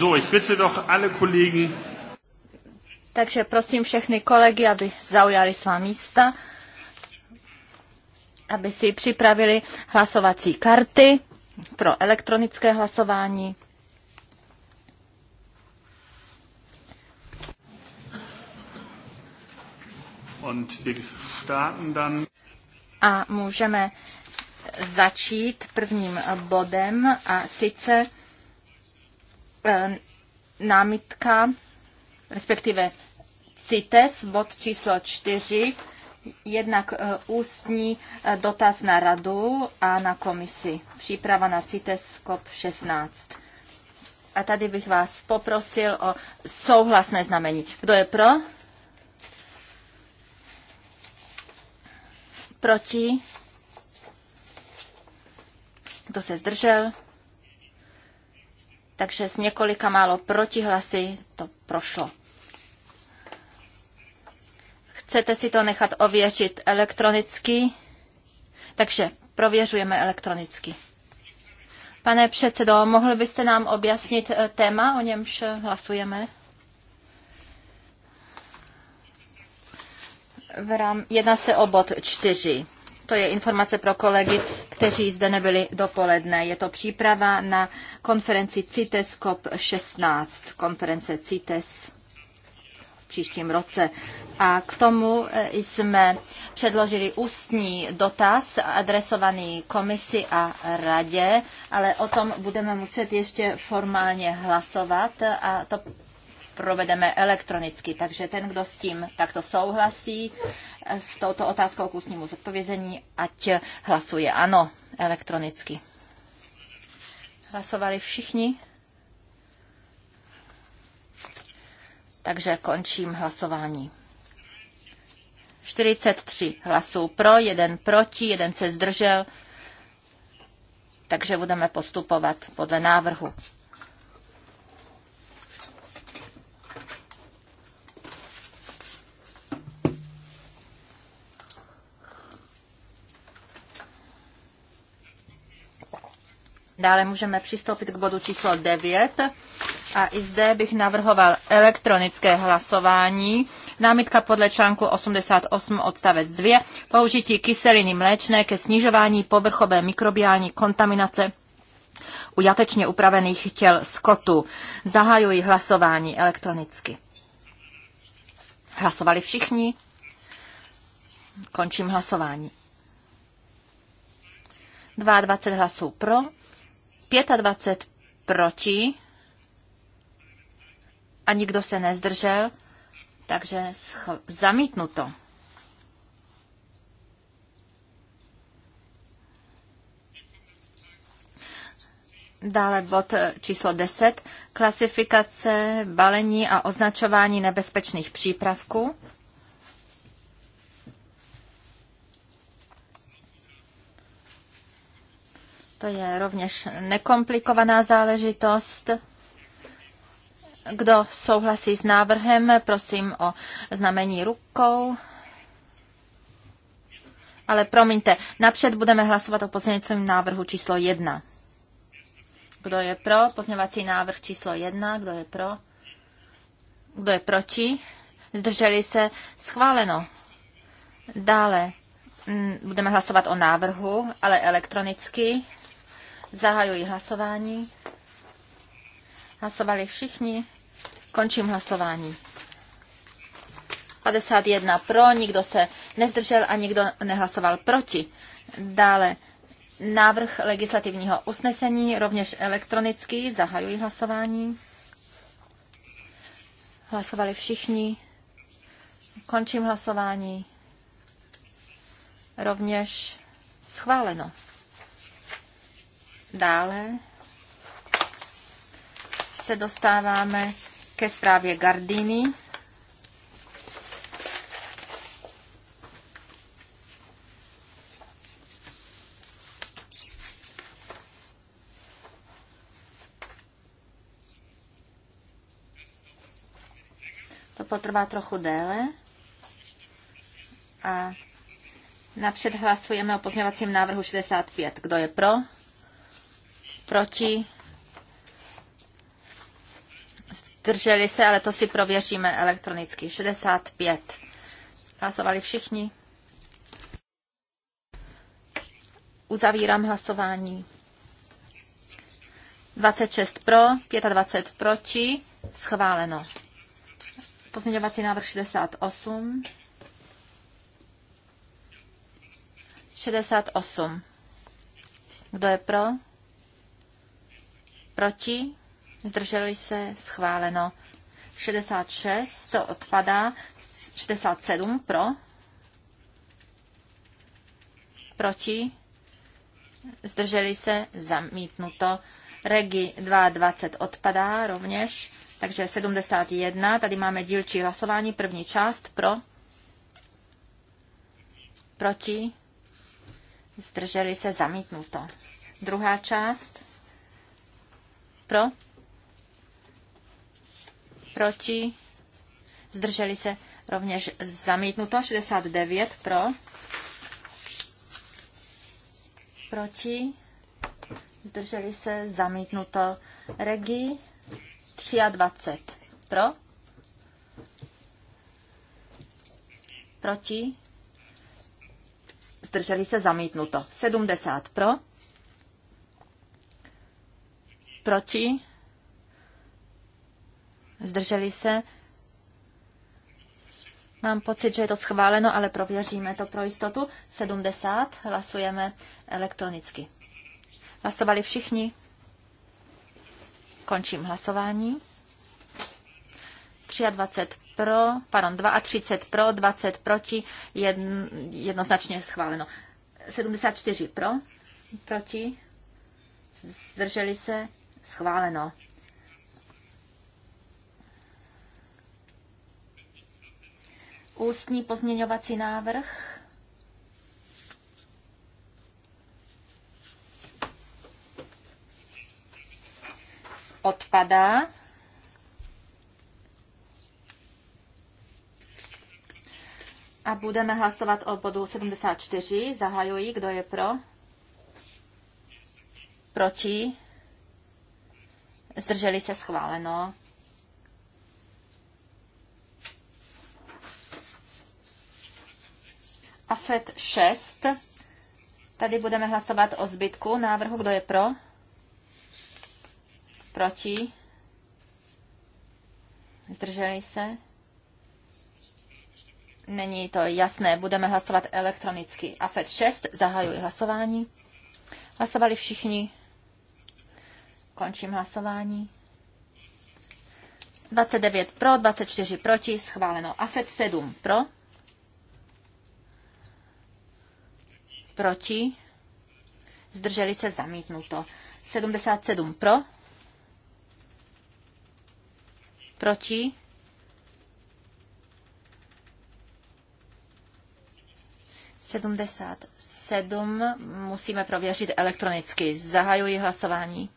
So, ich bitte doch alle Kollegen. Takže prosím všechny kolegy, aby zaujali svá místa, aby si připravili hlasovací karty pro elektronické hlasování. Und wir starten dann. A můžeme začít prvním bodem a sice Ehm, námitka, respektive CITES, bod číslo 4, jednak eh, ústní eh, dotaz na radu a na komisi. Příprava na CITES COP16. A tady bych vás poprosil o souhlasné znamení. Kdo je pro? Proti? Kdo se zdržel? takže s několika málo protihlasy to prošlo. Chcete si to nechat ověřit elektronicky? Takže prověřujeme elektronicky. Pane předsedo, mohl byste nám objasnit eh, téma, o němž hlasujeme? Jedná se o bod čtyři. To je informace pro kolegy, kteří zde nebyli dopoledne. Je to příprava na konferenci CITES COP16, konference CITES v příštím roce. A k tomu eh, jsme předložili ústní dotaz adresovaný komisi a radě, ale o tom budeme muset ještě formálně hlasovat a to provedeme elektronicky. Takže ten, kdo s tím takto souhlasí, s touto otázkou k ústnímu zodpovězení, ať hlasuje ano elektronicky. Hlasovali všichni? Takže končím hlasování. 43 hlasů pro, jeden proti, jeden se zdržel. Takže budeme postupovat podle návrhu. Dále můžeme přistoupit k bodu číslo 9 a i zde bych navrhoval elektronické hlasování. Námitka podle článku 88 odstavec 2. Použití kyseliny mléčné ke snižování povrchové mikrobiální kontaminace u jatečně upravených těl skotu. Zahajuji hlasování elektronicky. Hlasovali všichni? Končím hlasování. 22 hlasů pro, 25 proti a nikdo se nezdržel, takže zamítnuto. Dále bod eh, číslo 10. Klasifikace, balení a označování nebezpečných přípravků. To je rovněž nekomplikovaná záležitost. Kdo souhlasí s návrhem, prosím o znamení rukou. Ale promiňte, napřed budeme hlasovat o pozměňovacím návrhu číslo 1. Kdo je pro? Pozměňovací návrh číslo 1. Kdo je pro? Kdo je proti? Zdrželi se? Schváleno. Dále mm, budeme hlasovat o návrhu, ale elektronicky. Zahajuji hlasování. Hlasovali všichni. Končím hlasování. 51 pro, nikdo se nezdržel a nikdo nehlasoval proti. Dále návrh legislativního usnesení, rovněž elektronický. Zahajuji hlasování. Hlasovali všichni. Končím hlasování. Rovněž schváleno. Dále se dostáváme ke zprávě Gardiny. To potrvá trochu déle. A napřed hlasujeme o pozměňovacím návrhu 65. Kdo je pro? proti, zdrželi se, ale to si prověříme elektronicky. 65. Hlasovali všichni. Uzavírám hlasování. 26 pro, 25 proti, schváleno. Pozměňovací návrh 68. 68. Kdo je pro? Proti? Zdrželi se? Schváleno. 66, to odpadá. 67 pro. Proti? Zdrželi se? Zamítnuto. Regi 22 odpadá rovněž. Takže 71, tady máme dílčí hlasování, první část pro, proti, zdrželi se zamítnuto. Druhá část pro? Proti? Zdrželi se rovněž zamítnuto. 69 pro. Proti? Zdrželi se zamítnuto. Regi 23 pro. Proti? Zdrželi se zamítnuto. 70 pro Proti? Zdrželi se? Mám pocit, že je to schváleno, ale prověříme to pro jistotu. 70 hlasujeme elektronicky. Hlasovali všichni? Končím hlasování. 23 pro, pardon, 32 pro, 20 proti, jedno, jednoznačně schváleno. 74 pro, proti, zdrželi se, Schváleno. Ústní pozměňovací návrh. Odpadá. A budeme hlasovat o bodu 74. Zahajuji, kdo je pro? Proti? Zdrželi se schváleno. AFET 6. Tady budeme hlasovat o zbytku návrhu. Kdo je pro? Proti? Zdrželi se? Není to jasné. Budeme hlasovat elektronicky. AFET 6. Zahajuji hlasování. Hlasovali všichni. Končím hlasování. 29 pro, 24 proti, schváleno. AFET 7 pro, proti, zdrželi se zamítnuto. 77 pro, proti, sedmdesát sedm musíme prověřit elektronicky. Zahajuji hlasování.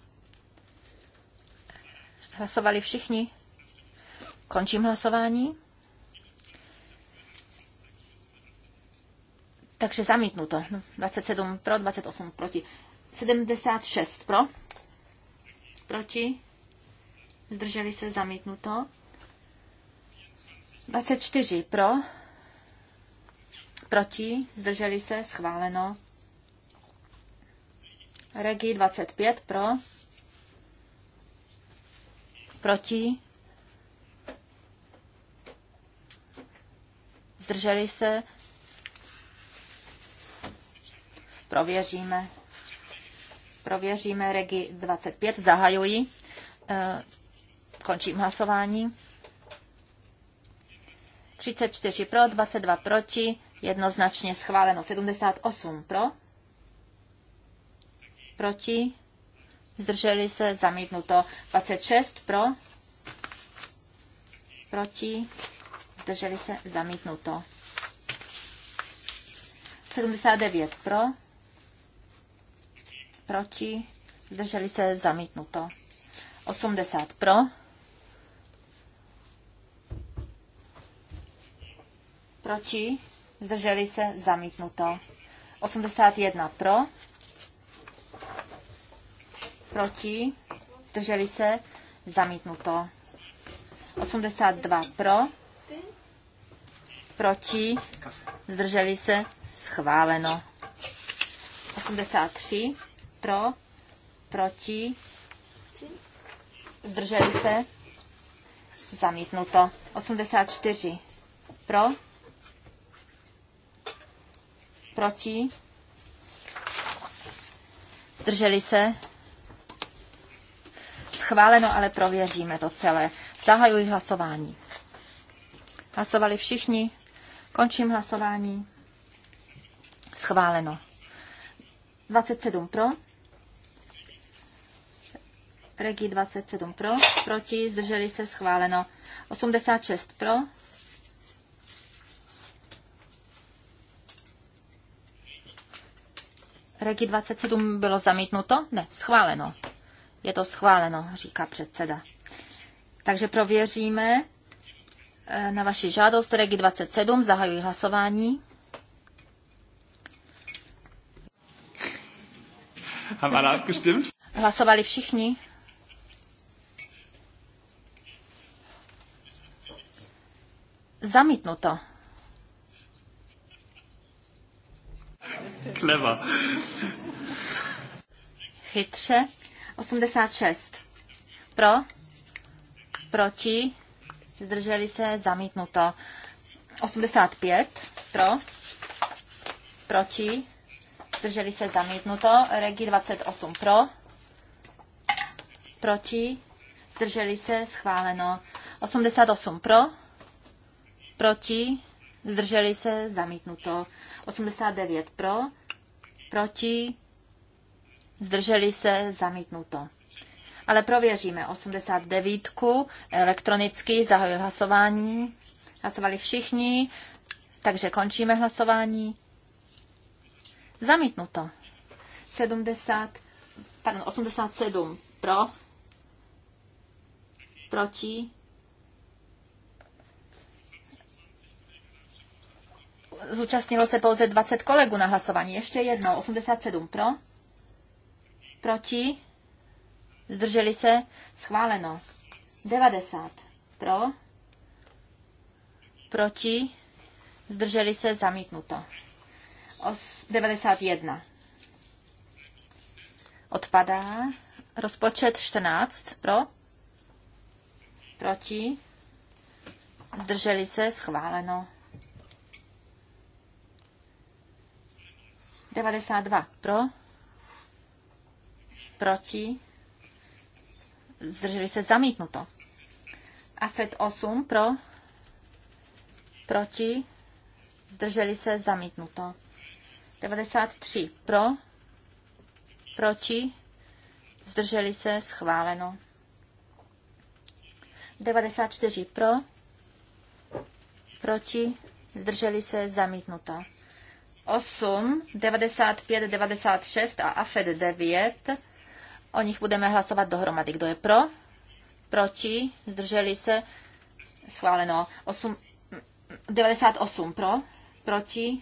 Hlasovali všichni? Končím hlasování. Takže zamítnuto. 27 no, pro, 28 proti. 76 pro. Proti. Zdrželi se zamítnuto. 24 pro. Proti. Zdrželi se schváleno. Regi 25 pro Proti? Zdrželi se? Prověříme. Prověříme regi 25. Zahajuji. Eh, končím hlasování. 34 pro, 22 proti, jednoznačně schváleno. 78 pro, proti, zdrželi se, zamítnuto. 26 pro, proti, zdrželi se, zamítnuto. 79 pro, proti, zdrželi se, zamítnuto. 80 pro, proti, zdrželi se, zamítnuto. 81 pro, proti, zdrželi se, zamítnuto. 82 pro, proti, zdrželi se, schváleno. 83 pro, proti, zdrželi se, zamítnuto. 84 pro, proti, zdrželi se, schváleno, ale prověříme to celé. Zahajuji hlasování. Hlasovali všichni. Končím hlasování. Schváleno. 27 pro. Regi 27 pro. Proti. Zdrželi se. Schváleno. 86 pro. Regi 27 bylo zamítnuto? Ne, schváleno. Je to schváleno, říká předseda. Takže prověříme eh, na vaši žádost Regi 27. Zahajuji hlasování. Hlasovali všichni? Zamítnuto. Clever. Chytře. 86. Pro? Proti? Zdrželi se? Zamítnuto. 85. Pro? Proti? Zdrželi se? Zamítnuto. Regi 28. Pro? Proti? Zdrželi se? Schváleno. 88. Pro? Proti? Zdrželi se? Zamítnuto. 89. Pro? Proti? zdrželi se, zamítnuto. Ale prověříme 89. elektronicky zahojil hlasování. Hlasovali všichni, takže končíme hlasování. Zamítnuto. 70, pardon, 87 pro, proti, zúčastnilo se pouze 20 kolegů na hlasování. Ještě jednou, 87 pro, Proti? Zdrželi se? Schváleno. 90. Pro? Proti? Zdrželi se? Zamítnuto. Os 91. Odpadá. Rozpočet 14. Pro? Proti? Zdrželi se? Schváleno. 92. Pro? proti, zdrželi se zamítnuto. A FED 8 pro, proti, zdrželi se zamítnuto. 93 pro, proti, zdrželi se schváleno. 94 pro, proti, zdrželi se zamítnuto. 8, 95, 96 a AFED 9 O nich budeme hlasovat dohromady. Kdo je pro? Proti? Zdrželi se? Schváleno. 8, 98 pro? Proti?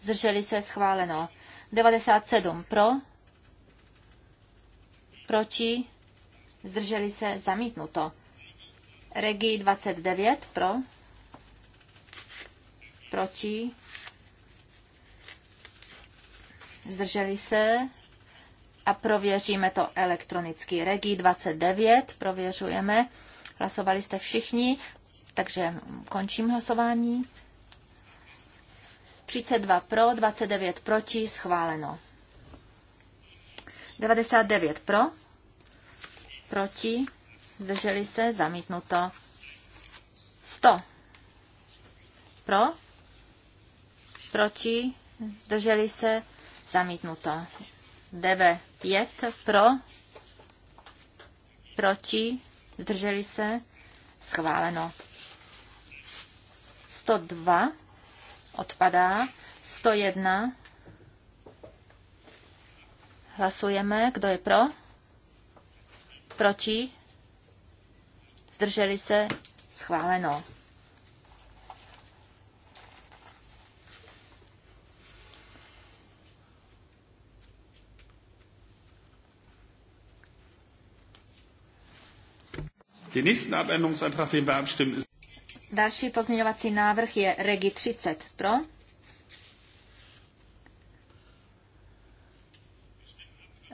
Zdrželi se? Schváleno. 97 pro? Proti? Zdrželi se? Zamítnuto. Regi 29 pro? Proti? Zdrželi se? a prověříme to elektronicky. Regi 29 prověřujeme. Hlasovali jste všichni, takže končím hlasování. 32 pro, 29 proti, schváleno. 99 pro, proti, zdrželi se, zamítnuto. 100 pro, proti, zdrželi se, zamítnuto. 95 5 pro, proti, zdrželi se, schváleno. 102 odpadá, 101 hlasujeme, kdo je pro, proti, zdrželi se, schváleno. Další pozměňovací návrh je Regi 30 pro.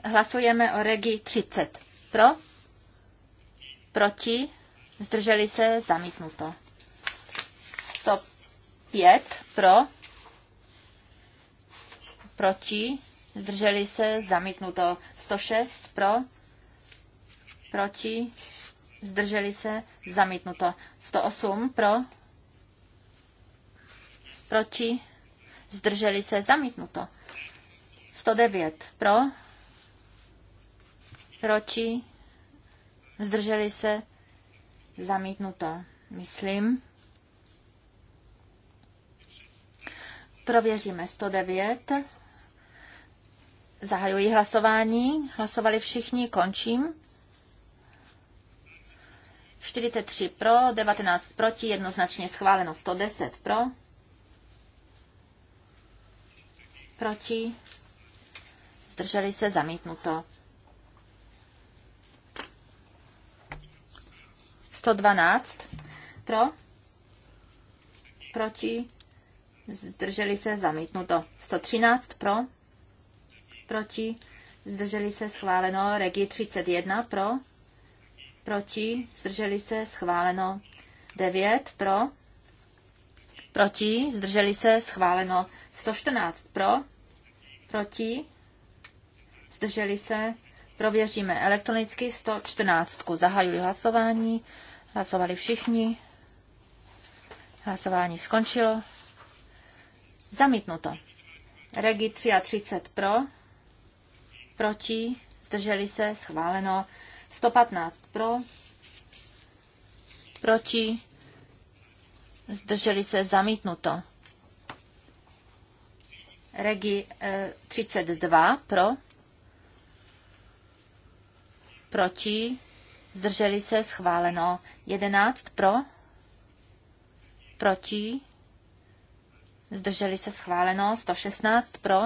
Hlasujeme o Regi 30 pro. Proti. Zdrželi se zamítnuto. 105 pro. Proti. Zdrželi se zamítnuto. 106 pro. Proti zdrželi se, zamítnuto. 108 pro, proti, zdrželi se, zamítnuto. 109 pro, proti, zdrželi se, zamítnuto, myslím. Prověříme 109. Zahajuji hlasování. Hlasovali všichni, končím. 43 pro, 19 proti, jednoznačně schváleno 110 pro, proti, zdrželi se zamítnuto. 112 pro, proti, zdrželi se zamítnuto. 113 pro, proti, zdrželi se schváleno. Regi 31 pro, proti, zdrželi se, schváleno 9 pro, proti, zdrželi se, schváleno 114 pro, proti, zdrželi se, prověříme elektronicky 114. Zahajuji hlasování, hlasovali všichni, hlasování skončilo, zamítnuto. Regi 33 pro, proti, zdrželi se, schváleno 115 pro, proti, zdrželi se zamítnuto. Regi 32 eh, pro, proti, zdrželi se schváleno. 11 pro, proti, zdrželi se schváleno. 116 pro,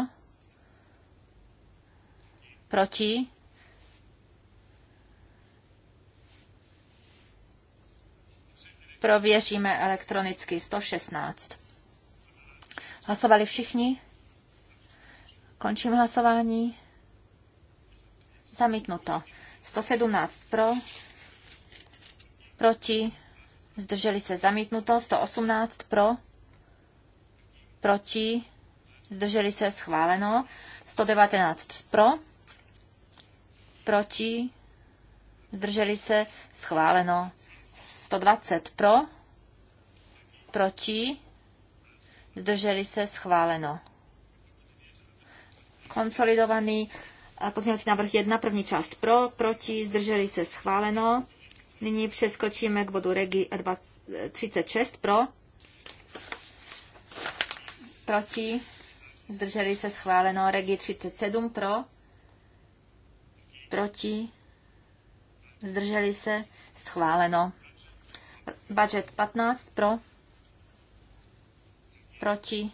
proti, Prověříme elektronicky 116. Hlasovali všichni? Končím hlasování. Zamítnuto. 117 pro, proti, zdrželi se zamítnuto. 118 pro, proti, zdrželi se schváleno. 119 pro, proti, zdrželi se schváleno. 120 pro, proti, zdrželi se schváleno. Konsolidovaný eh, pozměňovací návrh 1, první část pro, proti, zdrželi se schváleno. Nyní přeskočíme k bodu regi 36 pro, proti, zdrželi se schváleno. Regi 37 pro, proti, zdrželi se schváleno. Budget 15 pro, proti,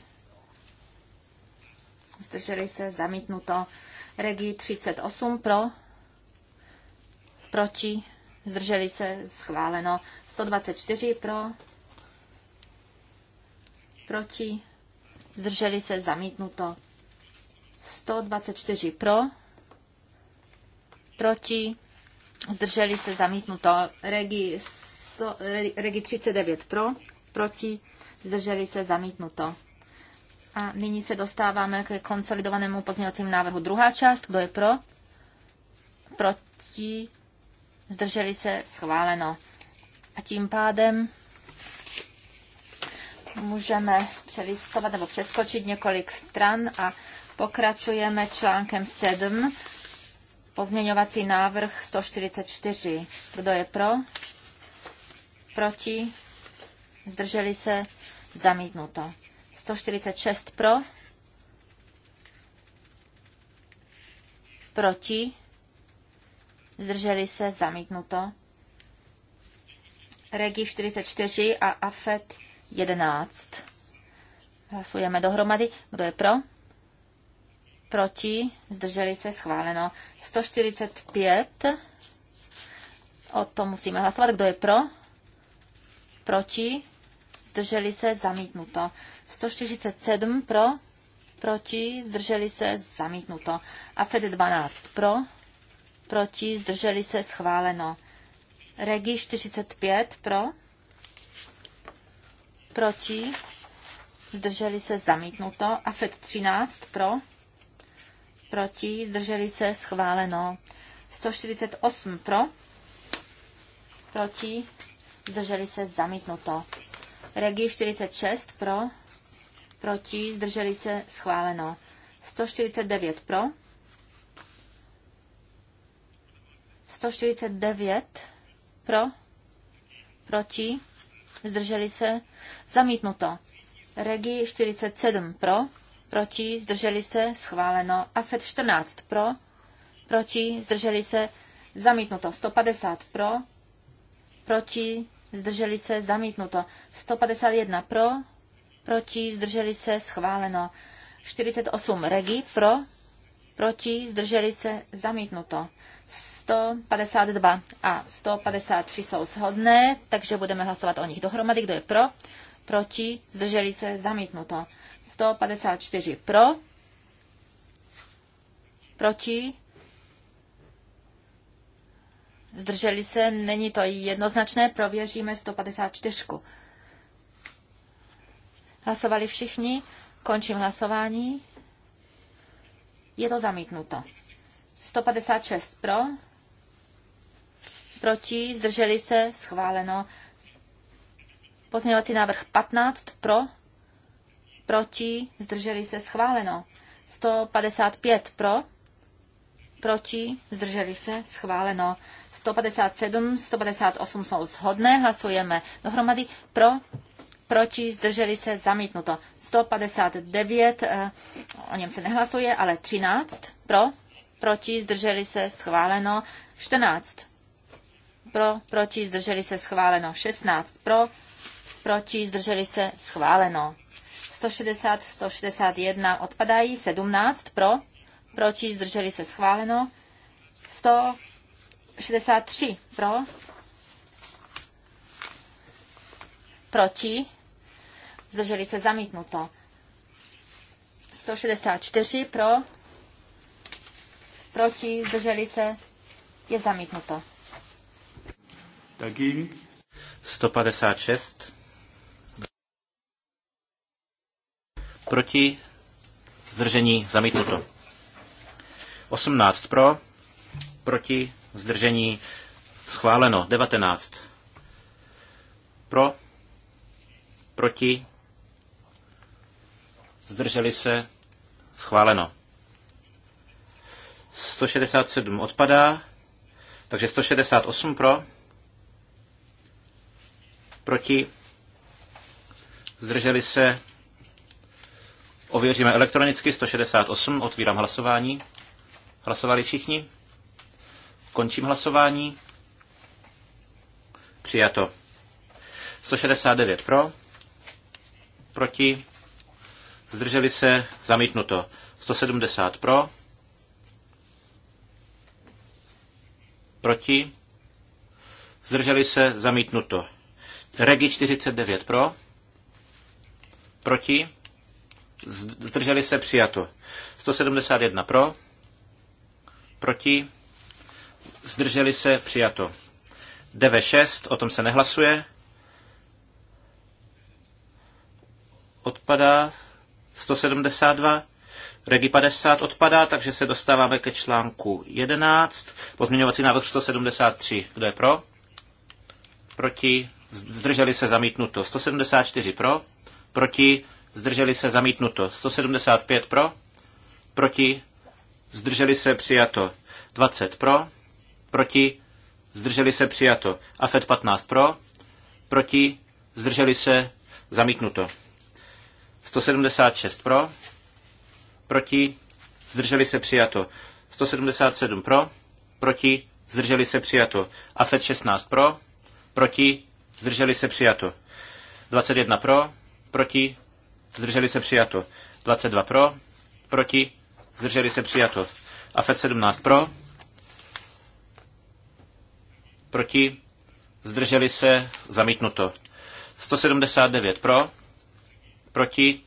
zdrželi se, zamítnuto. Regi 38 pro, proti, zdrželi se, schváleno. 124 pro, proti, zdrželi se, zamítnuto. 124 pro, proti, zdrželi se, zamítnuto. Regi číslo eh, Regi 39 pro, proti, zdrželi se zamítnuto. A nyní se dostáváme ke konsolidovanému pozměňovacímu návrhu. Druhá část, kdo je pro? Proti, zdrželi se schváleno. A tím pádem můžeme přelistovat nebo přeskočit několik stran a pokračujeme článkem 7, pozměňovací návrh 144. Kdo je pro? proti, zdrželi se, zamítnuto. 146 pro, proti, zdrželi se, zamítnuto. Regi 44 a AFET 11. Hlasujeme dohromady. Kdo je pro? Proti, zdrželi se, schváleno. 145. O tom musíme hlasovat. Kdo je pro? proti, zdrželi se, zamítnuto. 147 pro, proti, zdrželi se, zamítnuto. FED 12 pro, proti, zdrželi se, schváleno. Regi 45 pro, proti, zdrželi se, zamítnuto. FED 13 pro, proti, zdrželi se, schváleno. 148 pro, proti, zdrželi se zamítnuto. Regi 46 pro, proti, zdrželi se schváleno. 149 pro, 149 pro, proti, zdrželi se zamítnuto. Regi 47 pro, proti, zdrželi se, schváleno. AFET 14 pro, proti, zdrželi se, zamítnuto. 150 pro, proti, zdrželi se, zamítnuto. 151 pro, proti, zdrželi se, schváleno. 48 regi pro, proti, zdrželi se, zamítnuto. 152 a 153 jsou shodné, takže budeme hlasovat o nich dohromady. Kdo je pro? Proti, zdrželi se, zamítnuto. 154 pro, proti, Zdrželi se, není to jednoznačné, prověříme 154. Hlasovali všichni, končím hlasování. Je to zamítnuto. 156 pro, proti, zdrželi se, schváleno. Pozměňovací návrh 15 pro, proti, zdrželi se, schváleno. 155 pro, proti, zdrželi se, schváleno. 157, 158 jsou shodné, hlasujeme dohromady pro, proti, zdrželi se, zamítnuto. 159, eh, o něm se nehlasuje, ale 13 pro, proti, zdrželi se, schváleno. 14 pro, proti, zdrželi se, schváleno. 16 pro, proti, zdrželi se, schváleno. 160, 161 odpadají, 17 pro, proti, zdrželi se, schváleno. 100 63 pro, proti, zdrželi se zamítnuto. 164 pro, proti, zdrželi se, je zamítnuto. Dagegen. 156 proti, zdržení, zamítnuto. 18 pro, proti, zdržení, schváleno. 19. Pro, proti, zdrželi se, schváleno. 167 odpadá, takže 168 pro, proti, zdrželi se, ověříme elektronicky, 168, otvírám hlasování. Hlasovali všichni? Končím hlasování. Přijato. 169 pro, proti, zdrželi se, zamítnuto. 170 pro, proti, zdrželi se, zamítnuto. Regi 49 pro, proti, zdrželi se, přijato. 171 pro, proti, zdrželi se, přijato. DV6, o tom se nehlasuje. Odpadá 172. Regi 50 odpadá, takže se dostáváme ke článku 11. Pozměňovací návrh 173. Kdo je pro? Proti? Zdrželi se zamítnuto. 174 pro? Proti? Zdrželi se zamítnuto. 175 pro? Proti? Zdrželi se přijato. 20 pro? proti, zdrželi se přijato. AFED 15 pro, proti, zdrželi se zamítnuto. 176 pro, proti, zdrželi se přijato. 177 pro, proti, zdrželi se přijato. AFED 16 pro, proti, zdrželi se přijato. 21 pro, proti, zdrželi se přijato. 22 pro, proti, zdrželi se přijato. AFED 17 pro, Proti? Zdrželi se? Zamítnuto. 179 pro? Proti?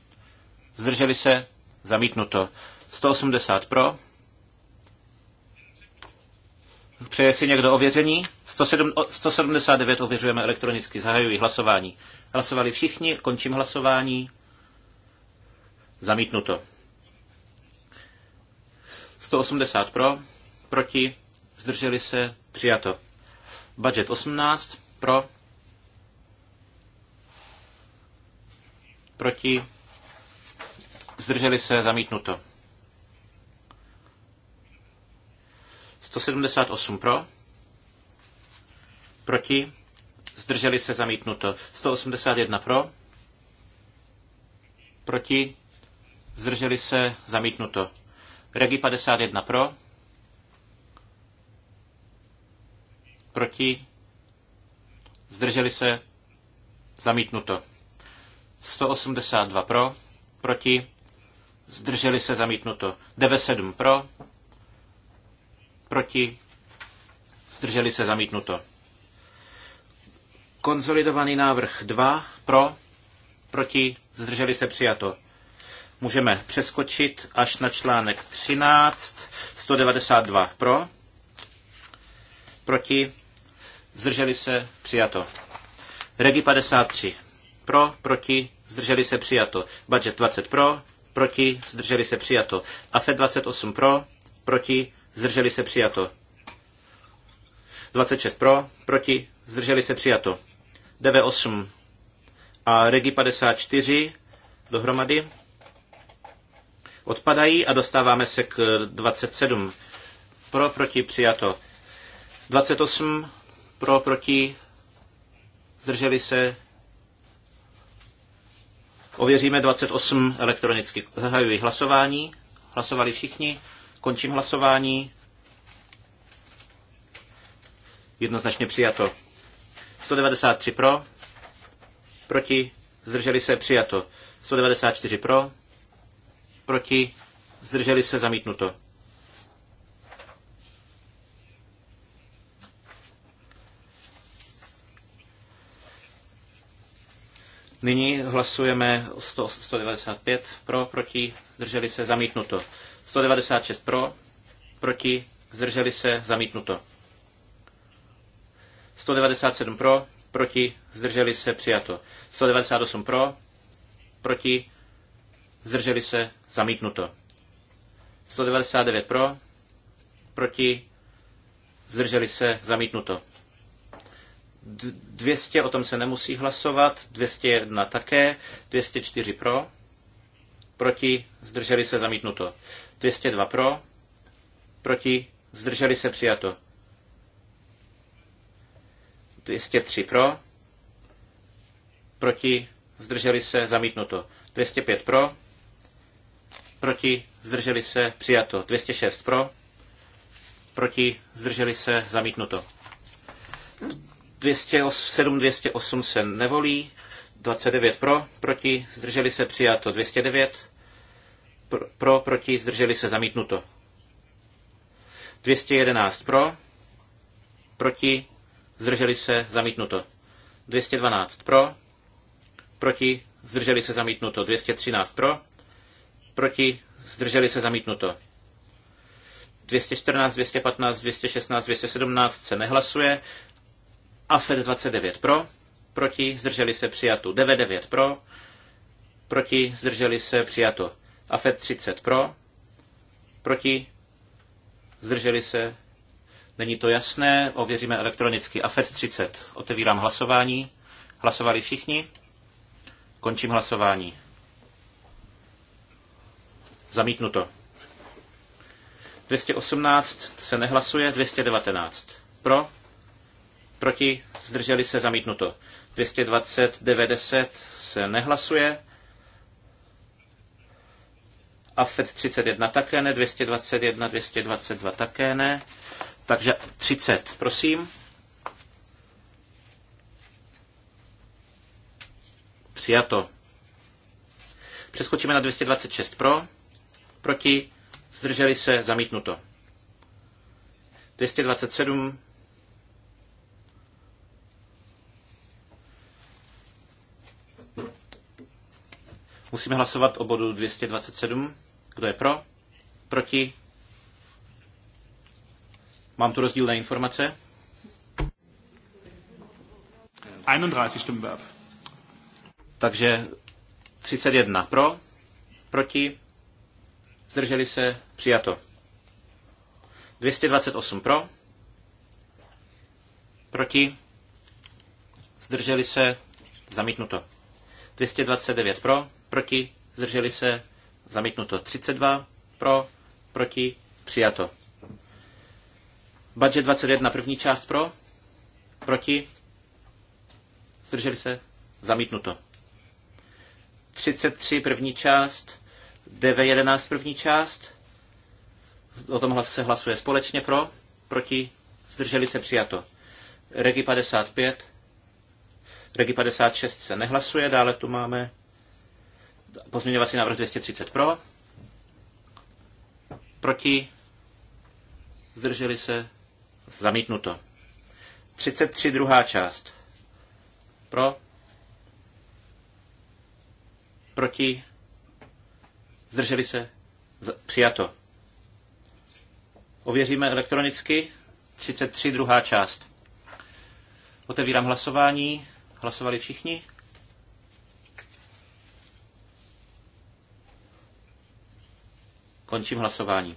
Zdrželi se? Zamítnuto. 180 pro? Přeje si někdo ověření? 107, 179 ověřujeme elektronicky. zahajují hlasování. Hlasovali všichni, končím hlasování. Zamítnuto. 180 pro, proti, zdrželi se, přijato. Budget 18 pro, proti, zdrželi se, zamítnuto. 178 pro, proti, zdrželi se, zamítnuto. 181 pro, proti, zdrželi se, zamítnuto. Regi 51 pro, Proti? Zdrželi se? Zamítnuto. 182 pro. Proti? Zdrželi se? Zamítnuto. 97 pro. Proti? Zdrželi se? Zamítnuto. Konsolidovaný návrh 2 pro. Proti? Zdrželi se? Přijato můžeme přeskočit až na článek 13, 192 pro, proti, zdrželi se, přijato. Regi 53, pro, proti, zdrželi se, přijato. Budget 20 pro, proti, zdrželi se, přijato. AFE 28 pro, proti, zdrželi se, přijato. 26 pro, proti, zdrželi se, přijato. DV8 a Regi 54 dohromady odpadají a dostáváme se k 27. Pro, proti, přijato. 28 pro, proti, zdrželi se. Ověříme 28 elektronicky. Zahajuji hlasování. Hlasovali všichni. Končím hlasování. Jednoznačně přijato. 193 pro, proti, zdrželi se, přijato. 194 pro, proti, zdrželi se, zamítnuto. Nyní hlasujeme 100, 195 pro, proti, zdrželi se, zamítnuto. 196 pro, proti, zdrželi se, zamítnuto. 197 pro, proti, zdrželi se, přijato. 198 pro, proti, zdrželi se, zamítnuto. 199 pro, proti, zdrželi se, zamítnuto. 200, o tom se nemusí hlasovat, 201 také, 204 pro, proti, zdrželi se zamítnuto. 202 pro, proti, zdrželi se přijato. 203 pro, proti, zdrželi se zamítnuto. 205 pro, proti, zdrželi se přijato. 206 pro, proti, zdrželi se zamítnuto. 207, 208 se nevolí, 29 pro, proti, zdrželi se přijato 209, pro, pro proti, zdrželi se zamítnuto. 211 pro, proti, zdrželi se zamítnuto. 212 pro, proti, zdrželi se zamítnuto. 213 pro, proti, zdrželi se zamítnuto. 214, 215, 216, 217 se nehlasuje. AFED 29 pro, proti, zdrželi se přijato 99 pro, proti, zdrželi se přijato AFED 30 pro, proti, zdrželi se, není to jasné, ověříme elektronicky AFED 30. Otevírám hlasování. Hlasovali všichni? Končím hlasování. Zamítnuto. 218 se nehlasuje, 219 pro, Proti? Zdrželi se? Zamítnuto. 220, 90 se nehlasuje. AFED 31 také ne, 221, 222 také ne. Takže 30, prosím. Přijato. Přeskočíme na 226 pro, proti, zdrželi se, zamítnuto. 227 Musíme hlasovat o bodu 227. Kdo je pro? Proti? Mám tu rozdílné informace? 31 stimmen ab. Takže 31 pro, proti, zdrželi se, přijato. 228 pro, proti, zdrželi se, zamítnuto. 229 pro, proti, zdrželi se, zamítnuto 32, pro, proti, přijato. Budget 21, první část pro, proti, zdrželi se, zamítnuto. 33, první část, DV11, první část, o tom se hlasuje společně pro, proti, zdrželi se, přijato. Regi 55, Regi 56 se nehlasuje, dále tu máme Pozměňovací návrh 230 pro. Proti. Zdrželi se. Zamítnuto. 33 druhá část. Pro. Proti. Zdrželi se. Přijato. Ověříme elektronicky. 33 druhá část. Otevírám hlasování. Hlasovali všichni? Končím hlasování.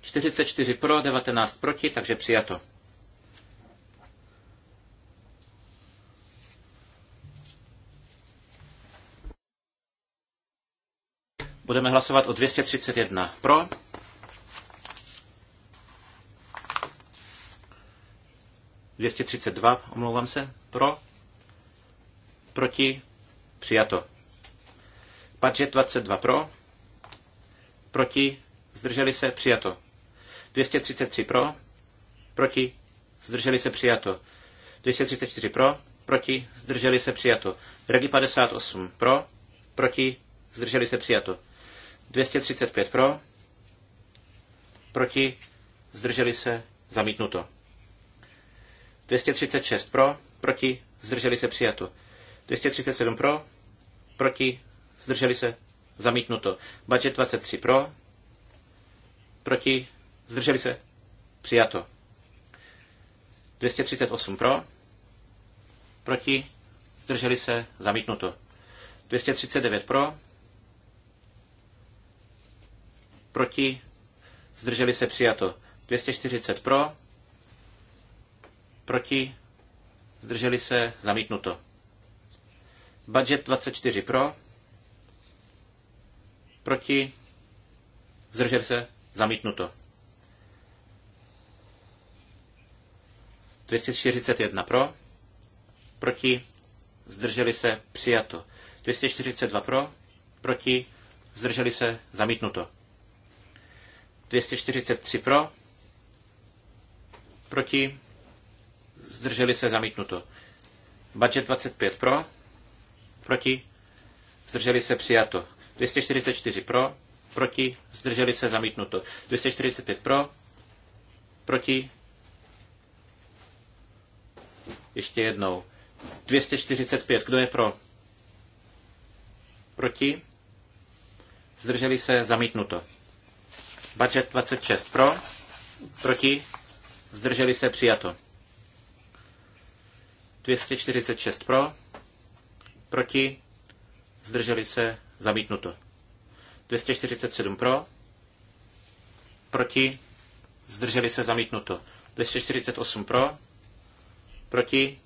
44 pro, 19 proti, takže přijato. Budeme hlasovat o 231 pro. 232, dva, omlouvám se, pro, proti, přijato. Padže 22 pro, proti, zdrželi se, přijato. 233 pro, proti, zdrželi se, přijato. 234 pro, proti, zdrželi se, přijato. Regi 58 pro, proti, zdrželi se, přijato. 235 pro, proti, zdrželi se, zamítnuto. 236 pro, proti, zdrželi se, přijato. 237 pro, proti, zdrželi se, Zamítnuto. Budget 23 pro. Proti. Zdrželi se. Přijato. 238 pro. Proti. Zdrželi se. Zamítnuto. 239 pro. Proti. Zdrželi se. Přijato. 240 pro. Proti. Zdrželi se. Zamítnuto. Budget 24 pro Proti? Zdrželi se? Zamítnuto. 241 pro. Proti? Zdrželi se? Přijato. 242 pro. Proti? Zdrželi se? Zamítnuto. 243 pro. Proti? Zdrželi se? Zamítnuto. Budget 25 pro. Proti? Zdrželi se? Přijato. 244 pro, proti, zdrželi se, zamítnuto. 245 pro, proti, ještě jednou. 245, kdo je pro? Proti? Zdrželi se, zamítnuto. Budget 26 pro, proti, zdrželi se, přijato. 246 pro, proti, zdrželi se, Zamítnuto. 247 pro. Proti. Zdrželi se zamítnuto. 248 pro. Proti.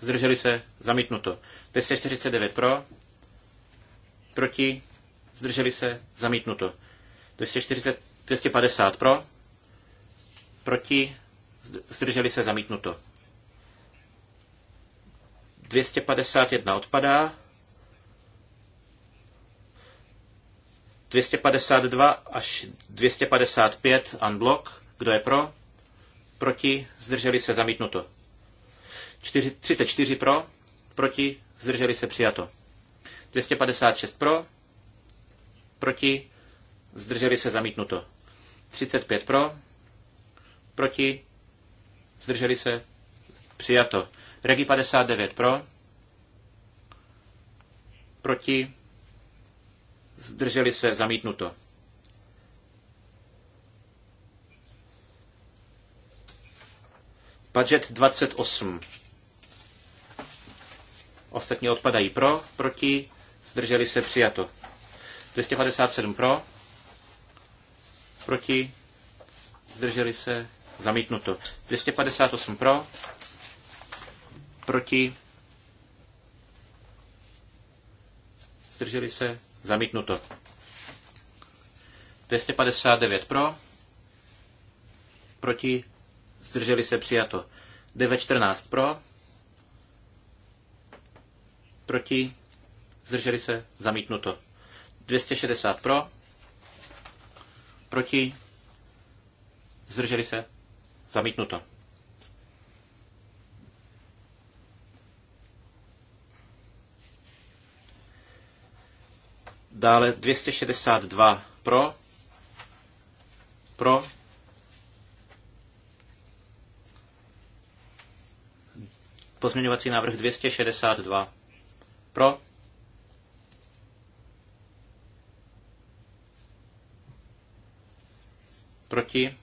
Zdrželi se zamítnuto. 249 pro. Proti. Zdrželi se zamítnuto. 240, 250 pro. Proti. Zdrželi se zamítnuto. 251 odpadá. 252 až 255 unblock. Kdo je pro? Proti? Zdrželi se zamítnuto. 34 pro? Proti? Zdrželi se přijato. 256 pro? Proti? Zdrželi se zamítnuto. 35 pro? Proti? Zdrželi se přijato. Regi 59 pro? Proti? zdrželi se, zamítnuto. Budget 28. Ostatní odpadají pro, proti, zdrželi se, přijato. 257 pro, proti, zdrželi se, zamítnuto. 258 pro, proti, zdrželi se, Zamítnuto. 259 pro. Proti. Zdrželi se přijato. 914 pro. Proti. Zdrželi se. Zamítnuto. 260 pro. Proti. Zdrželi se. Zamítnuto. Dále 262 pro, pro, 'Pozměňovací návrh 262. Pro? Proti?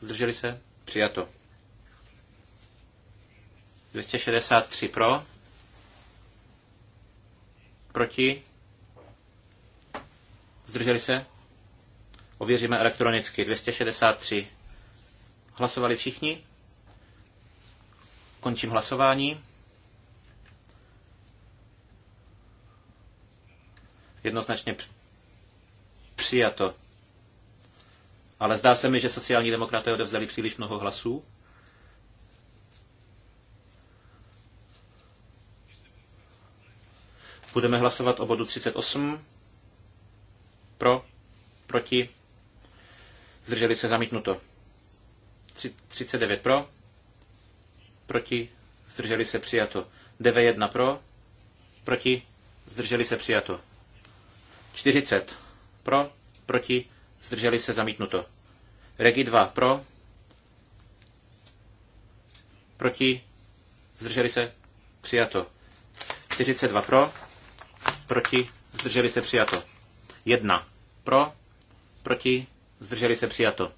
Zdrželi se? Přijato. 263 pro? Proti? Zdrželi se? Ověříme elektronicky. 263. Hlasovali všichni? Končím hlasování. Jednoznačně přijato. Ale zdá se mi, že sociální demokraté odevzdali příliš mnoho hlasů. Budeme hlasovat o bodu 38. Pro, proti, zdrželi se zamítnuto. 39 pro, proti, zdrželi se přijato. 91 pro, proti, zdrželi se přijato. 40 pro, proti, zdrželi se zamítnuto. Regi 2 pro, proti, zdrželi se přijato. 42 pro, proti, zdrželi se přijato. Jedna pro, proti, zdrželi se přijato.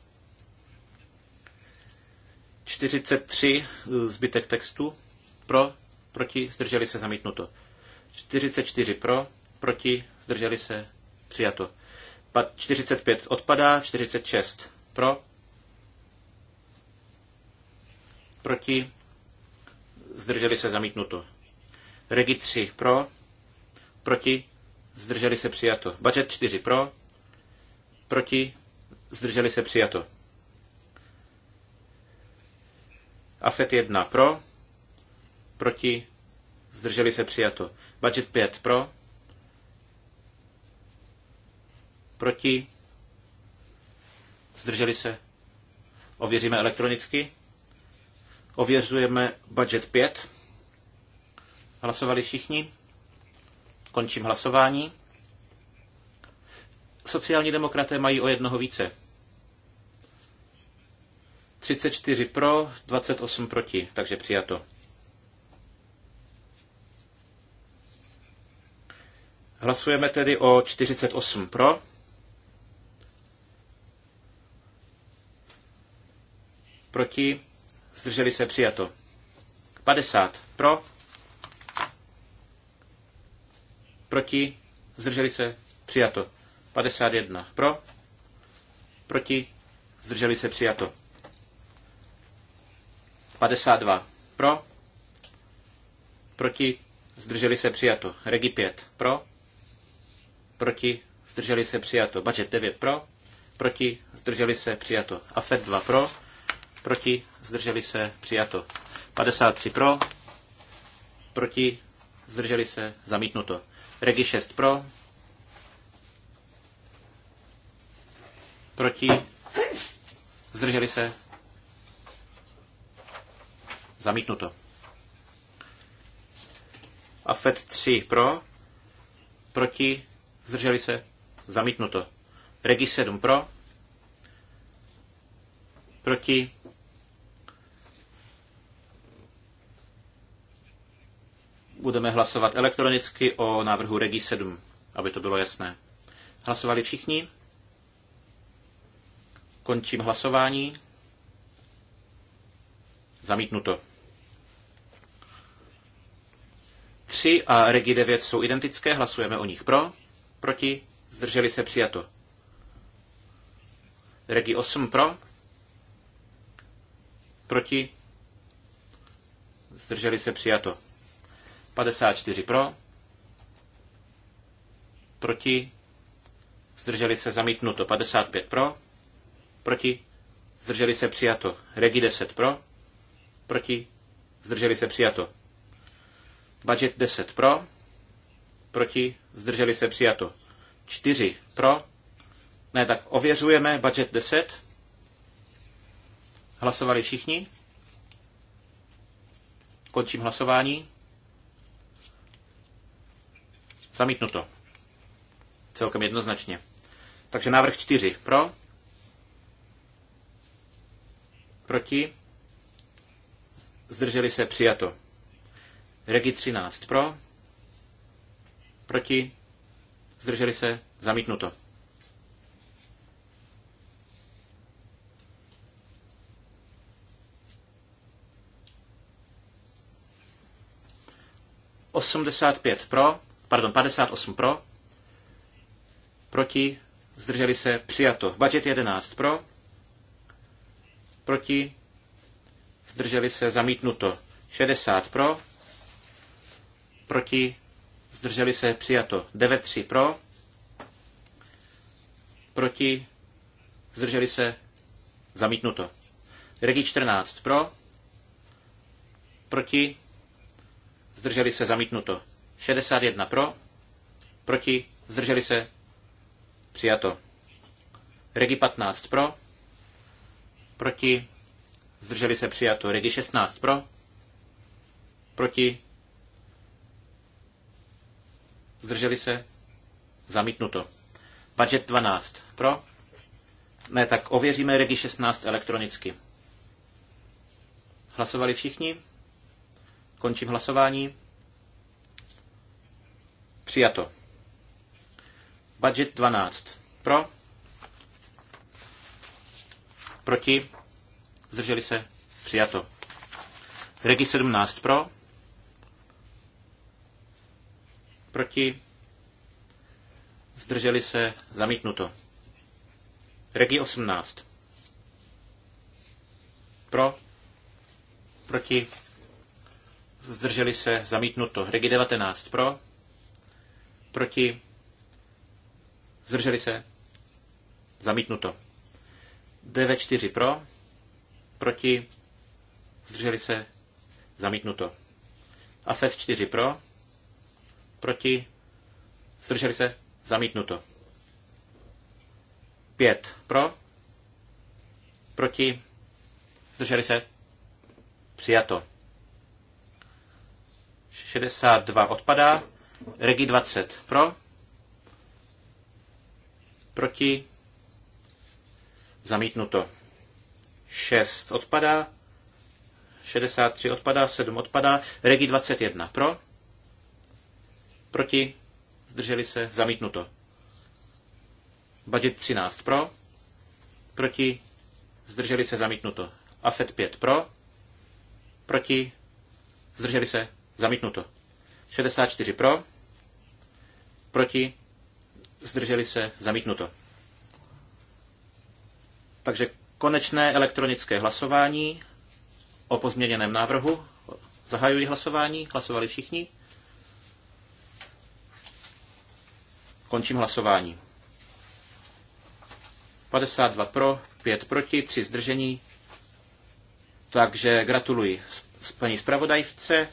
43 zbytek textu pro, proti, zdrželi se zamítnuto. 44 pro, proti, zdrželi se přijato. 45 odpadá, 46 pro, proti, zdrželi se zamítnuto. Regi 3 pro, proti, zdrželi se přijato. Budget 4 pro, proti, zdrželi se přijato. AFET 1 pro, proti, zdrželi se přijato. Budget 5 pro, proti, zdrželi se. Ověříme elektronicky. Ověřujeme budget 5. Hlasovali všichni? Končím hlasování. Sociální demokraté mají o jednoho více. 34 pro, 28 proti, takže přijato. Hlasujeme tedy o 48 pro. Proti, zdrželi se přijato. 50 pro. Proti? Zdrželi se? Přijato. 51. Pro? Proti? Zdrželi se? Přijato. 52. Pro? Proti? Zdrželi se? Přijato. Regi 5. Pro? Proti? Zdrželi se? Přijato. Budget 9. Pro? Proti? Zdrželi se? Přijato. AFED 2. Pro? Proti? Zdrželi se? Přijato. 53 pro, proti, zdrželi se, zamítnuto. Regi 6 pro. Proti. Zdrželi se. Zamítnuto. A FED 3 pro. Proti. Zdrželi se. Zamítnuto. Regi 7 pro. Proti. Budeme hlasovat elektronicky o návrhu Regi 7, aby to bylo jasné. Hlasovali všichni? Končím hlasování. Zamítnuto. 3 a Regi 9 jsou identické, hlasujeme o nich pro, proti, zdrželi se přijato. Regi 8 pro, proti, zdrželi se přijato. 54 pro, proti, zdrželi se zamítnuto 55 pro, proti, zdrželi se přijato Regi 10 pro, proti, zdrželi se přijato Budget 10 pro, proti, zdrželi se přijato 4 pro, ne, tak ověřujeme budget 10. Hlasovali všichni? Končím hlasování. Zamítnuto. Celkem jednoznačně. Takže návrh 4. Pro? Proti? Zdrželi se přijato. Regi 13. Pro? Proti? Zdrželi se? Zamítnuto. Osmdesát pět pro, pardon, 58 pro, proti, zdrželi se, přijato. Budget 11 pro, proti, zdrželi se, zamítnuto. 60 pro, proti, zdrželi se, přijato. 93 pro, proti, zdrželi se, zamítnuto. Regi 14 pro, proti, zdrželi se, zamítnuto. 61 pro, proti, zdrželi se, přijato. Regi 15 pro, proti, zdrželi se, přijato. Regi 16 pro, proti, zdrželi se, zamítnuto. Budget 12 pro, ne, tak ověříme Regi 16 elektronicky. Hlasovali všichni? Končím hlasování. Přijato. Budget 12. Pro? Proti? Zdrželi se? Přijato. Regi 17 pro? Proti? Zdrželi se? Zamítnuto. Regi 18. Pro? Proti? Zdrželi se? Zamítnuto. Regi 19 pro? Proti? Zdrželi se? Zamítnuto. DV4 pro? Proti? Zdrželi se? Zamítnuto. AFEF 4 pro? Proti? Zdrželi se? Zamítnuto. 5 pro? Proti? Zdrželi se? Přijato. 62 odpadá. Regi 20 pro, proti, zamítnuto. 6 odpadá, 63 odpadá, 7 odpadá, Regi 21 pro, proti, zdrželi se, zamítnuto. Budget 13 pro, proti, zdrželi se, zamítnuto. AFET 5 pro, proti, zdrželi se, zamítnuto. 64 pro, Proti? Zdrželi se? Zamítnuto. Takže konečné elektronické hlasování o pozměněném návrhu. Zahajuji hlasování. Hlasovali všichni? Končím hlasování. 52 pro, 5 proti, 3 zdržení. Takže gratuluji paní zpravodajce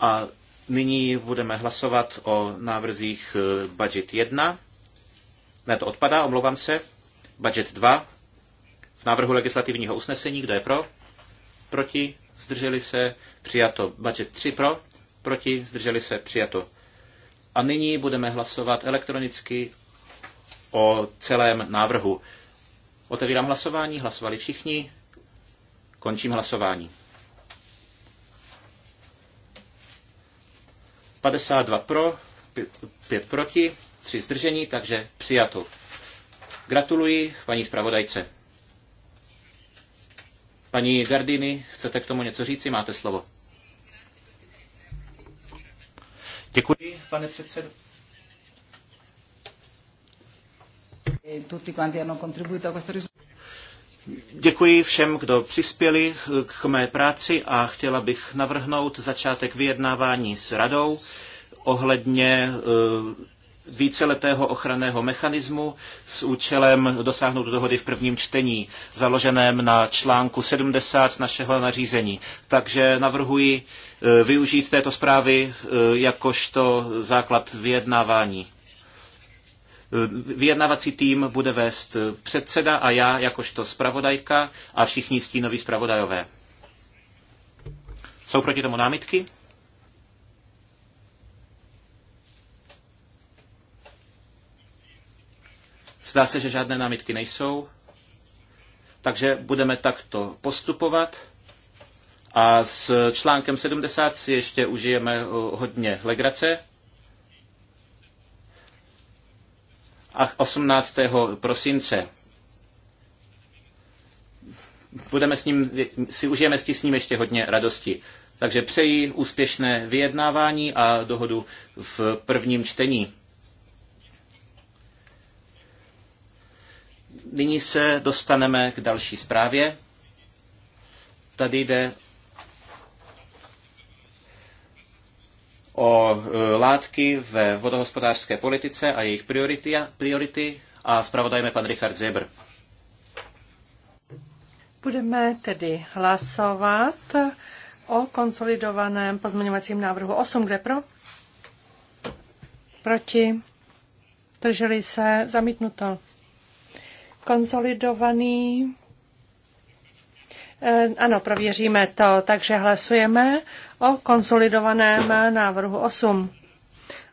a Nyní budeme hlasovat o návrzích eh, budget 1. Ne, to odpadá, omlouvám se. Budget 2. V návrhu legislativního usnesení, kdo je pro? Proti? Zdrželi se? Přijato. Budget 3 pro? Proti? Zdrželi se? Přijato. A nyní budeme hlasovat elektronicky o celém návrhu. Otevírám hlasování, hlasovali všichni. Končím hlasování. 52 pro, 5 proti, 3 zdržení, takže přijato. Gratuluji paní zpravodajce. Paní Gardini, chcete k tomu něco říci? Máte slovo. Děkuji, pane předsedo. Tutti quanti hanno contribuito a questo risultato. Děkuji všem, kdo přispěli k mé práci a chtěla bych navrhnout začátek vyjednávání s radou ohledně eh, víceletého ochranného mechanismu s účelem dosáhnout dohody v prvním čtení, založeném na článku 70 našeho nařízení. Takže navrhuji eh, využít této zprávy eh, jakožto základ vyjednávání. Eh, vyjednavací tým bude vést eh, předseda a já jakožto zpravodajka a všichni stínoví zpravodajové. Jsou proti tomu námitky? Zdá se, že žádné námitky nejsou, takže budeme takto postupovat. A s článkem 70 si ještě užijeme eh, hodně legrace. 18. prosince budeme s ním, si užijeme s ním ještě hodně radosti. Takže přeji úspěšné vyjednávání a dohodu v prvním čtení. Nyní se dostaneme k další zprávě. Tady jde o e, látky ve vodohospodářské politice a jejich priority, priority a zpravodajme pan Richard Zebr. Budeme tedy hlasovat o konsolidovaném pozměňovacím návrhu 8. Kde pro? Proti? Drželi se? Zamítnuto. Konsolidovaný Eh, ano, prověříme to, takže hlasujeme o konsolidovaném návrhu 8.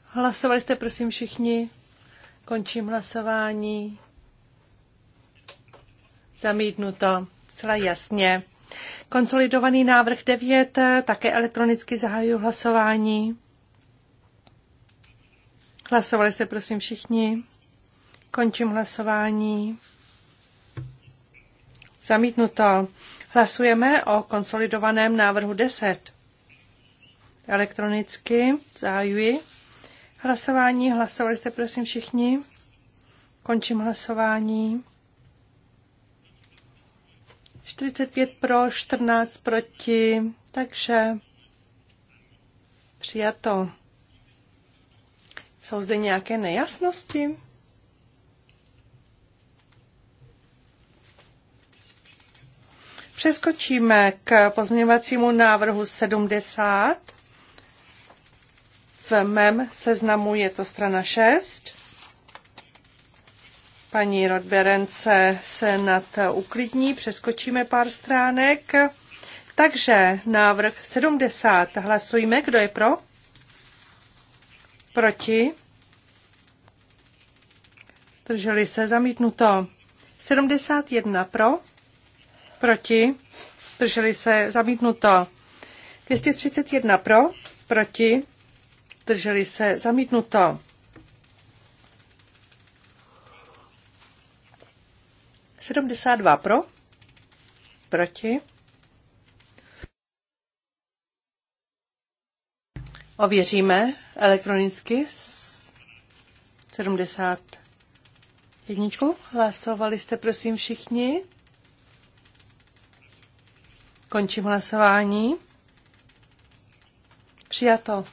Hlasovali jste, prosím, všichni. Končím hlasování. Zamítnuto. Celá jasně. Konsolidovaný návrh 9, také elektronicky zahajuji hlasování. Hlasovali jste, prosím, všichni. Končím hlasování. Zamítnuto. Hlasujeme o konsolidovaném návrhu 10. Elektronicky zahajuji hlasování. Hlasovali jste prosím všichni? Končím hlasování. 45 pro, 14 proti, takže přijato. Jsou zde nějaké nejasnosti? Přeskočíme k pozměňovacímu návrhu 70. V mém seznamu je to strana 6. Paní Rodberence se nad uklidní, přeskočíme pár stránek. Takže návrh 70. Hlasujme, kdo je pro? Proti? Drželi se zamítnuto. 71 pro? proti, drželi se zamítnuto. 231 pro, proti, drželi se zamítnuto. 72 pro, proti. Ověříme elektronicky jedničku. Hlasovali jste prosím všichni. Končím hlasování. Přijato.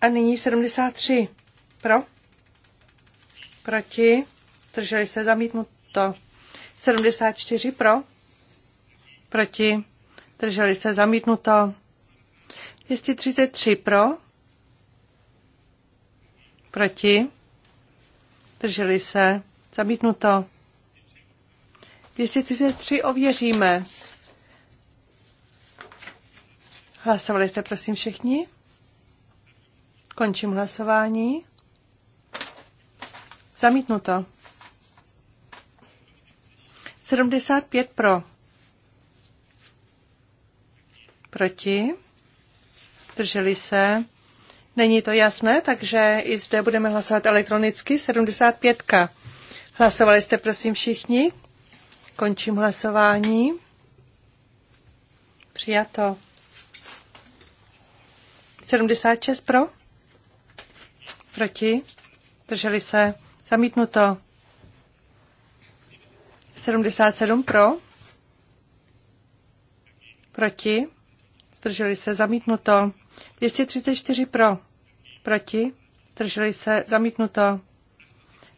A nyní 73. Pro? Proti? Drželi se zamítnuto. 74 pro? Proti? Drželi se zamítnuto. 233 pro? Proti? Drželi se zamítnuto. 233 ověříme. Hlasovali jste prosím všichni? Končím hlasování. Zamítnuto. 75 pro. Proti. Drželi se. Není to jasné, takže i zde budeme hlasovat elektronicky. 75. Hlasovali jste prosím všichni? Končím hlasování. Přijato. 76 pro? Proti? Drželi se? Zamítnuto. 77 pro? Proti? Zdrželi se? Zamítnuto. 234 pro? Proti? Zdrželi se? Zamítnuto.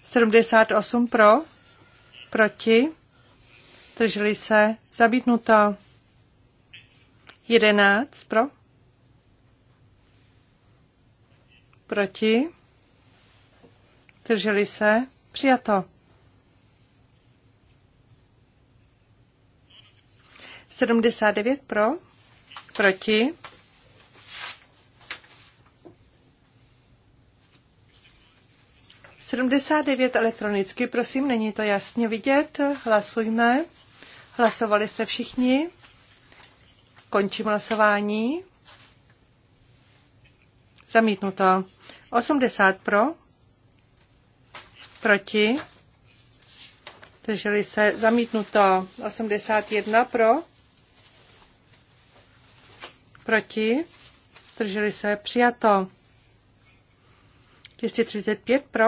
78 pro? Proti? zdrželi se, zamítnuto. 11 pro, proti, zdrželi se, přijato. sedmdesát devět pro, proti. Sedmdesát devět elektronicky, prosím, není to jasně vidět, hlasujme. Hlasovali jste všichni? Končím hlasování. Zamítnuto. 80 pro. Proti. Drželi se. Zamítnuto. 81 pro. Proti. Drželi se. Přijato. 235 pro.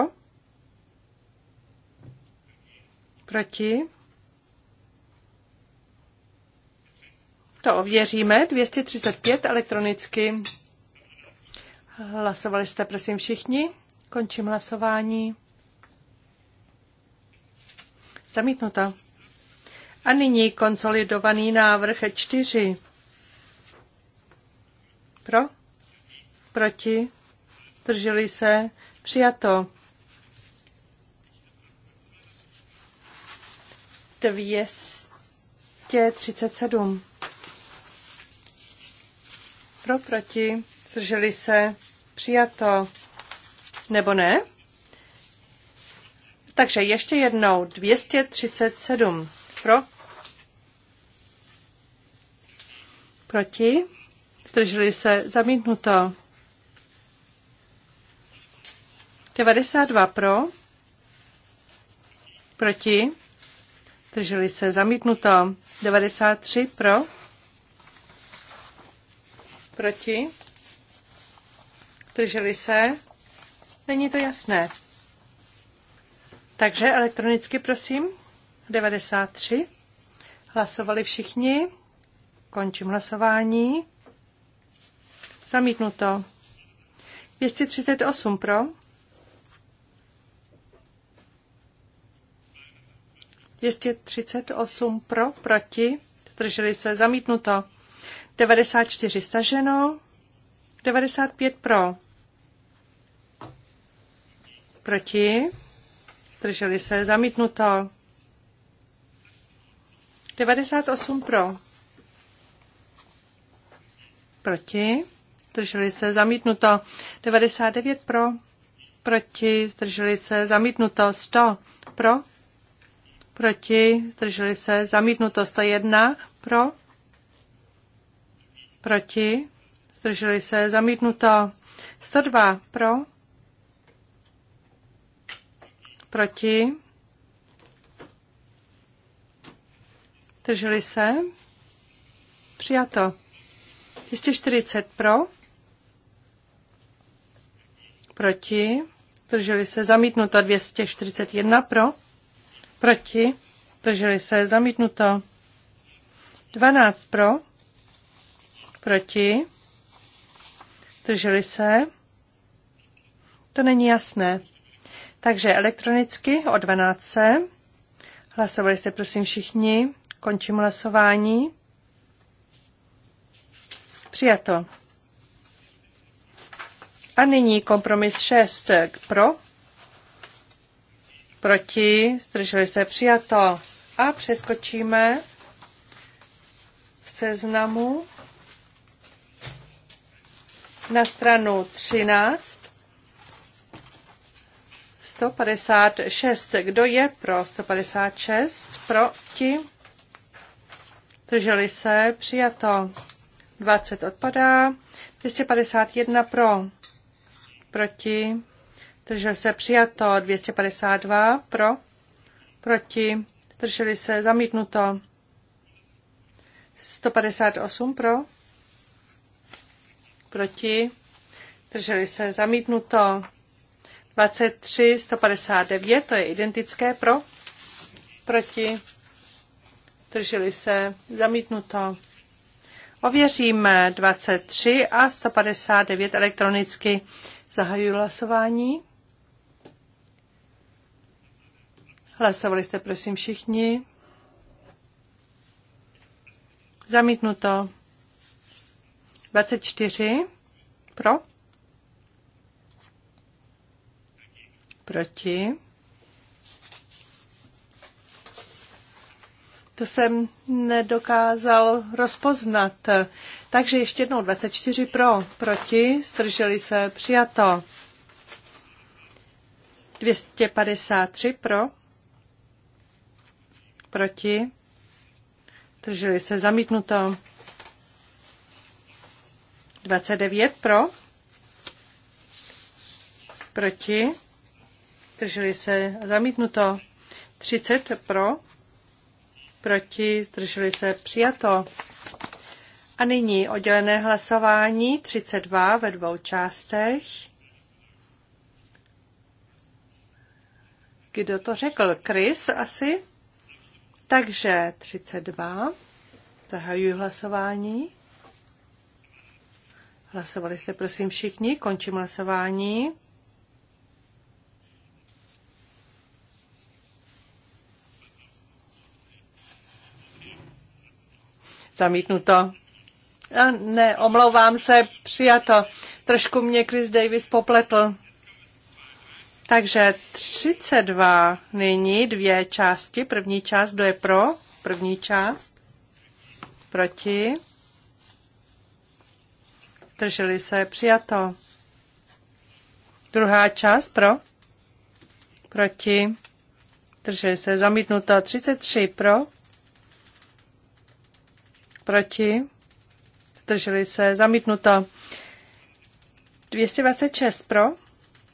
Proti. To ověříme. 235 elektronicky. Hlasovali jste, prosím, všichni. Končím hlasování. Zamítnuto. A nyní konsolidovaný návrh 4. Pro? Proti? Drželi se? Přijato. 237. Pro, proti, zdrželi se, přijato, nebo ne? Takže ještě jednou 237 pro, proti, zdrželi se, zamítnuto. 92 pro, proti, zdrželi se, zamítnuto. 93 pro, Proti? Drželi se? Není to jasné. Takže elektronicky prosím. 93. Hlasovali všichni. Končím hlasování. Zamítnuto. 238 pro. 238 pro, proti. Drželi se. Zamítnuto. 94 staženo, 95 pro. Proti. Drželi se. Zamítnuto. 98 pro. Proti. drželi se. Zamítnuto. 99 pro. Proti. Zdrželi se. Zamítnuto. 100 pro. Proti. Zdrželi se. Zamítnuto. 101 pro proti, zdrželi se, zamítnuto. 102 pro, proti, zdrželi se, přijato. 240 pro, proti, zdrželi se, zamítnuto. 241 pro, proti, zdrželi se, zamítnuto. 12 pro, Proti? Drželi se? To není jasné. Takže elektronicky o 12. Hlasovali jste prosím všichni. Končím hlasování. Přijato. A nyní kompromis 6 pro. Proti. Zdrželi se přijato. A přeskočíme v seznamu na stranu 13. 156. Kdo je pro 156? Proti? Drželi se? Přijato. 20 odpadá. 251 pro. Proti? Drželi se? Přijato. 252 pro. Proti? Drželi se? Zamítnuto. 158 pro proti, drželi se zamítnuto. 23, 159, to je identické pro, proti, drželi se zamítnuto. Ověříme 23 a 159 elektronicky. Zahajuji hlasování. Hlasovali jste prosím všichni. Zamítnuto. 24 pro, proti. To jsem nedokázal rozpoznat. Takže ještě jednou 24 pro, proti, zdrželi se, přijato. 253 pro, proti, zdrželi se, zamítnuto. 29 pro, proti, zdrželi se, zamítnuto. 30 pro, proti, zdrželi se, přijato. A nyní oddělené hlasování 32 ve dvou částech. Kdo to řekl? Chris asi? Takže 32. Zahajuji hlasování. Hlasovali jste prosím všichni, končím hlasování. Zamítnuto. A ne, omlouvám se, přijato. Trošku mě Chris Davis popletl. Takže 32 nyní, dvě části. První část, kdo je pro? První část. Proti. Drželi se přijato. Druhá část pro. Proti. Drželi se zamítnuto. 33 pro. Proti. Drželi se zamítnuto. 226 pro.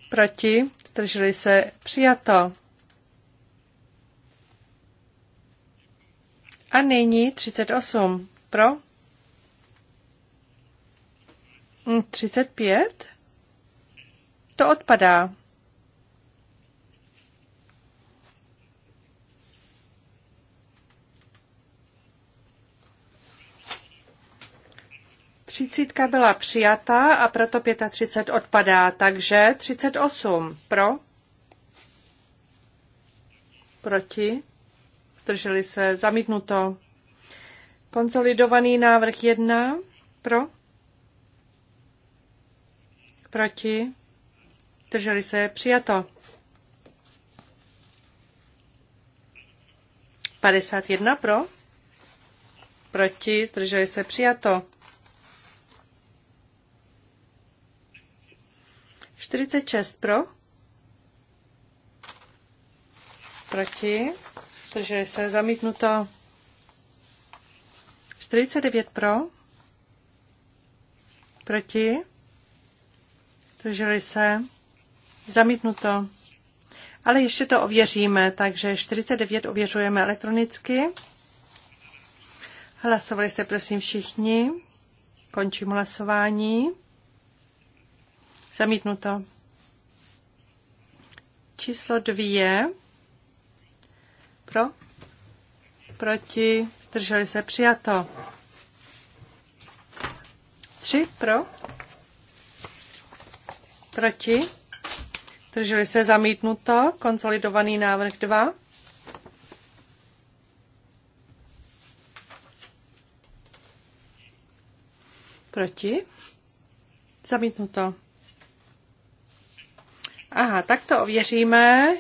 Proti. Drželi se přijato. A nyní 38 pro 35? Hm, to odpadá. Třicítka byla přijatá a proto 35 odpadá, takže 38 pro, proti, drželi se, zamítnuto. Konsolidovaný návrh 1 pro Proti? Drželi se? Přijato. 51 pro? Proti? Drželi se? Přijato. 46 pro? Proti? Drželi se? Zamítnuto. 49 pro? Proti? Zdrželi se? Zamítnuto. Ale ještě to ověříme, takže 49 ověřujeme elektronicky. Hlasovali jste prosím všichni. Končím hlasování. Zamítnuto. Číslo dvě. Pro? Proti? Zdrželi se? Přijato. Tři pro? Proti? Drželi se zamítnuto. Konsolidovaný návrh 2. Proti? Zamítnuto. Aha, tak to ověříme.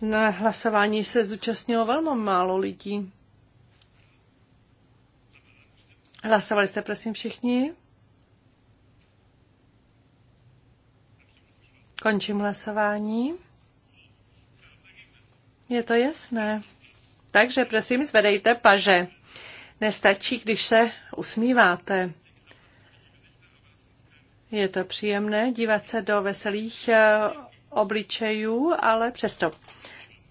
Na hlasování se zúčastnilo velmi málo lidí. Hlasovali jste, prosím, všichni? Končím hlasování. Je to jasné. Takže prosím, zvedejte paže. Nestačí, když se usmíváte. Je to příjemné dívat se do veselých eh, obličejů, ale přesto.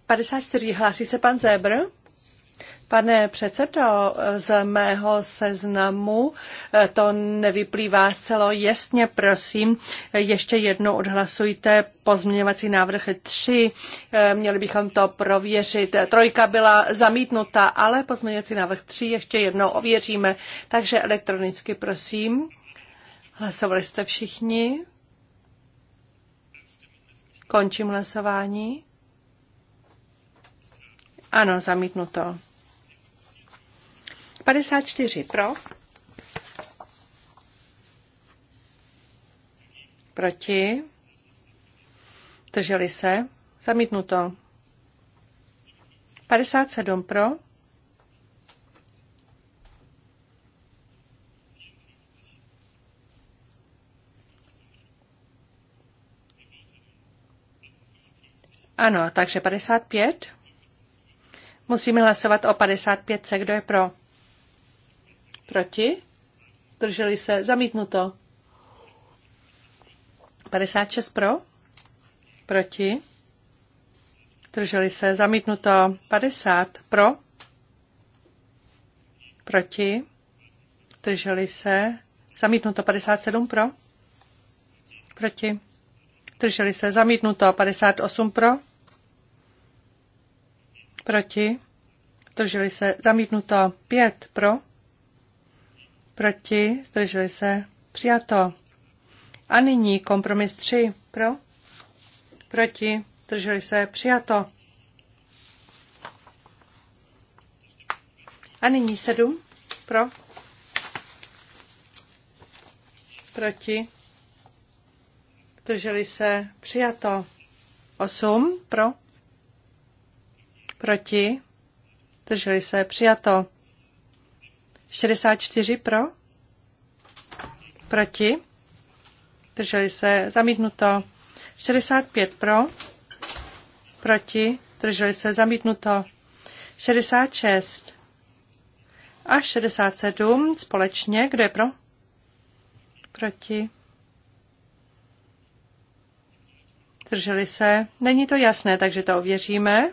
54 hlásí se pan Zebr. Pane předsedo, z mého seznamu eh, to nevyplývá celo jasně, prosím. Ještě jednou odhlasujte pozměňovací návrh 3. Eh, měli bychom to prověřit. Trojka byla zamítnuta, ale pozměňovací návrh 3 ještě jednou ověříme. Takže elektronicky, prosím. Hlasovali jste všichni? Končím hlasování. Ano, zamítnuto. 54 pro. Proti. Drželi se. Zamítnuto. 57 pro. Ano, takže 55. Musíme hlasovat o 55. Kdo je pro? Proti? Zdrželi se? Zamítnuto. 56 pro? Proti? Zdrželi se? Zamítnuto. 50 pro? Proti? Zdrželi se? Zamítnuto. 57 pro? Proti? Zdrželi se? Zamítnuto. 58 pro? Proti? Zdrželi se? Zamítnuto. 5 pro? Proti? Zdrželi se? Přijato. A nyní kompromis 3. Pro? Proti? Zdrželi se? Přijato. A nyní 7. Pro? Proti? Zdrželi se? Přijato. 8. Pro? Proti? Zdrželi se? Přijato. 64 pro, proti, drželi se, zamítnuto. 65 pro, proti, drželi se, zamítnuto. 66 a 67 společně, kdo je pro? Proti. Drželi se. Není to jasné, takže to ověříme.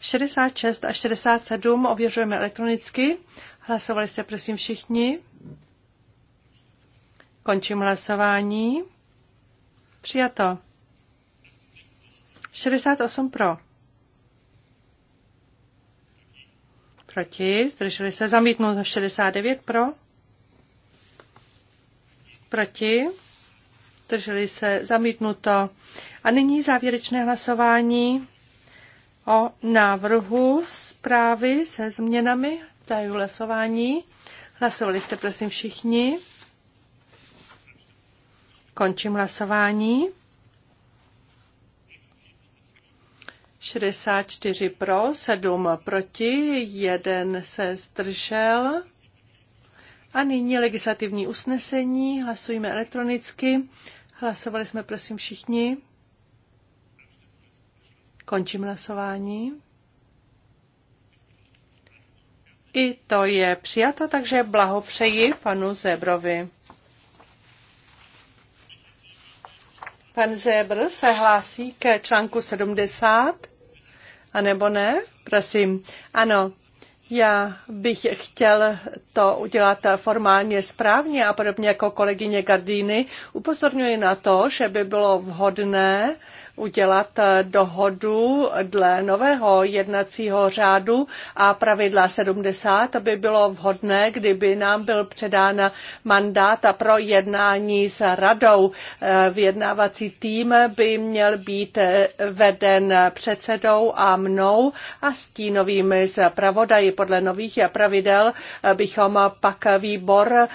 66 a 67 ověřujeme elektronicky. Hlasovali jste prosím všichni? Končím hlasování. Přijato. 68 pro. Proti. Zdrželi se zamítnout 69 pro. Proti. Zdrželi se zamítnuto. A nyní závěrečné hlasování o návrhu zprávy se změnami. Zahajuji hlasování. Hlasovali jste prosím všichni. Končím hlasování. 64 pro, 7 proti, 1 se zdržel. A nyní legislativní usnesení. Hlasujeme elektronicky. Hlasovali jsme prosím všichni. Končím hlasování. I to je přijato, takže blahopřeji panu Zebrovi. Pan Zebr se hlásí ke článku 70, nebo ne? Prosím. Ano, já bych chtěl to udělat formálně správně a podobně jako kolegyně Gardíny upozorňuji na to, že by bylo vhodné udělat eh, dohodu dle nového jednacího řádu a pravidla 70 by bylo vhodné, kdyby nám byl předán mandát pro jednání s radou. Eh, vyjednávací tým by měl být eh, veden předsedou a mnou a stínovými zpravodaji. Podle nových pravidel bychom pak výbor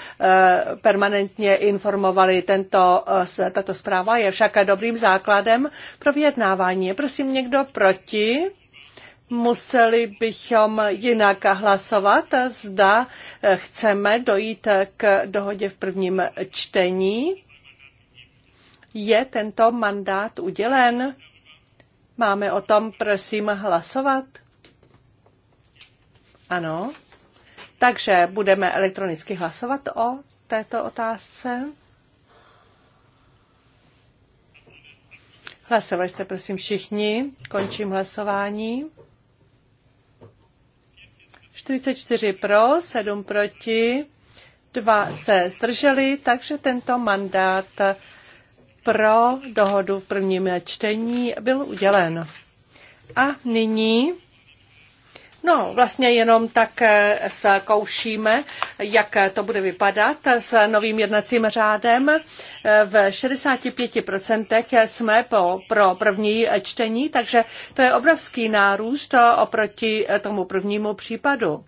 permanentně informovali. Tento, tato zpráva je však dobrým základem pro vyjednávání. Je prosím někdo proti? Museli bychom jinak hlasovat, zda eh, chceme dojít k dohodě v prvním čtení. Je tento mandát udělen? Máme o tom, prosím, hlasovat? Ano. Takže budeme elektronicky hlasovat o této otázce. Hlasovali jste prosím všichni. Končím hlasování. 44 pro, 7 proti, 2 se zdrželi, takže tento mandát pro dohodu v prvním čtení byl udělen. A nyní No, vlastně jenom tak eh, zkoušíme, jak eh, to bude vypadat s novým jednacím řádem. Eh, v 65% jsme po, pro první čtení, takže to je obrovský nárůst oproti tomu prvnímu případu.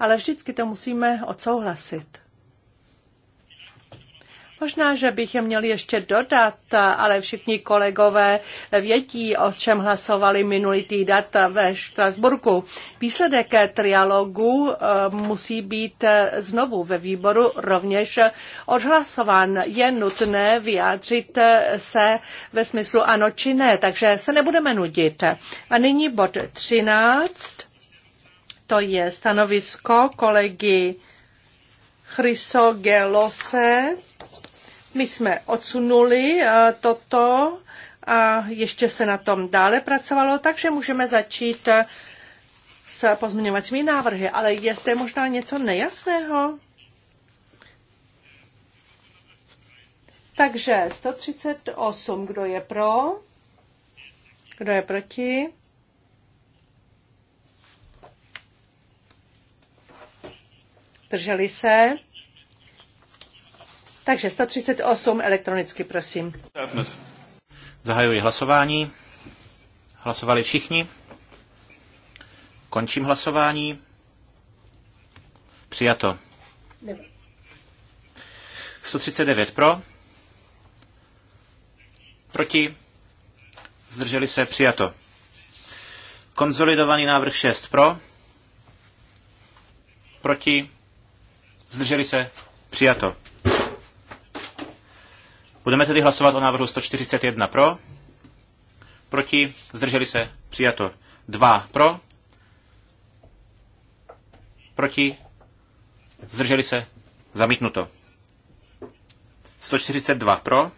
Ale vždycky to musíme odsouhlasit. Možná, že bych je měl ještě dodat, ale všichni kolegové vědí, o čem hlasovali minulý týden ve Štrasburku. Výsledek trialogu eh, musí být znovu ve výboru rovněž odhlasován. Je nutné vyjádřit se ve smyslu ano či ne, takže se nebudeme nudit. A nyní bod 13. To je stanovisko kolegy Chrysogelose my jsme odsunuli eh, toto a ještě se na tom dále pracovalo, takže můžeme začít eh, s pozměňovacími návrhy. Ale je zde možná něco nejasného? Takže 138, kdo je pro? Kdo je proti? Drželi se? Takže 138 elektronicky, prosím. Zahajuji hlasování. Hlasovali všichni. Končím hlasování. Přijato. 139 pro. Proti. Zdrželi se. Přijato. Konzolidovaný návrh 6 pro. Proti. Zdrželi se. Přijato. Budeme tedy hlasovat o návrhu 141 pro, proti, zdrželi se, přijato 2 pro, proti, zdrželi se, zamítnuto. 142 pro,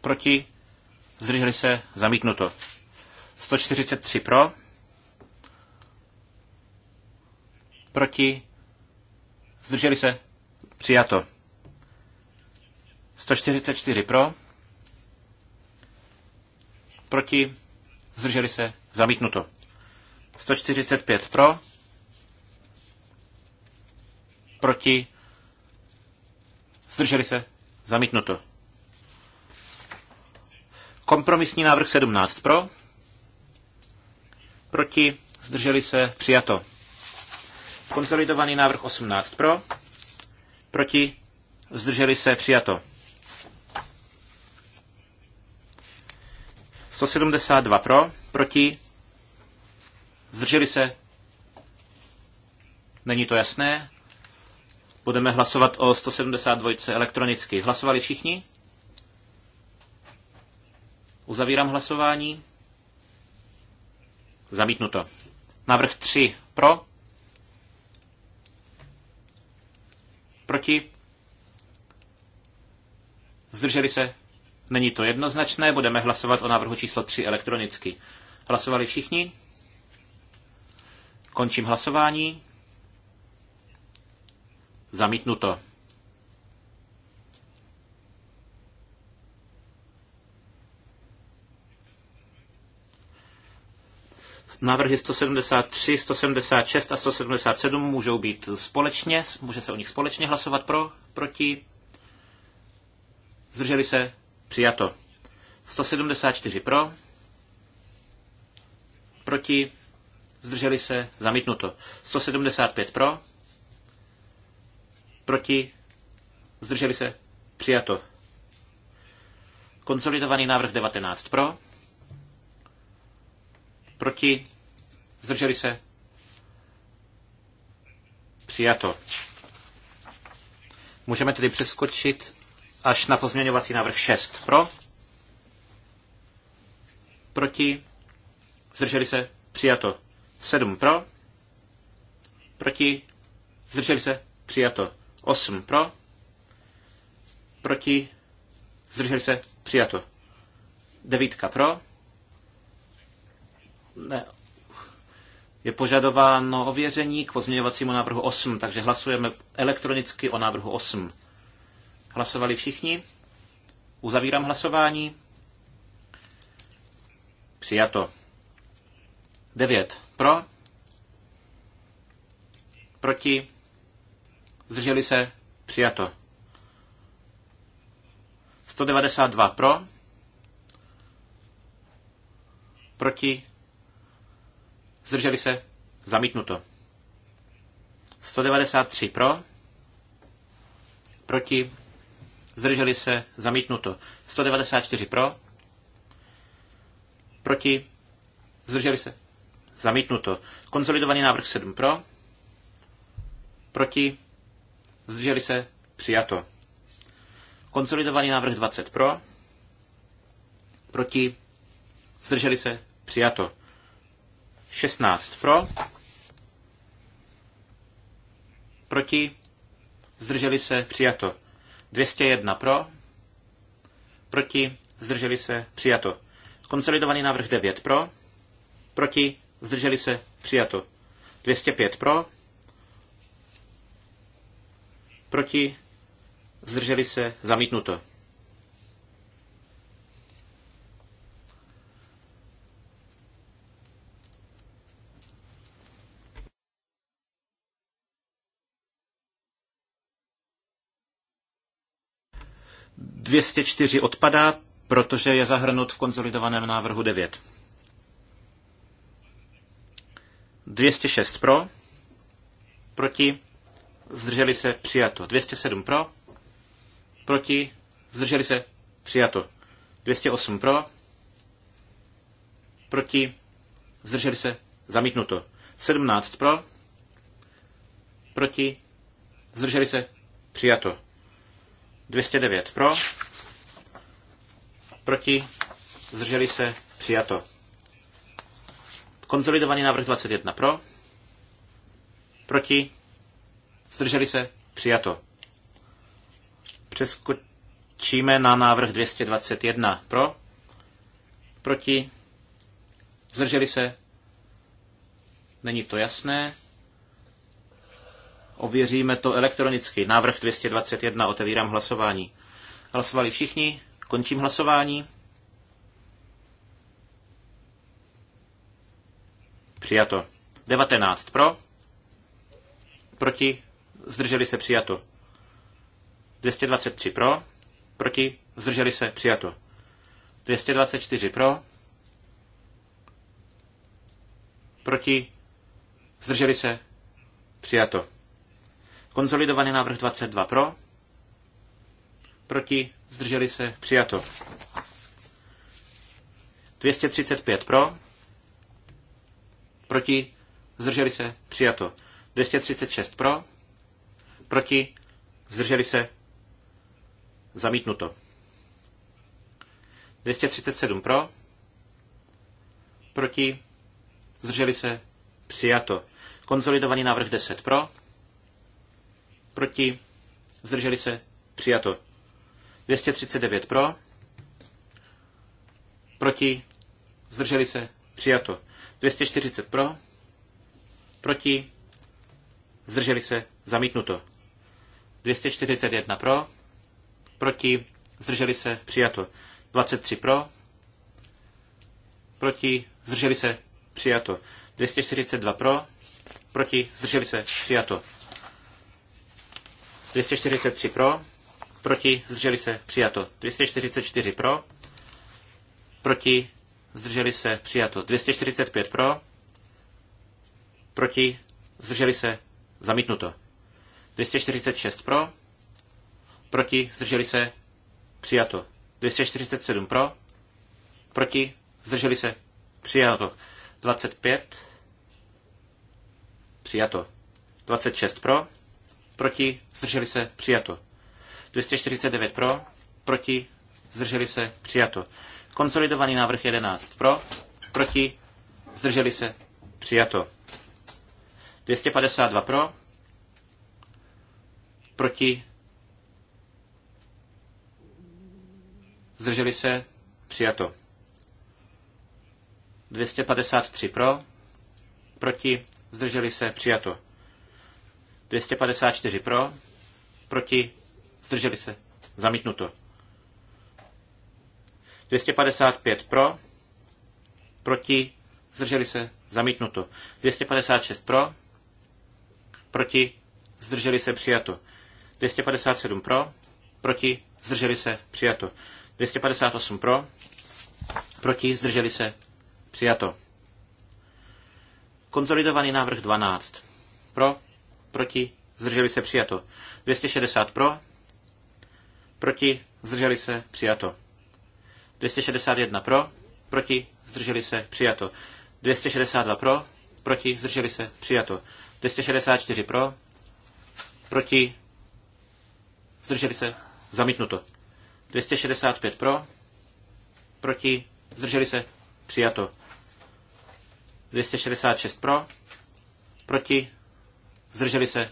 proti, zdrželi se, zamítnuto. 143 pro, proti, zdrželi se, přijato. 144 pro. Proti. Zdrželi se. Zamítnuto. 145 pro. Proti. Zdrželi se. Zamítnuto. Kompromisní návrh 17 pro. Proti. Zdrželi se. Přijato. Konsolidovaný návrh 18 pro. Proti. Zdrželi se. Přijato. 172 pro, proti, zdrželi se, není to jasné. Budeme hlasovat o 172 elektronicky. Hlasovali všichni? Uzavírám hlasování. Zamítnuto. Navrh 3 pro. Proti. Zdrželi se. Není to jednoznačné, budeme hlasovat o návrhu číslo 3 elektronicky. Hlasovali všichni? Končím hlasování. Zamítnuto. Návrhy 173, 176 a 177 můžou být společně, může se o nich společně hlasovat pro, proti. Zdrželi se? Přijato. 174 pro. Proti. Zdrželi se. Zamítnuto. 175 pro. Proti. Zdrželi se. Přijato. Konsolidovaný návrh 19 pro. Proti. Zdrželi se. Přijato. Můžeme tedy přeskočit až na pozměňovací návrh 6. Pro? Proti? Zdrželi se? Přijato. 7 pro? Proti? Zdrželi se? Přijato. 8 pro? Proti? Zdrželi se? Přijato. 9. pro? Ne. Je požadováno ověření k pozměňovacímu návrhu 8, takže hlasujeme elektronicky o návrhu 8. Hlasovali všichni? Uzavírám hlasování. Přijato. 9 pro. Proti. Zdrželi se. Přijato. 192 pro. Proti. Zdrželi se. Zamítnuto. 193 pro. Proti zdrželi se, zamítnuto. 194 pro, proti, zdrželi se, zamítnuto. Konsolidovaný návrh 7 pro, proti, zdrželi se, přijato. Konsolidovaný návrh 20 pro, proti, zdrželi se, přijato. 16 pro, proti, zdrželi se, přijato. 201 pro, proti, zdrželi se, přijato. Konsolidovaný návrh 9 pro, proti, zdrželi se, přijato. 205 pro, proti, zdrželi se, zamítnuto. 204 odpadá, protože je zahrnut v konzolidovaném návrhu 9. 206 pro, proti, zdrželi se, přijato. 207 pro, proti, zdrželi se, přijato. 208 pro, proti, zdrželi se, zamítnuto. 17 pro, proti, zdrželi se, přijato. 209 pro, proti, zdrželi se, přijato. Konzolidovaný návrh 21 pro, proti, zdrželi se, přijato. Přeskočíme na návrh 221 pro, proti, zdrželi se, není to jasné, Ověříme to elektronicky. Návrh 221. Otevírám hlasování. Hlasovali všichni? Končím hlasování. Přijato. 19 pro. Proti. Zdrželi se přijato. 223 pro. Proti. Zdrželi se přijato. 224 pro. Proti. Zdrželi se. Přijato. Konzolidovaný návrh 22 pro, proti, zdrželi se, přijato. 235 pro, proti, zdrželi se, přijato. 236 pro, proti, zdrželi se, zamítnuto. 237 pro, proti, zdrželi se, přijato. Konzolidovaný návrh 10 pro, Proti? Zdrželi se? Přijato. 239 pro? Proti? Zdrželi se? Přijato. 240 pro? Proti? Zdrželi se? Zamítnuto. 241 pro? Proti? Zdrželi se? Přijato. 23 pro? Proti? Zdrželi se? Přijato. 242 pro? Proti? Zdrželi se? Přijato. 243 pro, proti, zdrželi se, přijato. 244 pro, proti, zdrželi se, přijato. 245 pro, proti, zdrželi se, zamítnuto. 246 pro, proti, zdrželi se, přijato. 247 pro, proti, zdrželi se, přijato. 25, přijato. 26 pro, proti, zdrželi se, přijato. 249 pro, proti, zdrželi se, přijato. Konsolidovaný návrh 11 pro, proti, zdrželi se, přijato. 252 pro, proti, zdrželi se, přijato. 253 pro, proti, zdrželi se, přijato. 254 pro, proti, zdrželi se, zamítnuto. 255 pro, proti, zdrželi se, zamítnuto. 256 pro, proti, zdrželi se, přijato. 257 pro, proti, zdrželi se, přijato. 258 pro, proti, zdrželi se, přijato. Konzolidovaný návrh 12. Pro, proti, zdrželi se přijato. 260 pro, proti, zdrželi se přijato. 261 pro, proti, zdrželi se přijato. 262 pro, proti, zdrželi se přijato. 264 pro, proti, zdrželi se zamítnuto. 265 pro, proti, zdrželi se přijato. 266 pro, proti, Zdrželi se?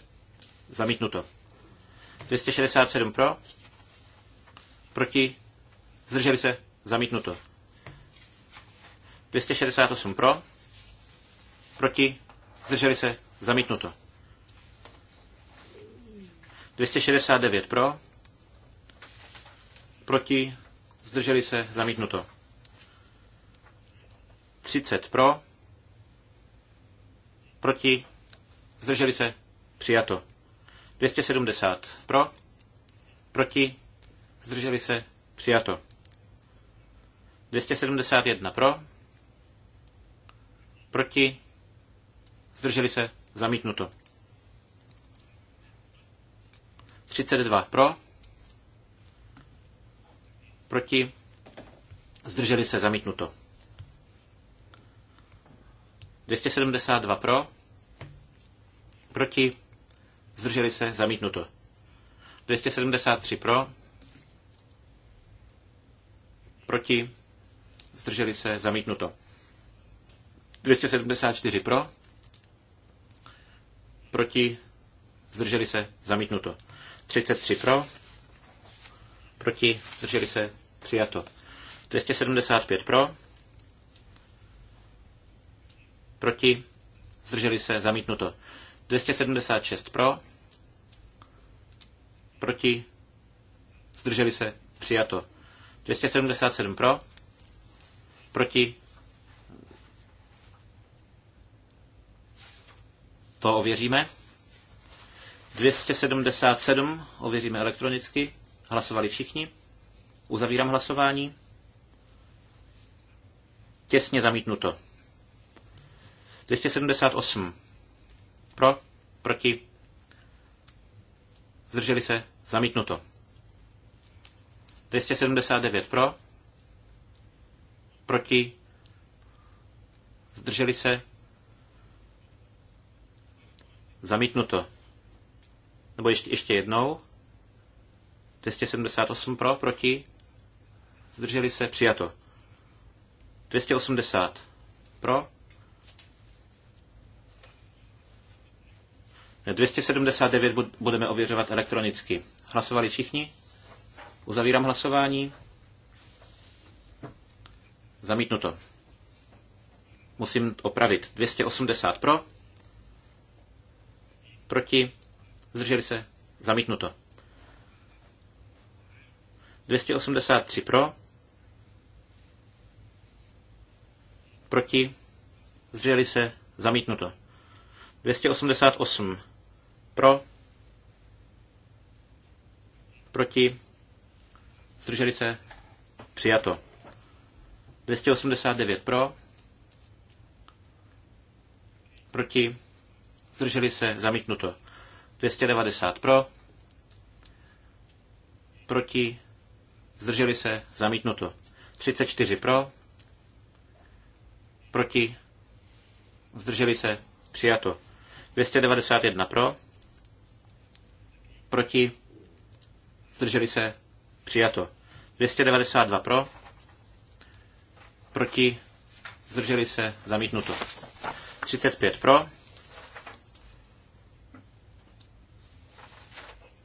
Zamítnuto. 267 pro? Proti? Zdrželi se? Zamítnuto. 268 pro? Proti? Zdrželi se? Zamítnuto. 269 pro? Proti? Zdrželi se? Zamítnuto. 30 pro? Proti? Zdrželi se? Přijato. 270. Pro? Proti? Zdrželi se? Přijato. 271. Pro? Proti? Zdrželi se? Zamítnuto. 32. Pro? Proti? Zdrželi se? Zamítnuto. 272 pro, Proti? Zdrželi se? Zamítnuto. 273 pro. Proti? Zdrželi se? Zamítnuto. 274 pro. Proti? Zdrželi se? Zamítnuto. 33 pro. Proti? Zdrželi se? Přijato. 275 pro. Proti? Zdrželi se? Zamítnuto. 276 pro, proti, zdrželi se, přijato. 277 pro, proti, to ověříme. 277 ověříme elektronicky, hlasovali všichni. Uzavírám hlasování. Těsně zamítnuto. 278 pro, proti, zdrželi se, zamítnuto. 279 pro, proti, zdrželi se, zamítnuto. Nebo ještě, ještě jednou. 278 pro, proti, zdrželi se, přijato. 280 pro, 279 budeme ověřovat elektronicky. Hlasovali všichni? Uzavírám hlasování. Zamítnuto. Musím opravit. 280 pro. Proti. Zdrželi se. Zamítnuto. 283 pro. Proti. Zdrželi se. Zamítnuto. 288 pro. Proti. Zdrželi se. Přijato. 289 pro. Proti. Zdrželi se. Zamítnuto. 290 pro. Proti. Zdrželi se. Zamítnuto. 34 pro. Proti. Zdrželi se. Přijato. 291 pro proti, zdrželi se, přijato. 292 pro, proti, zdrželi se, zamítnuto. 35 pro,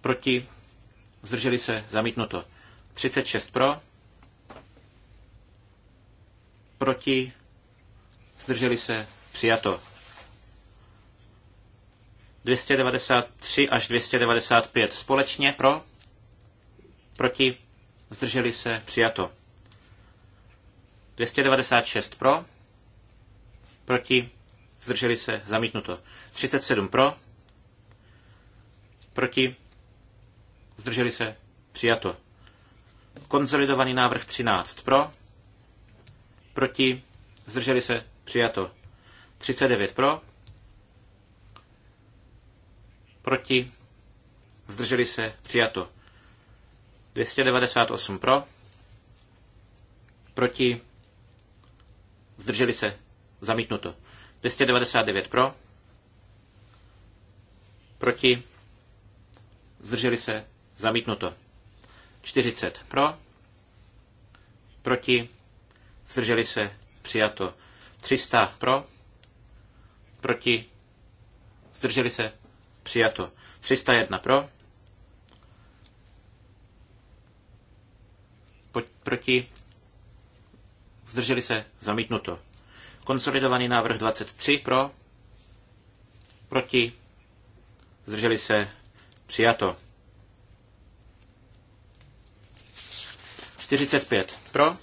proti, zdrželi se, zamítnuto. 36 pro, proti, zdrželi se, přijato. 293 až 295 společně pro, proti, zdrželi se, přijato. 296 pro, proti, zdrželi se, zamítnuto. 37 pro, proti, zdrželi se, přijato. Konzolidovaný návrh 13 pro, proti, zdrželi se, přijato. 39 pro, proti, zdrželi se, přijato. 298 pro, proti, zdrželi se, zamítnuto. 299 pro, proti, zdrželi se, zamítnuto. 40 pro, proti, zdrželi se, přijato. 300 pro, proti, zdrželi se, Přijato. 301 pro. Po, proti. Zdrželi se. Zamítnuto. Konsolidovaný návrh 23 pro. Proti. Zdrželi se. Přijato. 45 pro.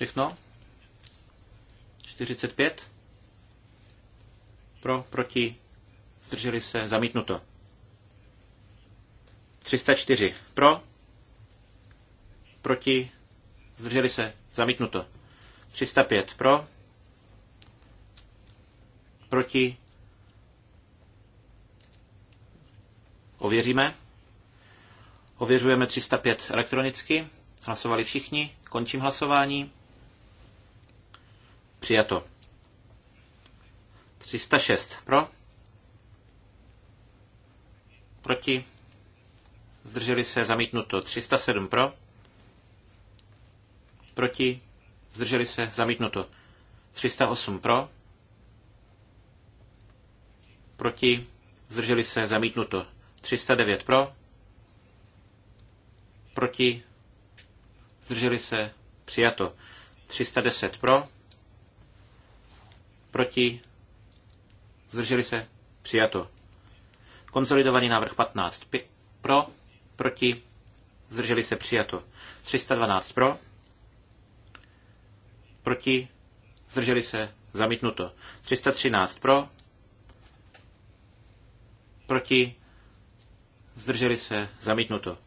Všechno? 45? Pro, proti, zdrželi se, zamítnuto. 304. Pro, proti, zdrželi se, zamítnuto. 305. Pro, proti, ověříme. Ověřujeme 305 elektronicky. Hlasovali všichni. Končím hlasování. Přijato. 306 pro. Proti. Zdrželi se zamítnuto. 307 pro. Proti. Zdrželi se zamítnuto. 308 pro. Proti. Zdrželi se zamítnuto. 309 pro. Proti. Zdrželi se přijato. 310 pro Proti? Zdrželi se? Přijato. Konsolidovaný návrh 15. Pi- pro? Proti? Zdrželi se? Přijato. 312 pro? Proti? Zdrželi se? Zamítnuto. 313 pro? Proti? Zdrželi se? Zamítnuto.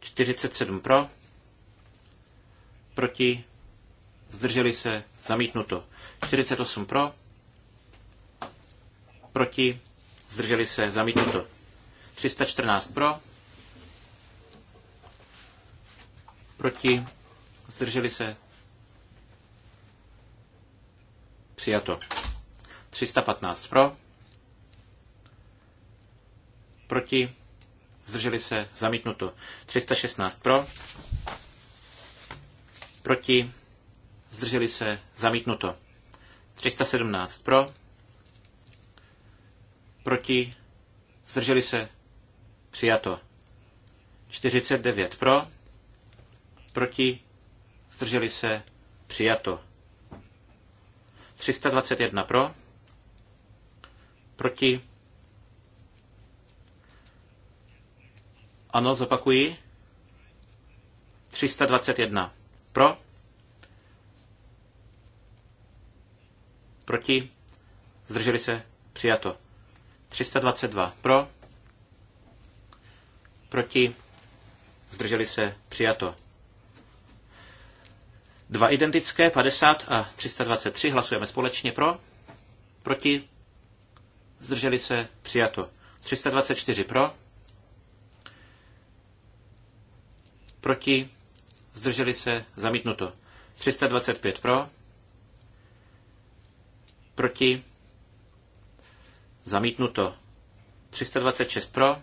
47 pro? Proti? zdrželi se, zamítnuto. 48 pro, proti, zdrželi se, zamítnuto. 314 pro, proti, zdrželi se, přijato. 315 pro, proti, zdrželi se, zamítnuto. 316 pro, proti, zdrželi se, zamítnuto. 317 pro, proti, zdrželi se, přijato. 49 pro, proti, zdrželi se, přijato. 321 pro, proti, ano, zopakuji, 321 pro, Proti? Zdrželi se? Přijato. 322. Pro? Proti? Zdrželi se? Přijato. Dva identické, 50 a 323. Hlasujeme společně pro? Proti? Zdrželi se? Přijato. 324 pro? Proti? Zdrželi se? Zamítnuto. 325 pro? proti, zamítnuto. 326 pro,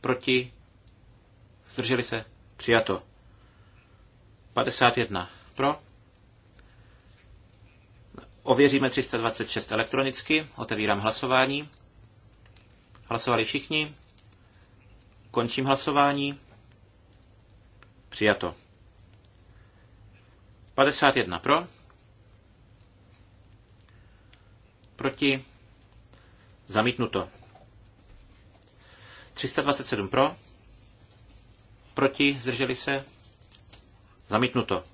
proti, zdrželi se, přijato. 51 pro. Ověříme 326 elektronicky, otevírám hlasování. Hlasovali všichni. Končím hlasování. Přijato. 51 pro. Proti? Zamítnuto. 327 pro. Proti? Zdrželi se? Zamítnuto.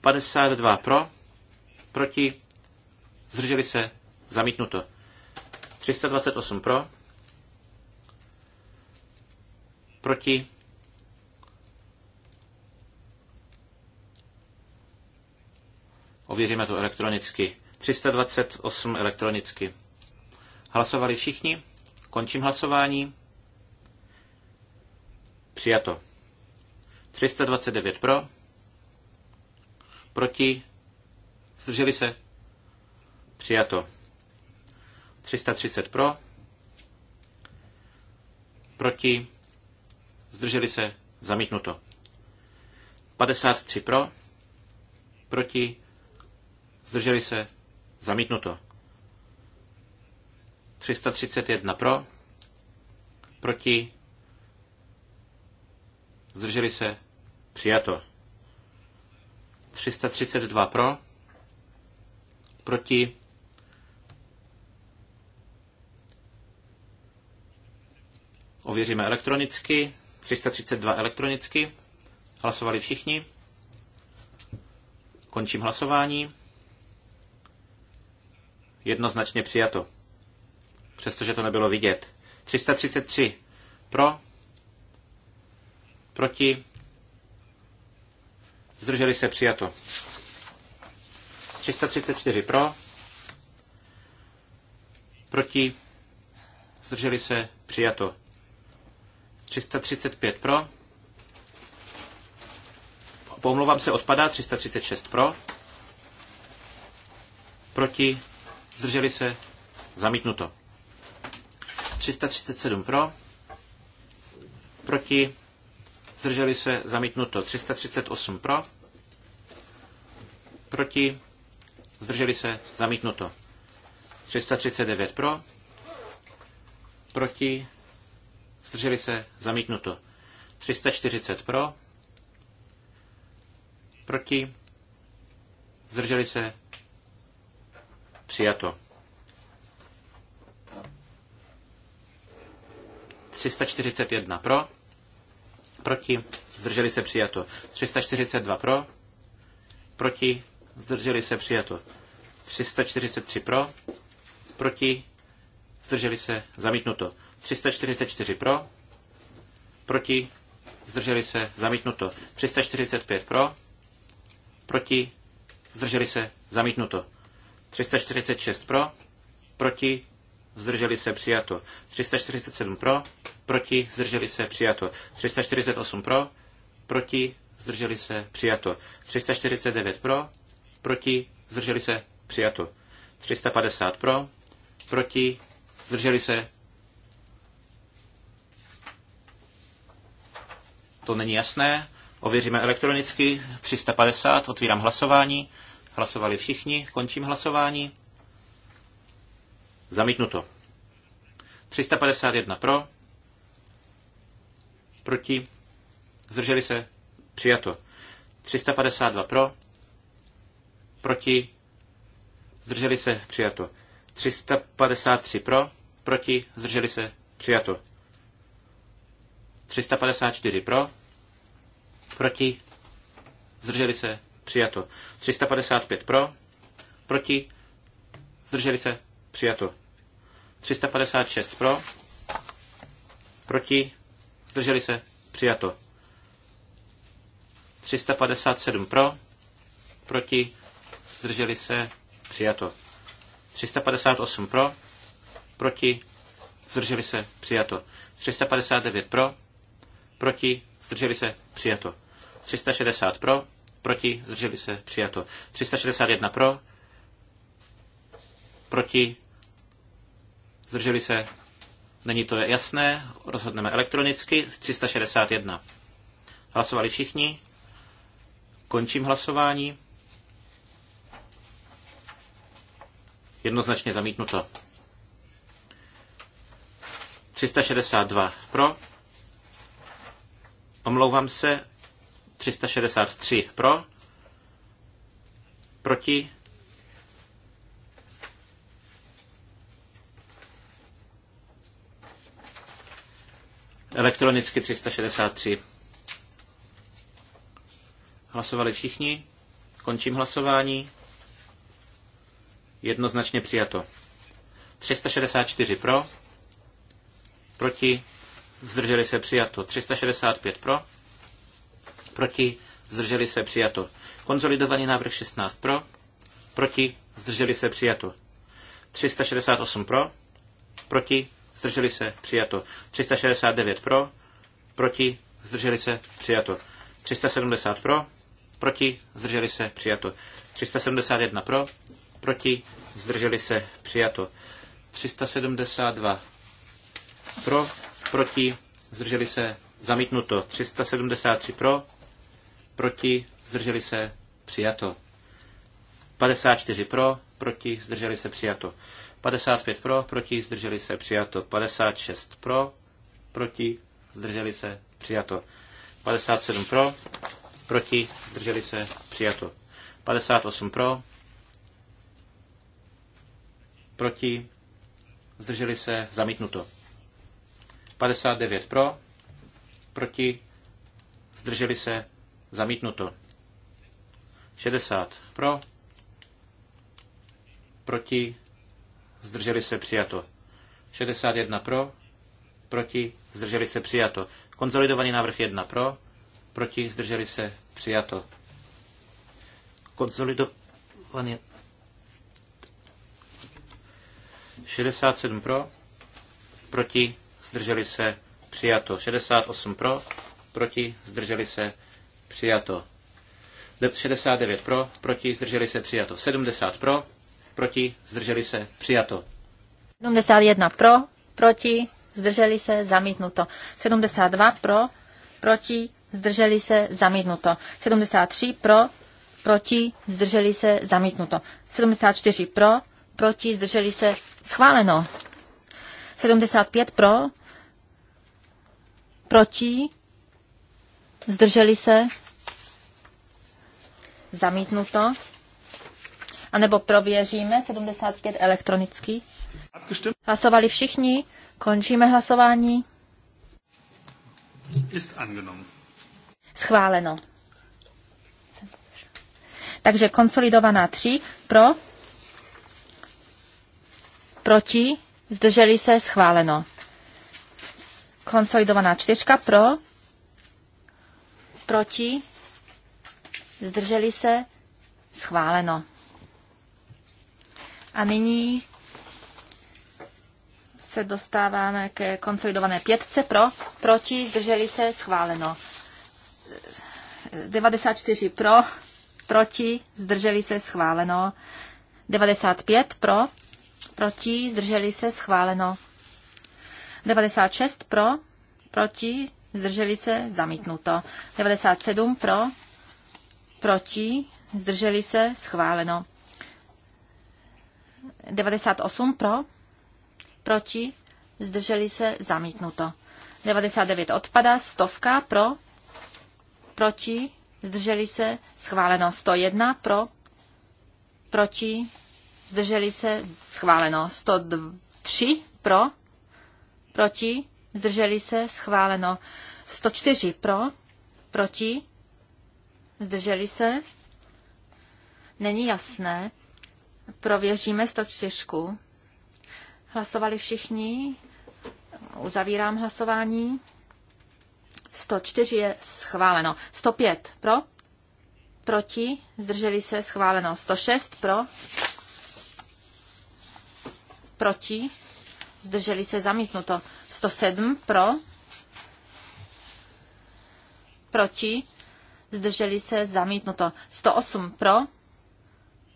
52 pro. Proti? Zdrželi se? Zamítnuto. 328 pro. Proti? Ověříme to elektronicky. 328 elektronicky. Hlasovali všichni? Končím hlasování. Přijato. 329 pro. Proti. Zdrželi se. Přijato. 330 pro. Proti. Zdrželi se. Zamítnuto. 53 pro. Proti. Zdrželi se. Zamítnuto. 331 pro, proti, zdrželi se, přijato. 332 pro, proti, ověříme elektronicky, 332 elektronicky, hlasovali všichni, končím hlasování. Jednoznačně přijato. Přestože to nebylo vidět. 333 pro, proti, zdrželi se přijato. 334 pro, proti, zdrželi se přijato. 335 pro, Pomluvám se, odpadá 336 pro, proti, zdrželi se, zamítnuto. 337 pro, proti, zdrželi se, zamítnuto. 338 pro, proti, zdrželi se, zamítnuto. 339 pro, proti, zdrželi se, zamítnuto. 340 pro, proti, zdrželi se, Přijato. 341 pro. Proti. Zdrželi se přijato. 342 pro. Proti. Zdrželi se přijato. 343 pro. Proti. Zdrželi se zamítnuto. 344 pro. Proti. Zdrželi se zamítnuto. 345 pro. Proti. Zdrželi se zamítnuto. 346 pro, proti, zdrželi se přijato. 347 pro, proti, zdrželi se přijato. 348 pro, proti, zdrželi se přijato. 349 pro, proti, zdrželi se přijato. 350 pro, proti, zdrželi se. To není jasné. Ověříme elektronicky. 350, otvírám hlasování. Hlasovali všichni. Končím hlasování. Zamítnuto. 351 pro. Proti. Zdrželi se. Přijato. 352 pro. Proti. Zdrželi se. Přijato. 353 pro. Proti. Zdrželi se. Přijato. 354 pro. Proti. Zdrželi se. Přijato. 355 pro, proti, zdrželi se, přijato. 356 pro, proti, zdrželi se, přijato. 357 pro, proti, zdrželi se, přijato. 358 pro, proti, zdrželi se, přijato. 359 pro, proti, zdrželi se, přijato. 360 pro, proti, zdrželi se, přijato. 361 pro, proti, zdrželi se, není to jasné, rozhodneme elektronicky, 361. Hlasovali všichni, končím hlasování. Jednoznačně zamítnuto. 362 pro. Omlouvám se, 363 pro, proti, elektronicky 363. Hlasovali všichni, končím hlasování, jednoznačně přijato. 364 pro, proti, zdrželi se přijato 365 pro, proti, zdrželi se přijato. Konzolidovaný návrh 16 pro, proti, zdrželi se přijato. 368 pro, proti, zdrželi se přijato. 369 pro, proti, zdrželi se přijato. 370 pro, proti, zdrželi se přijato. 371 pro, proti, zdrželi se přijato. 372 pro, proti, zdrželi se zamítnuto. 373 pro, proti, zdrželi se, přijato. 54 pro, proti, zdrželi se, přijato. 55 pro, proti, zdrželi se, přijato. 56 pro, proti, zdrželi se, přijato. 57 pro, proti, zdrželi se, přijato. 58 pro, proti, zdrželi se, zamítnuto. 59 pro, proti, zdrželi se, Zamítnuto. 60 pro, proti, zdrželi se přijato. 61 pro, proti, zdrželi se přijato. Konzolidovaný návrh 1 pro, proti, zdrželi se přijato. Konzolidovaný 67 pro, proti, zdrželi se přijato. 68 pro, proti, zdrželi se přijato. 69 pro, proti, zdrželi se, přijato. 70 pro, proti, zdrželi se, přijato. 71 pro, proti, zdrželi se, zamítnuto. 72 pro, proti, zdrželi se, zamítnuto. 73 pro, proti, zdrželi se, zamítnuto. 74 pro, proti, zdrželi se, schváleno. 75 pro, proti, zdrželi se, zamítnuto. A nebo prověříme 75 elektronicky. Hlasovali všichni, končíme hlasování. Ist angenommen. Schváleno. Takže konsolidovaná 3 pro, proti, zdrželi se, schváleno. Konsolidovaná čtyřka pro, proti, zdrželi se, schváleno. A nyní se dostáváme ke konsolidované pětce pro, proti, zdrželi se, schváleno. 94 pro, proti, zdrželi se, schváleno. 95 pro, proti, zdrželi se, schváleno. 96 pro, proti, zdrželi se, zamítnuto. 97 pro, proti, zdrželi se, schváleno. 98 pro, proti, zdrželi se, zamítnuto. 99 odpada, stovka pro, proti, zdrželi se, schváleno. 101 pro, proti, zdrželi se, schváleno. 103 pro, proti, zdrželi se, schváleno. 104 pro, proti, Zdrželi se? Není jasné. Prověříme 104. Hlasovali všichni? Uzavírám hlasování. 104 je schváleno. 105 pro? Proti? Zdrželi se? Schváleno. 106 pro? Proti? Zdrželi se? Zamítnuto. 107 pro? Proti? zdrželi se, zamítnuto. 108 pro,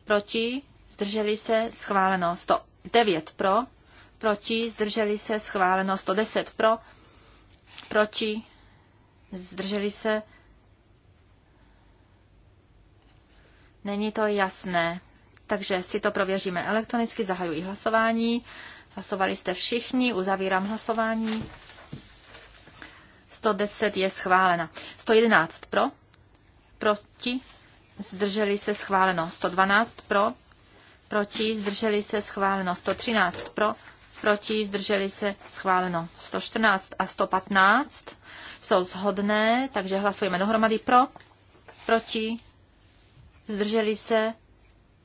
proti, zdrželi se, schváleno. 109 pro, proti, zdrželi se, schváleno. 110 pro, proti, zdrželi se. Není to jasné, takže si to prověříme elektronicky, zahajuji hlasování. Hlasovali jste všichni, uzavírám hlasování. 110 je schválena. 111 pro, proti, zdrželi se schváleno 112 pro, proti, zdrželi se schváleno 113 pro, proti, zdrželi se schváleno 114 a 115 jsou shodné, takže hlasujeme dohromady pro, proti, zdrželi se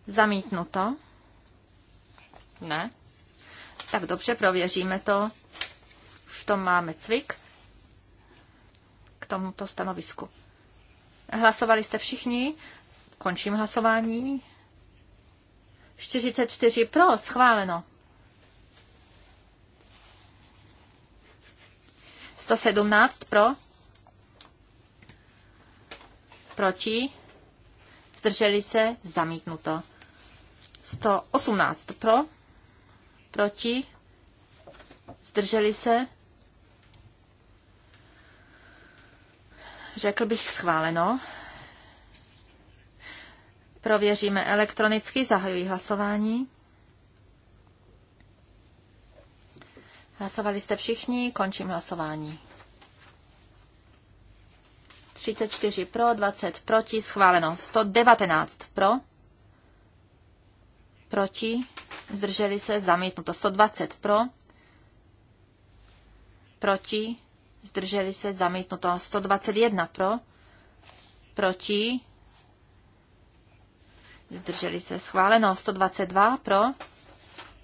zamítnuto. Ne? Tak dobře, prověříme to. v tom máme cvik k tomuto stanovisku. Hlasovali jste všichni? Končím hlasování. 44 pro, schváleno. 117 pro. Proti. Zdrželi se, zamítnuto. 118 pro. Proti. Zdrželi se, Řekl bych schváleno. Prověříme elektronicky, zahajuji hlasování. Hlasovali jste všichni, končím hlasování. 34 pro, 20 proti, schváleno. 119 pro, proti, zdrželi se, zamítnuto. 120 pro, proti, zdrželi se, zamítnuto. 121 pro, proti, zdrželi se, schváleno. 122 pro,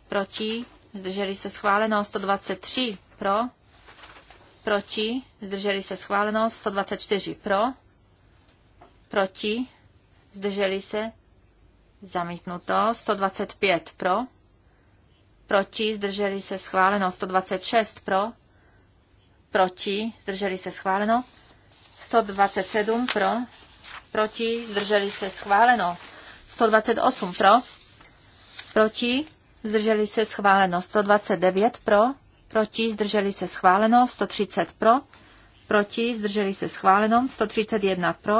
proti, zdrželi se, schváleno. 123 pro, proti, zdrželi se, schváleno. 124 pro, proti, zdrželi se, zamítnuto. 125 pro, proti, zdrželi se, schváleno. 126 pro, proti, zdrželi se schváleno. 127 pro, proti, zdrželi se schváleno. 128 pro, proti, zdrželi se schváleno. 129 pro, proti, zdrželi se schváleno. 130 pro, proti, zdrželi se schváleno. 131 pro,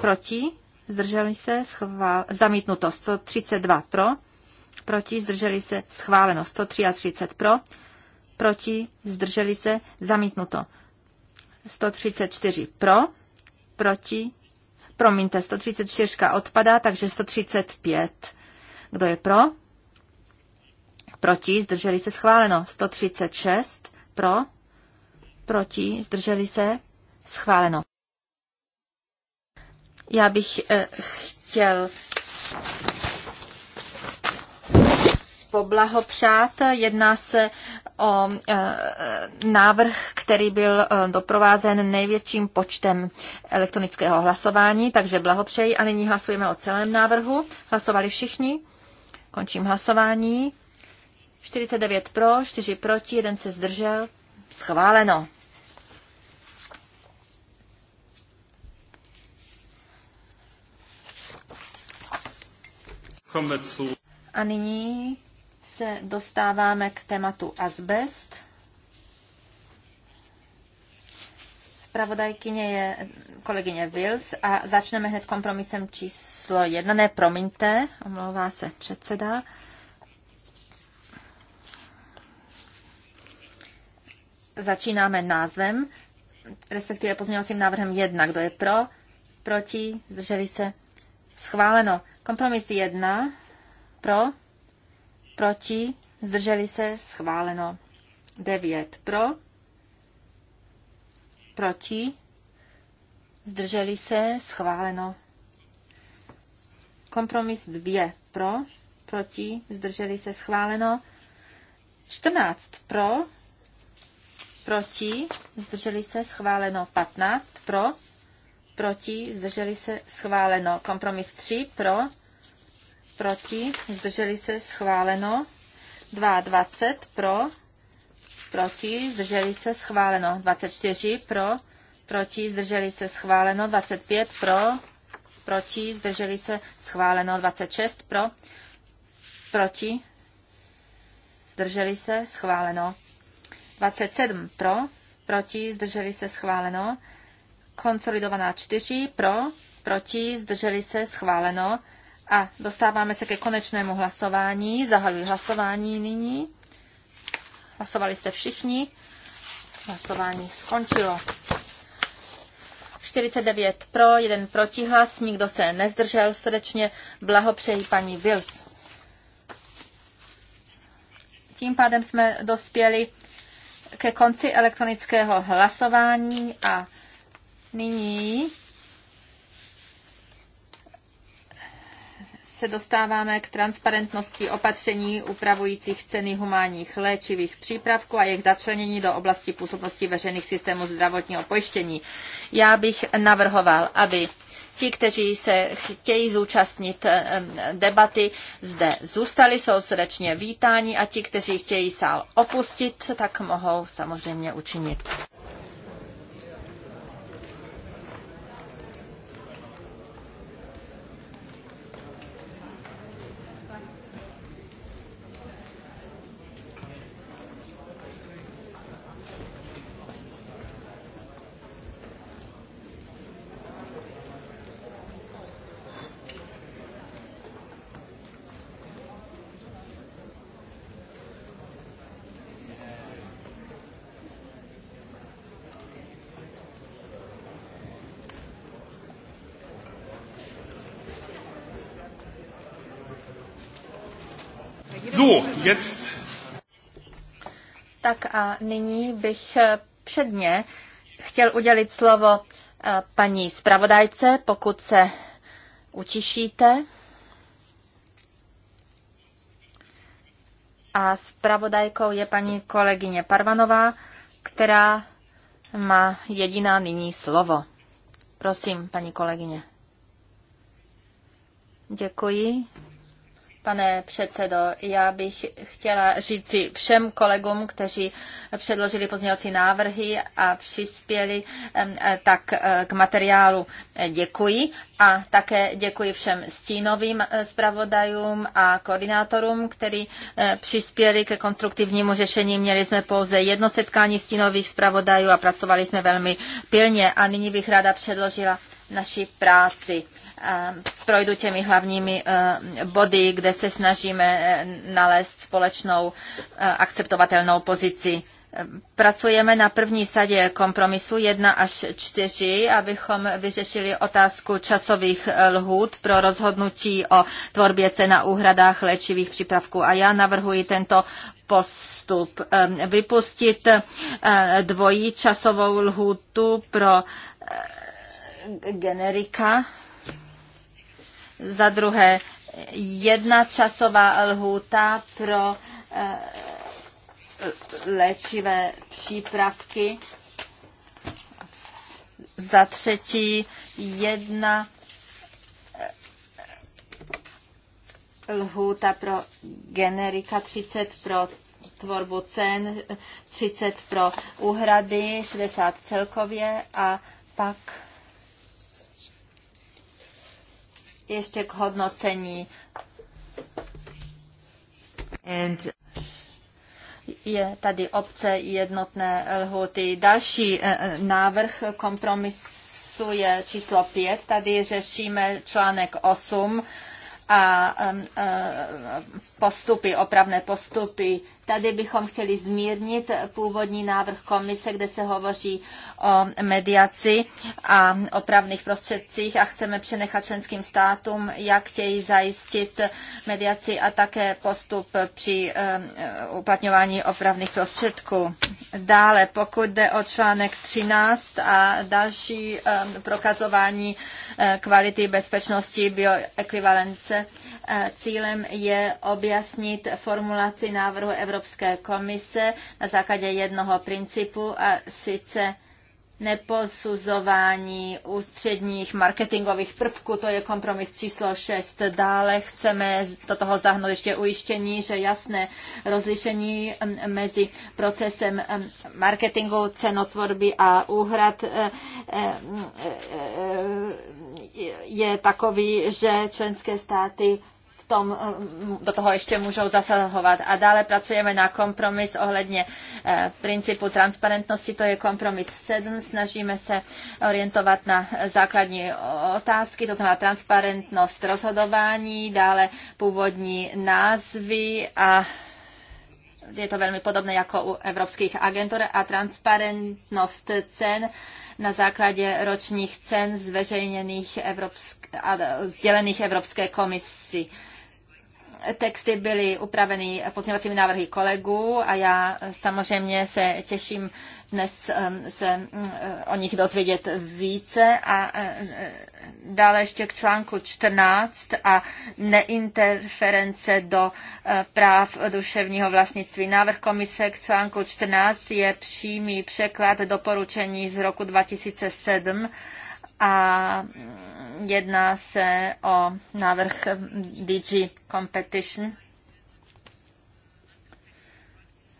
proti, zdrželi se schváleno. zamítnuto. 132 pro, proti, zdrželi se schváleno. 133 pro, proti, zdrželi se, zamítnuto. 134 pro, proti, promiňte, 134 odpadá, takže 135. Kdo je pro? Proti, zdrželi se, schváleno. 136 pro, proti, zdrželi se, schváleno. Já bych eh, chtěl poblahopřát. Jedná se o e, návrh, který byl e, doprovázen největším počtem elektronického hlasování, takže blahopřeji a nyní hlasujeme o celém návrhu. Hlasovali všichni. Končím hlasování. 49 pro, 4 proti, jeden se zdržel. Schváleno. A nyní se dostáváme k tématu asbest. Spravodajkyně je kolegyně Wills a začneme hned kompromisem číslo jedna. Ne, promiňte, omlouvá se předseda. Začínáme názvem, respektive pozměňovacím návrhem jedna. Kdo je pro, proti, zdrželi se, schváleno. Kompromis jedna, pro, proti, zdrželi se, schváleno. 9 pro, proti, zdrželi se, schváleno. Kompromis 2 pro, proti, zdrželi se, schváleno. 14 pro, proti, zdrželi se, schváleno. 15 pro, proti, zdrželi se, schváleno. Kompromis 3 pro, proti, zdrželi se, schváleno. 22 pro, proti, zdrželi se, schváleno. 24 pro, proti, zdrželi se, schváleno. 25 pro, proti, zdrželi se, schváleno. 26 pro, proti, zdrželi se, schváleno. 27 pro, proti, zdrželi se, schváleno. Konsolidovaná 4 pro, proti, zdrželi se, schváleno. A dostáváme se ke konečnému hlasování. Zahajuji hlasování nyní. Hlasovali jste všichni. Hlasování skončilo. 49 pro, jeden protihlas, nikdo se nezdržel srdečně. Blahopřeji paní Wills. Tím pádem jsme dospěli ke konci elektronického hlasování a nyní se dostáváme k transparentnosti opatření upravujících ceny humánních léčivých přípravků a jejich začlenění do oblasti působnosti veřejných systémů zdravotního pojištění. Já bych navrhoval, aby ti, kteří se chtějí zúčastnit eh, eh, debaty, zde zůstali, jsou srdečně vítáni a ti, kteří chtějí sál opustit, tak mohou samozřejmě učinit. jetzt... Tak a nyní bych eh, předně chtěl udělit slovo eh, paní zpravodajce, pokud se utišíte. A zpravodajkou je paní kolegyně Parvanová, která má jediná nyní slovo. Prosím, paní kolegyně. Děkuji, Pane předsedo, já bych chtěla říci všem kolegům, kteří předložili pozměňovací návrhy a přispěli e, tak e, k materiálu. E, děkuji a také děkuji všem stínovým zpravodajům a koordinátorům, kteří přispěli ke konstruktivnímu řešení. Měli jsme pouze jedno setkání stínových zpravodajů a pracovali jsme velmi pilně. A nyní bych ráda předložila naši práci. Projdu těmi hlavními eh, body, kde se snažíme eh, nalézt společnou eh, akceptovatelnou pozici. Pracujeme na první sadě kompromisu 1 až 4, abychom vyřešili otázku časových lhůt pro rozhodnutí o tvorbě cena úhradách léčivých přípravků. A já navrhuji tento postup. Vypustit dvojí časovou lhůtu pro generika. Za druhé, jedna časová lhůta pro eh, léčivé přípravky. Za třetí, jedna eh, lhůta pro generika, 30 pro tvorbu cen, 30 pro úhrady, 60 celkově a pak ještě k hodnocení. And je tady obce jednotné lhuty. Další eh, eh, návrh kompromisu je číslo 5. Tady řešíme článek 8 a eh, postupy, opravné postupy. Tady bychom chtěli zmírnit původní návrh komise, kde se hovoří o mediaci a opravných prostředcích a chceme přenechat členským státům, jak chtějí zajistit mediaci a také postup při eh, uplatňování opravných prostředků. Dále, pokud jde o článek 13 a další eh, prokazování eh, kvality bezpečnosti bioekvivalence, E, cílem je objasnit formulaci návrhu Evropské komise na základě jednoho principu a sice neposuzování ústředních marketingových prvků, to je kompromis číslo 6. Dále chceme do toho zahnout ještě ujištění, že jasné rozlišení mezi procesem marketingu, cenotvorby a úhrad e, e, je takový, že členské státy tom, eh, do toho ještě můžou zasahovat. A dále pracujeme na kompromis ohledně eh, principu transparentnosti, to je kompromis 7. Snažíme se orientovat na základní otázky, to znamená transparentnost rozhodování, dále původní názvy a je to velmi podobné jako u evropských agentur a transparentnost cen na základě ročních cen zveřejněných evropsk- a sdělených Evropské komisi texty byly upraveny pozměňovacími návrhy kolegů a já samozřejmě se těším dnes um, se um, o nich dozvědět více a uh, uh, dále ještě k článku 14 a neinterference do uh, práv duševního vlastnictví. Návrh komise k článku 14 je přímý překlad doporučení z roku 2007 a jedná se o návrh DG Competition.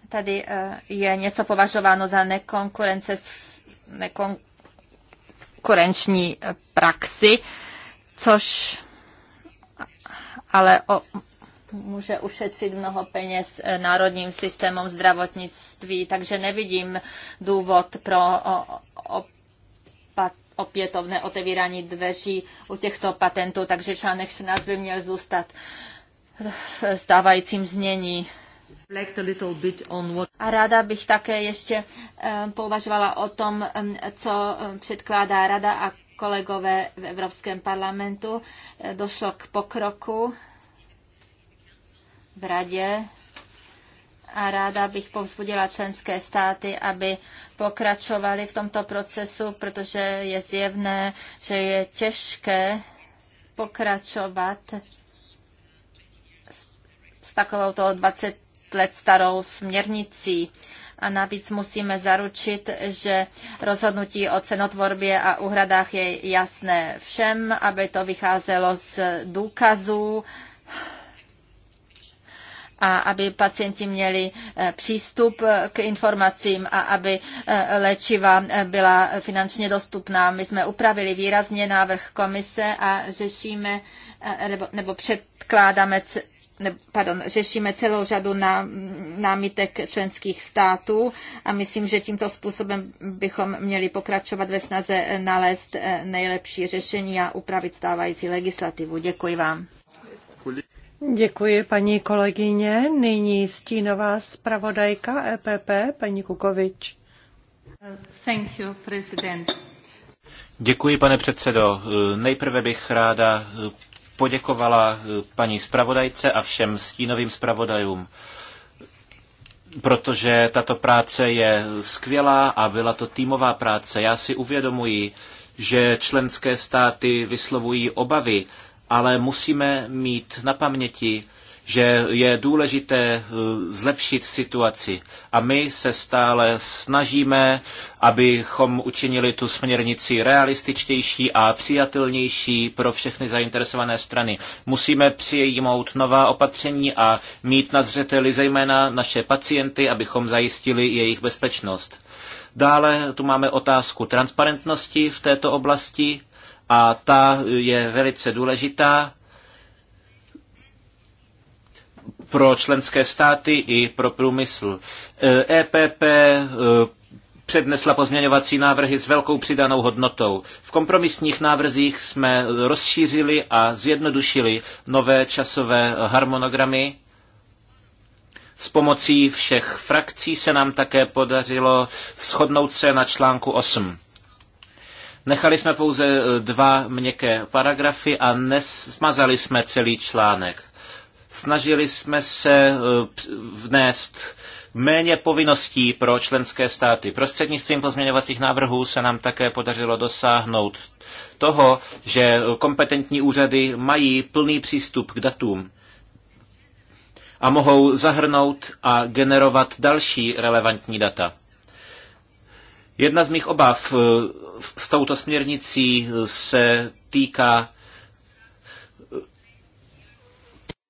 Tady eh, je něco považováno za nekonkurence, nekonkurenční eh, praxi, což ale o, může ušetřit mnoho peněz eh, národním systémům zdravotnictví, takže nevidím důvod pro opatření opětovné otevírání dveří u těchto patentů, takže článek 14 by měl zůstat v stávajícím znění. A ráda bych také ještě eh, pouvažovala o tom, mm, co eh, předkládá Rada a kolegové v Evropském parlamentu. Eh, došlo k pokroku v Radě a ráda bych povzbudila členské státy, aby pokračovali v tomto procesu, protože je zjevné, že je těžké pokračovat s takovou 20 let starou směrnicí. A navíc musíme zaručit, že rozhodnutí o cenotvorbě a uhradách je jasné všem, aby to vycházelo z důkazů a aby pacienti měli eh, přístup eh, k informacím a aby eh, léčiva byla finančně dostupná. My jsme upravili výrazně návrh komise a řešíme nebo, nebo předkládáme ne, pardon, řešíme celou řadu ná, námitek členských států a myslím, že tímto způsobem bychom měli pokračovat ve snaze nalézt nejlepší řešení a upravit stávající legislativu. Děkuji vám. Děkuji, paní kolegyně. Nyní stínová zpravodajka EPP, paní Kukovič. Thank you, president. Děkuji, pane předsedo. Nejprve bych ráda poděkovala paní zpravodajce a všem stínovým zpravodajům protože tato práce je skvělá a byla to týmová práce. Já si uvědomuji, že členské státy vyslovují obavy ale musíme mít na paměti, že je důležité eh, zlepšit situaci. A my se stále snažíme, abychom učinili tu směrnici realističtější a přijatelnější pro všechny zainteresované strany. Musíme přijmout nová opatření a mít na zřeteli zejména naše pacienty, abychom zajistili jejich bezpečnost. Dále tu máme otázku transparentnosti v této oblasti a ta je velice důležitá pro členské státy i pro průmysl. EPP e e, přednesla pozměňovací návrhy s velkou přidanou hodnotou. V kompromisních návrzích jsme rozšířili a zjednodušili nové časové harmonogramy. S pomocí všech frakcí se nám také podařilo shodnout se na článku 8. Nechali jsme pouze eh, dva měkké paragrafy a nesmazali jsme celý článek. Snažili jsme se eh, vnést méně povinností pro členské státy. Prostřednictvím pozměňovacích návrhů se nám také podařilo dosáhnout toho, že kompetentní úřady mají plný přístup k datům a mohou zahrnout a generovat další relevantní data. Jedna z mých obav eh, s touto směrnicí se týká eh,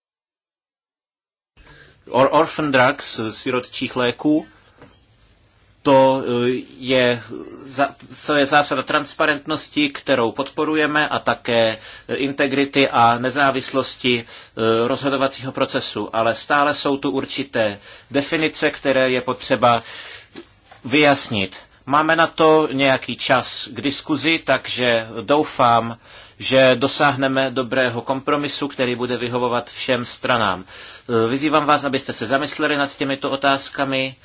or orphan drugs, eh, sirotčích léků. To je, to je zásada transparentnosti, kterou podporujeme, a také integrity a nezávislosti rozhodovacího procesu. Ale stále jsou tu určité definice, které je potřeba vyjasnit. Máme na to nějaký čas k diskuzi, takže doufám, že dosáhneme dobrého kompromisu, který bude vyhovovat všem stranám. E, vyzývám vás, abyste se zamysleli nad těmito otázkami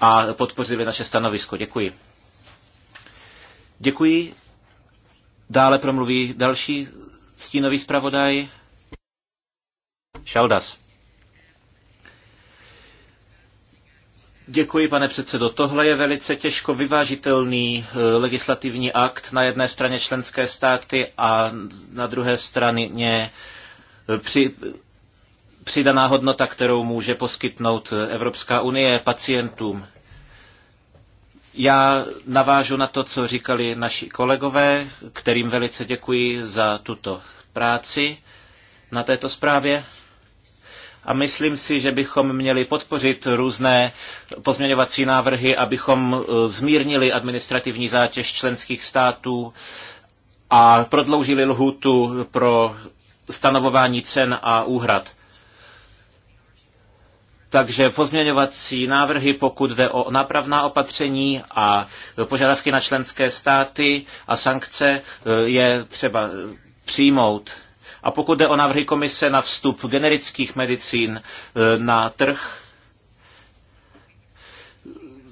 a podpořili naše stanovisko. Děkuji. Děkuji. Dále promluví další stínový zpravodaj. Šaldas. Děkuji, pane předsedo. Tohle je velice těžko vyvážitelný eh, legislativní akt. Na jedné straně členské státy a na druhé straně eh, při, přidaná hodnota, kterou může poskytnout eh, Evropská unie pacientům. Já navážu na to, co říkali naši kolegové, kterým velice děkuji za tuto práci na této zprávě a myslím si, že bychom měli podpořit různé pozměňovací návrhy, abychom e, zmírnili administrativní zátěž členských států a prodloužili lhůtu pro stanovování cen a úhrad. Takže pozměňovací návrhy, pokud jde o napravná opatření a požadavky na členské státy a sankce, e, je třeba přijmout. A pokud jde o návrhy komise na vstup generických medicín eh, na trh,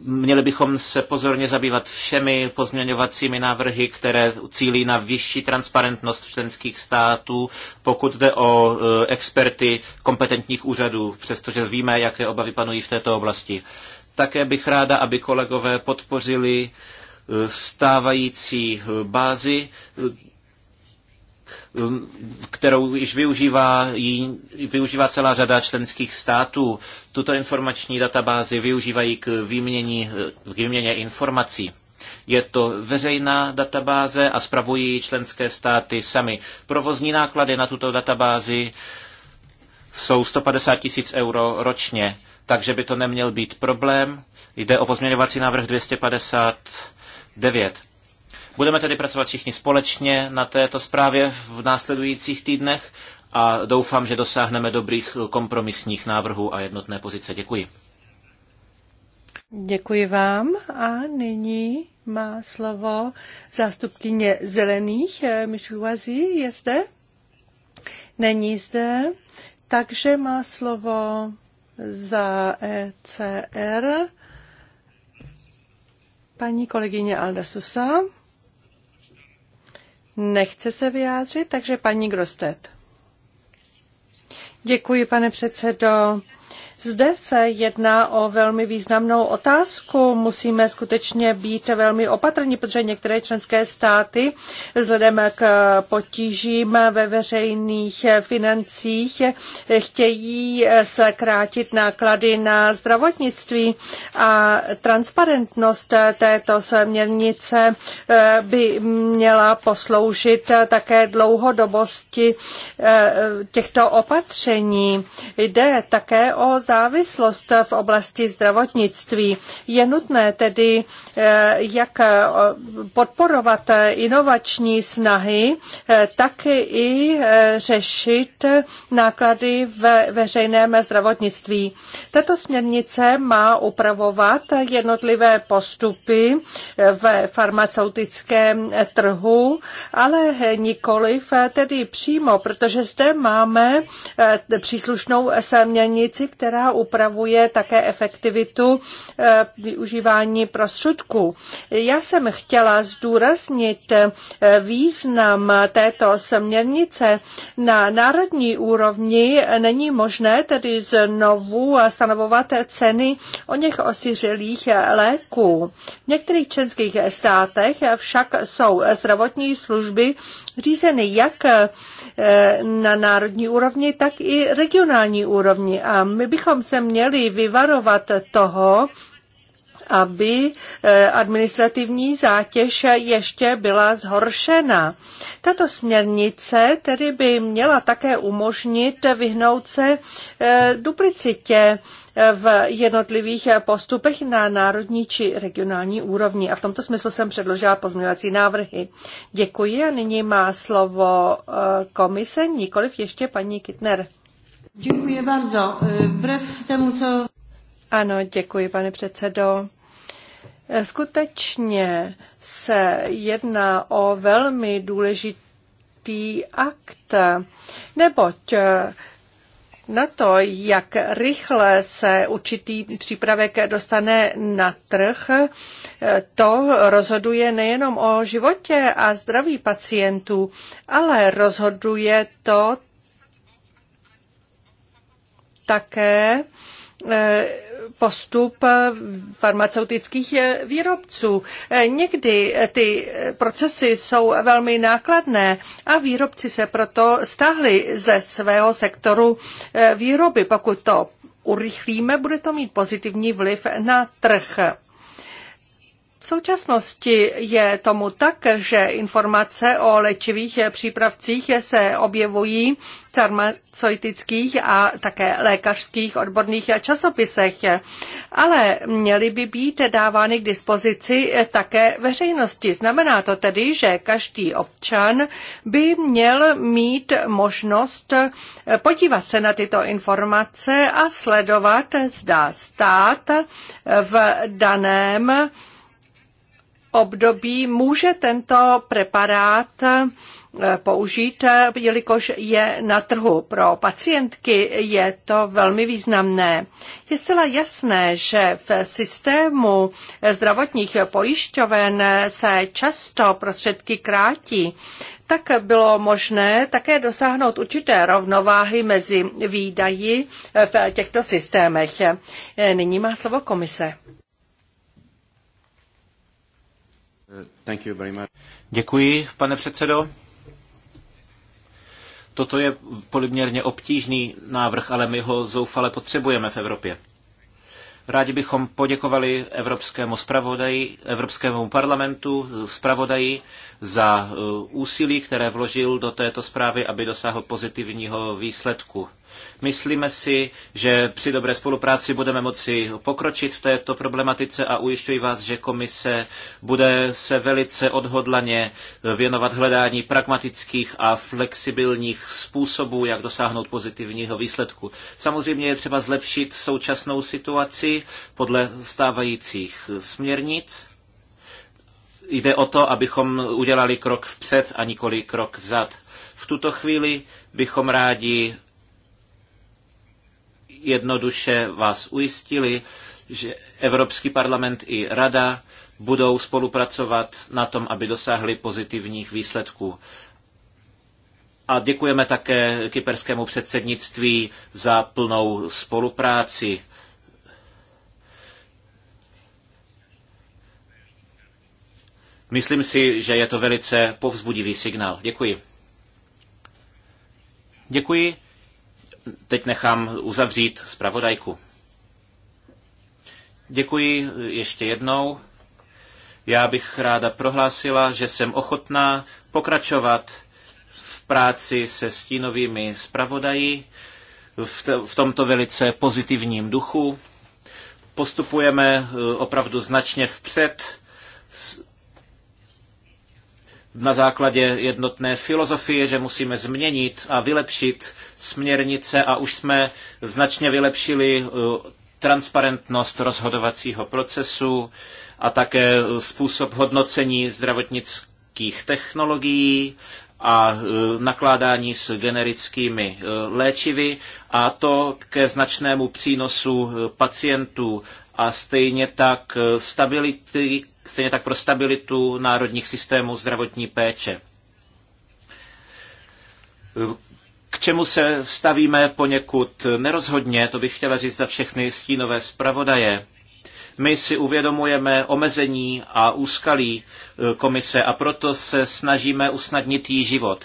měli bychom se pozorně zabývat všemi pozměňovacími návrhy, které cílí na vyšší transparentnost členských států, pokud jde o eh, experty kompetentních úřadů, přestože víme, jaké obavy panují v této oblasti. Také bych ráda, aby kolegové podpořili eh, stávající bázi Um, kterou již využívá, jí, využívá celá řada členských států. Tuto informační databázi využívají k, výmění, eh, k výměně informací. Je to veřejná databáze a spravují členské státy sami. Provozní náklady na tuto databázi jsou 150 tisíc euro ročně, takže by to neměl být problém. Jde o pozměňovací návrh 259. Budeme tedy pracovat všichni společně na této zprávě v následujících týdnech a doufám, že dosáhneme dobrých kompromisních návrhů a jednotné pozice. Děkuji. Děkuji vám a nyní má slovo zástupkyně zelených. Eh, Mišuazí. je zde? Není zde, takže má slovo za ECR paní kolegyně Alda Susa. Nechce se vyjádřit, takže paní Grostet. Děkuji, pane předsedo. Zde se jedná o velmi významnou otázku. Musíme skutečně být velmi opatrní, protože některé členské státy vzhledem k potížím ve veřejných financích chtějí krátit náklady na zdravotnictví a transparentnost této směrnice by měla posloužit také dlouhodobosti eh, těchto opatření. Jde také o závislost v oblasti zdravotnictví. Je nutné tedy, eh, jak eh, podporovat eh, inovační snahy, tak i řešit náklady v veřejném zdravotnictví. Tato směrnice má upravovat jednotlivé postupy v farmaceutickém trhu, ale nikoliv tedy přímo, protože zde máme příslušnou směrnici, která která upravuje také efektivitu eh, využívání prostředků. Já jsem chtěla zdůraznit eh, význam této směrnice. Na národní úrovni není možné tedy znovu stanovovat ceny o něch osiřelých léků. V některých členských státech však jsou zdravotní služby řízeny jak eh, na národní úrovni, tak i regionální úrovni. A my bychom se měli vyvarovat toho, aby eh, administrativní zátěž ještě byla zhoršena. Tato směrnice tedy by měla také umožnit vyhnout se eh, duplicitě v jednotlivých postupech na národní či regionální úrovni. A v tomto smyslu jsem předložila pozměňovací návrhy. Děkuji a nyní má slovo eh, komise, nikoliv ještě paní Kitner. Děkuji bardzo. Eh, brev temu, co... Ano, děkuji, pane předsedo. Eh, skutečně se jedná o velmi důležitý akt, neboť na to, jak rychle se určitý přípravek dostane na trh, to rozhoduje nejenom o životě a zdraví pacientů, ale rozhoduje to také eh, postup farmaceutických výrobců. Někdy ty procesy jsou velmi nákladné a výrobci se proto stáhli ze svého sektoru výroby. Pokud to urychlíme, bude to mít pozitivní vliv na trh současnosti je tomu tak, že informace o léčivých přípravcích se objevují v farmaceutických a také lékařských odborných časopisech, ale měly by být dávány k dispozici také veřejnosti. Znamená to tedy, že každý občan by měl mít možnost podívat se na tyto informace a sledovat, zda stát v daném období může tento preparát eh, použít, eh, jelikož je na trhu. Pro pacientky je to velmi významné. Je zcela jasné, že v systému zdravotních pojišťoven se často prostředky krátí tak bylo možné také dosáhnout určité rovnováhy mezi výdaji v těchto systémech. Eh, nyní má slovo komise. Thank you very much. Děkuji, pane předsedo. Toto je poměrně obtížný návrh, ale my ho zoufale potřebujeme v Evropě. Rádi bychom poděkovali Evropskému spravodaji, Evropskému parlamentu, zpravodaji za uh, úsilí, které vložil do této zprávy, aby dosáhl pozitivního výsledku. Myslíme si, že při dobré spolupráci budeme moci pokročit v této problematice a ujišťuji vás, že komise bude se velice odhodlaně věnovat hledání pragmatických a flexibilních způsobů, jak dosáhnout pozitivního výsledku. Samozřejmě je třeba zlepšit současnou situaci podle stávajících směrnic jde o to, abychom udělali krok vpřed a nikoli krok vzad. V tuto chvíli bychom rádi jednoduše vás ujistili, že Evropský parlament i Rada budou spolupracovat na tom, aby dosáhli pozitivních výsledků. A děkujeme také kyperskému předsednictví za plnou spolupráci. Myslím si, že je to velice povzbudivý signál. Děkuji. Děkuji teď nechám uzavřít zpravodajku. Děkuji ještě jednou. Já bych ráda prohlásila, že jsem ochotná pokračovat v práci se stínovými zpravodaji v, v tomto velice pozitivním duchu. Postupujeme eh, opravdu značně vpřed na základě jednotné filozofie, že musíme změnit a vylepšit směrnice a už jsme značně vylepšili eh, transparentnost rozhodovacího procesu a také eh, způsob hodnocení zdravotnických technologií a eh, nakládání s generickými léčivy a to ke značnému přínosu pacientů a stejně tak, stability, stejně tak pro stabilitu národních systémů zdravotní péče k čemu se stavíme poněkud nerozhodně, to bych chtěla říct za všechny stínové zpravodaje. My si uvědomujeme omezení a úskalí e, komise a proto se snažíme usnadnit jí život.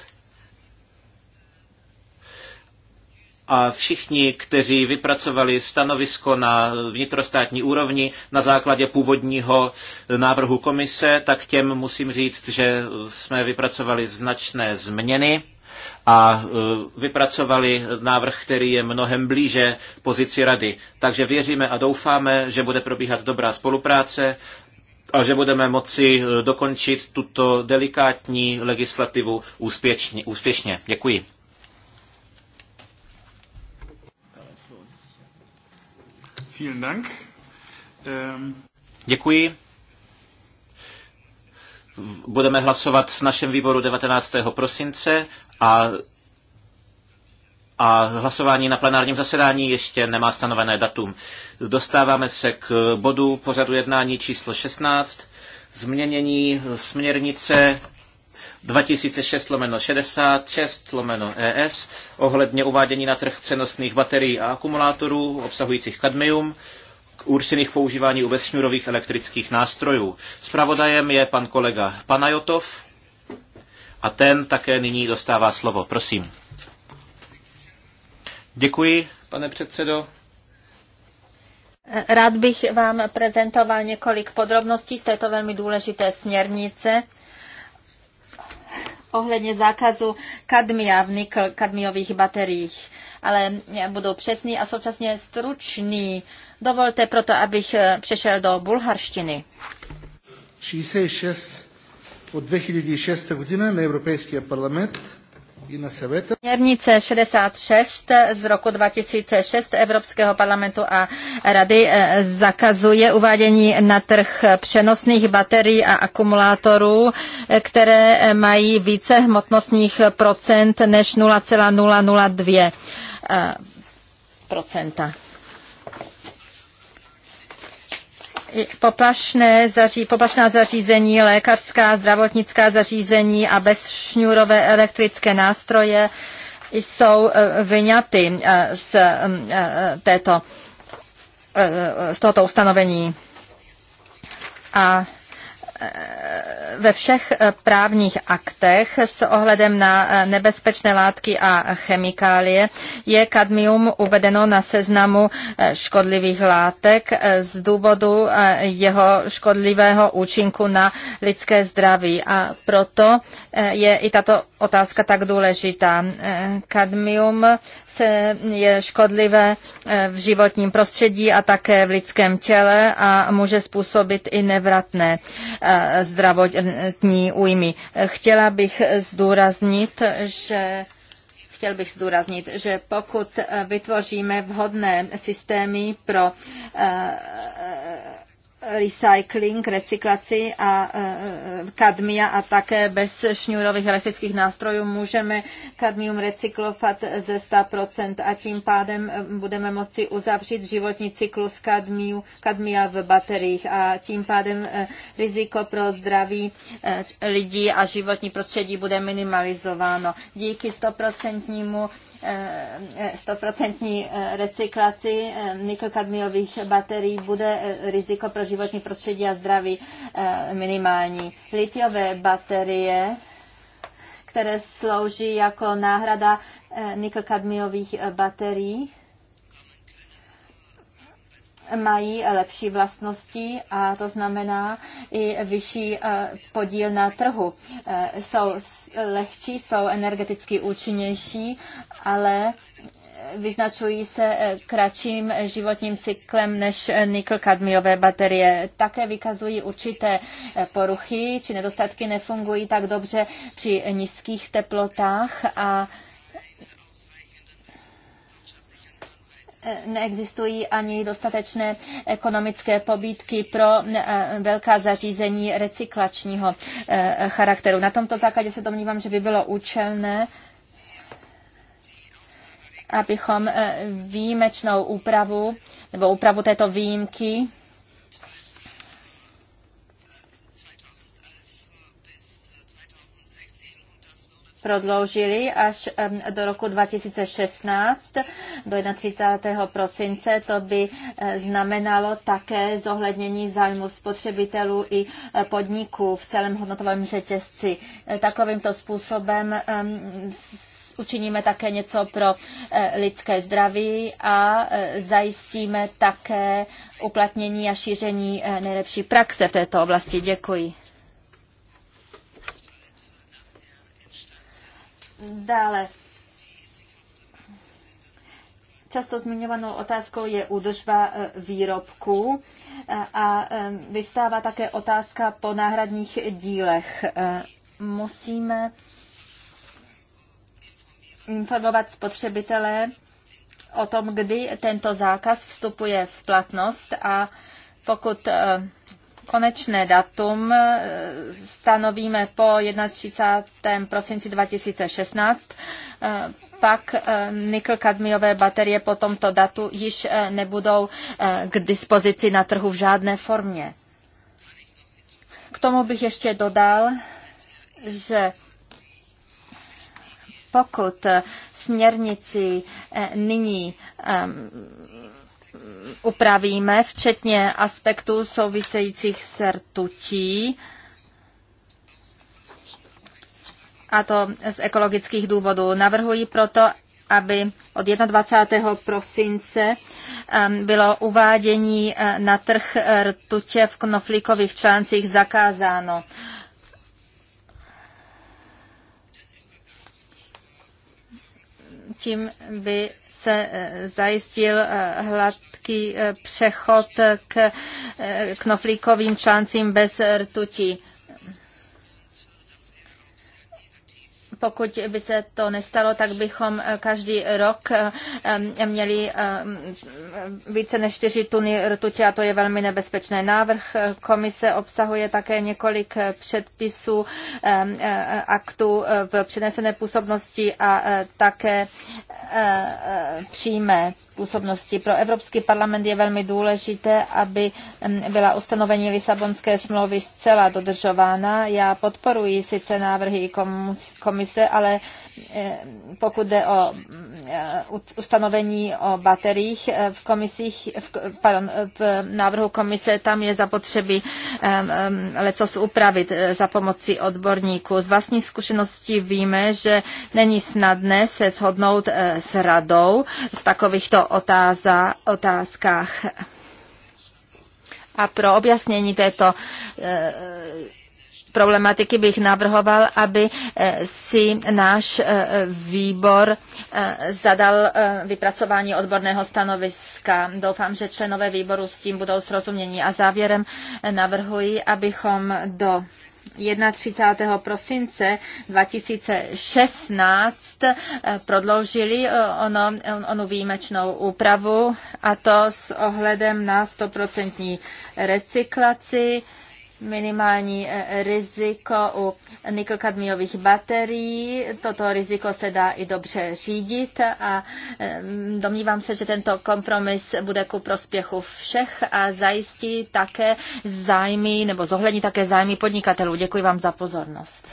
a všichni, kteří vypracovali stanovisko na vnitrostátní úrovni na základě původního e, návrhu komise, tak těm musím říct, že jsme vypracovali značné změny a e, vypracovali návrh, který je mnohem blíže pozici rady. Takže věříme a doufáme, že bude probíhat dobrá spolupráce a že budeme moci e, dokončit tuto delikátní legislativu úspěšně. úspěšně. Děkuji. Vielen Dank. Ähm, Děkuji. Budeme hlasovat v našem výboru 19. prosince a a hlasování na plenárním zasedání ještě nemá stanovené datum. Dostáváme se k bodu pořadu jednání číslo 16, změnění směrnice 2006 lomeno 66 lomeno ES ohledně uvádění na trh přenosných baterií a akumulátorů obsahujících kadmium určených používání u bezšňurových elektrických nástrojů. Spravodajem je pan kolega Panajotov a ten také nyní dostává slovo. Prosím. Děkuji, pane předsedo. Rád bych vám prezentoval několik podrobností z této velmi důležité směrnice ohledně zákazu kadmia v nikl kadmiových bateriích, ale budu přesný a současně stručný. Dovolte proto, abych přešel do bulharštiny. 66 od 2006 година na Европейския parlament i na Seveta. Směrnice 66 z roku 2006 Evropského parlamentu a Rady eh, zakazuje uvádění na trh přenosných baterií a akumulátorů, eh, které eh, mají více hmotnostních procent než 0,002 procenta. poplašné zaří, poplašná zařízení, lékařská, zdravotnická zařízení a bezšňůrové elektrické nástroje jsou e, vyňaty e, z, e, této, z tohoto ustanovení. A ve všech eh, právních aktech s ohledem na eh, nebezpečné látky a chemikálie je kadmium uvedeno na seznamu eh, škodlivých látek z důvodu jeho škodlivého účinku na lidské zdraví a proto je i tato otázka tak důležitá. Eh, kadmium se je škodlivé eh, v životním prostředí a také v lidském těle a může způsobit i nevratné eh, zdravotní újmy. Chtěla bych zdůraznit, že chtěl bych zdůraznit, že pokud vytvoříme vhodné systémy pro recycling, recyklaci a e, e, kadmia a také bez šňůrových elektrických nástrojů můžeme kadmium recyklovat ze 100% a tím pádem e, budeme moci uzavřít životní cyklus kadmiu, kadmia v bateriích a tím pádem riziko pro zdraví lidí a životní prostředí bude minimalizováno. Díky 100% stoprocentní eh, recyklaci eh, nikokadmiových baterií bude eh, riziko pro životní prostředí a zdraví minimální. Litiové baterie které slouží jako náhrada nikokadmiových baterií, mají lepší vlastnosti a to znamená i vyšší podíl na trhu. Jsou lehčí, jsou energeticky účinnější, ale vyznačují se eh, kratším eh, životním cyklem než eh, nikl-kadmiové baterie. Také vykazují určité poruchy či nedostatky, nefungují tak dobře při nízkých teplotách a neexistují ani dostatečné ekonomické pobídky pro eh, velká zařízení recyklačního eh, charakteru. Na tomto základě se domnívám, že by bylo účelné abychom eh, výjimečnou úpravu nebo úpravu této výjimky prodloužili až do roku 2016, do 31. prosince. To by eh, znamenalo také zohlednění zájmu spotřebitelů i eh, podniků v celém hodnotovém řetězci. Eh, takovýmto způsobem učiníme také něco pro lidské zdraví a zajistíme také uplatnění a šíření nejlepší praxe v této oblasti. Děkuji. Dále často zmiňovanou otázkou je údržba e, výrobků e, a e, vystává také otázka po náhradních dílech. Musíme informovat spotřebitele o tom, kdy tento zákaz vstupuje v platnost a pokud konečné datum e, stanovíme po 31. prosinci 2016. E, pak e, nikl-kadmiové baterie po tomto datu již nebudou k dispozici na trhu v žádné formě. K tomu bych ještě dodal, že pokud směrnici nyní upravíme, včetně aspektů souvisejících s rtutí, a to z ekologických důvodů. Navrhuji proto, aby od 21. prosince um, bylo uvádění uh, na trh uh, rtutě v knoflíkových článcích zakázáno. Tím by se eh, zajistil eh, hladký eh, přechod k knoflíkovým článcím bez rtutí. pokud by se to nestalo, tak bychom eh, každý rok eh, měli eh, více než 4 tuny rtuti a to je velmi nebezpečné. Návrh komise obsahuje také několik předpisů aktů v přenesené působnosti a také přímé působnosti. Pro Evropský parlament je velmi důležité, aby byla ustanovení Lisabonské smlouvy zcela dodržována. Já podporuji sice návrhy komise, komise, ale eh, pokud jde o eh, ustanovení o bateriích eh, v komisích, v, pardon, v návrhu komise, tam je zapotřebí lecos upravit za pomoci odborníků. Z vlastní zkušenosti víme, že není snadné se shodnout s radou v takovýchto otáza, otázkách. A pro objasnění této problematiky bych navrhoval, aby eh, si náš eh, výbor eh, zadal vypracování odborného stanoviska. Doufám, že členové výboru s tím budou srozumění. A závěrem navrhuji, abychom do 31. prosince 2016 prodloužili ono, onu výjimečnou úpravu a to s ohledem na 100% recyklaci minimální eh, riziko u nikokadmiových baterií. Toto riziko se dá i dobře řídit a eh, domnívám se, že tento kompromis bude ku prospěchu všech a zajistí také zájmy nebo zohlední také zájmy podnikatelů. Děkuji vám za pozornost.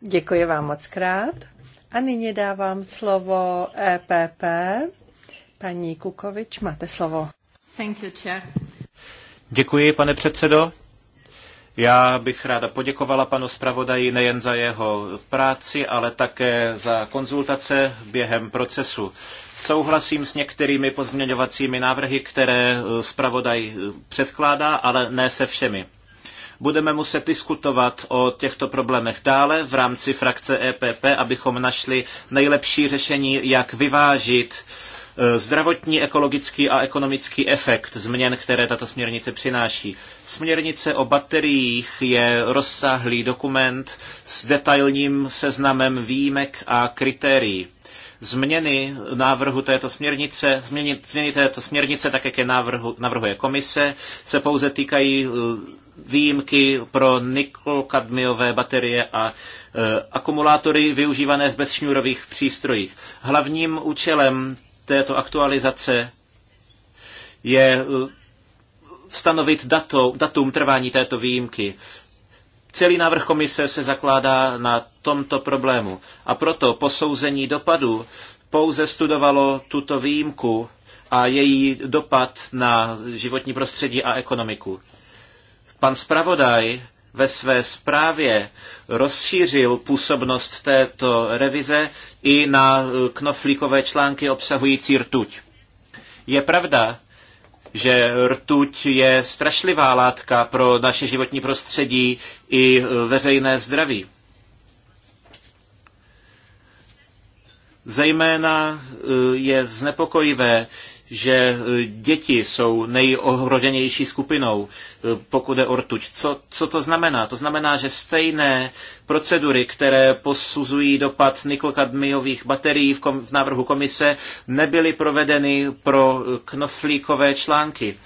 Děkuji vám moc krát. A nyní dávám slovo EPP. Paní Kukovič, máte slovo. Thank you, chair. Děkuji, pane předsedo. Já bych ráda poděkovala panu zpravodaji nejen za jeho práci, ale také za konzultace během procesu. Souhlasím s některými pozměňovacími návrhy, které eh, zpravodaj eh, předkládá, ale ne se všemi. Budeme muset diskutovat o těchto problémech dále v rámci frakce EPP, abychom našli nejlepší řešení, jak vyvážit uh, Eh, zdravotní, ekologický a ekonomický efekt změn, které tato směrnice přináší. Směrnice o bateriích je rozsáhlý dokument s detailním seznamem výjimek a kritérií změny návrhu této směrnice, změny, změny této směrnice, tak jak je návrhu, navrhuje komise, se pouze týkají eh, výjimky pro nikl-kadmiové baterie a e, akumulátory využívané v bezšňůrových přístrojích. Hlavním účelem této aktualizace je eh, stanovit dato, datum trvání této výjimky. Celý návrh komise se zakládá na tomto problému a proto posouzení dopadu pouze studovalo tuto výjimku a její dopad na životní prostředí a ekonomiku. Pan zpravodaj ve své zprávě rozšířil působnost této revize i na eh, knoflíkové články obsahující rtuť. Je pravda, že rtuť je strašlivá látka pro naše životní prostředí i eh, veřejné zdraví. Zejména eh, je znepokojivé, že e, děti jsou nejohroženější skupinou, e, pokud je o rtuť. Co, co to znamená? To znamená, že stejné procedury, které posuzují dopad nikokadmiových baterií v, kom, v návrhu komise, nebyly provedeny pro e, knoflíkové články.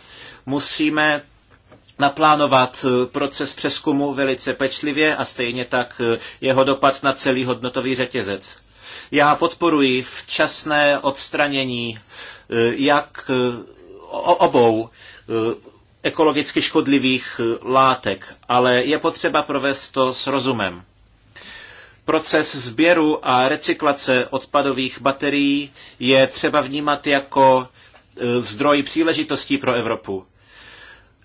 Musíme naplánovat proces přeskumu velice pečlivě a stejně tak jeho dopad na celý hodnotový řetězec. Já podporuji včasné odstranění e, jak e, obou e, ekologicky škodlivých látek, ale je potřeba provést to s rozumem. Proces sběru a recyklace odpadových baterií je třeba vnímat jako zdroj příležitostí pro Evropu.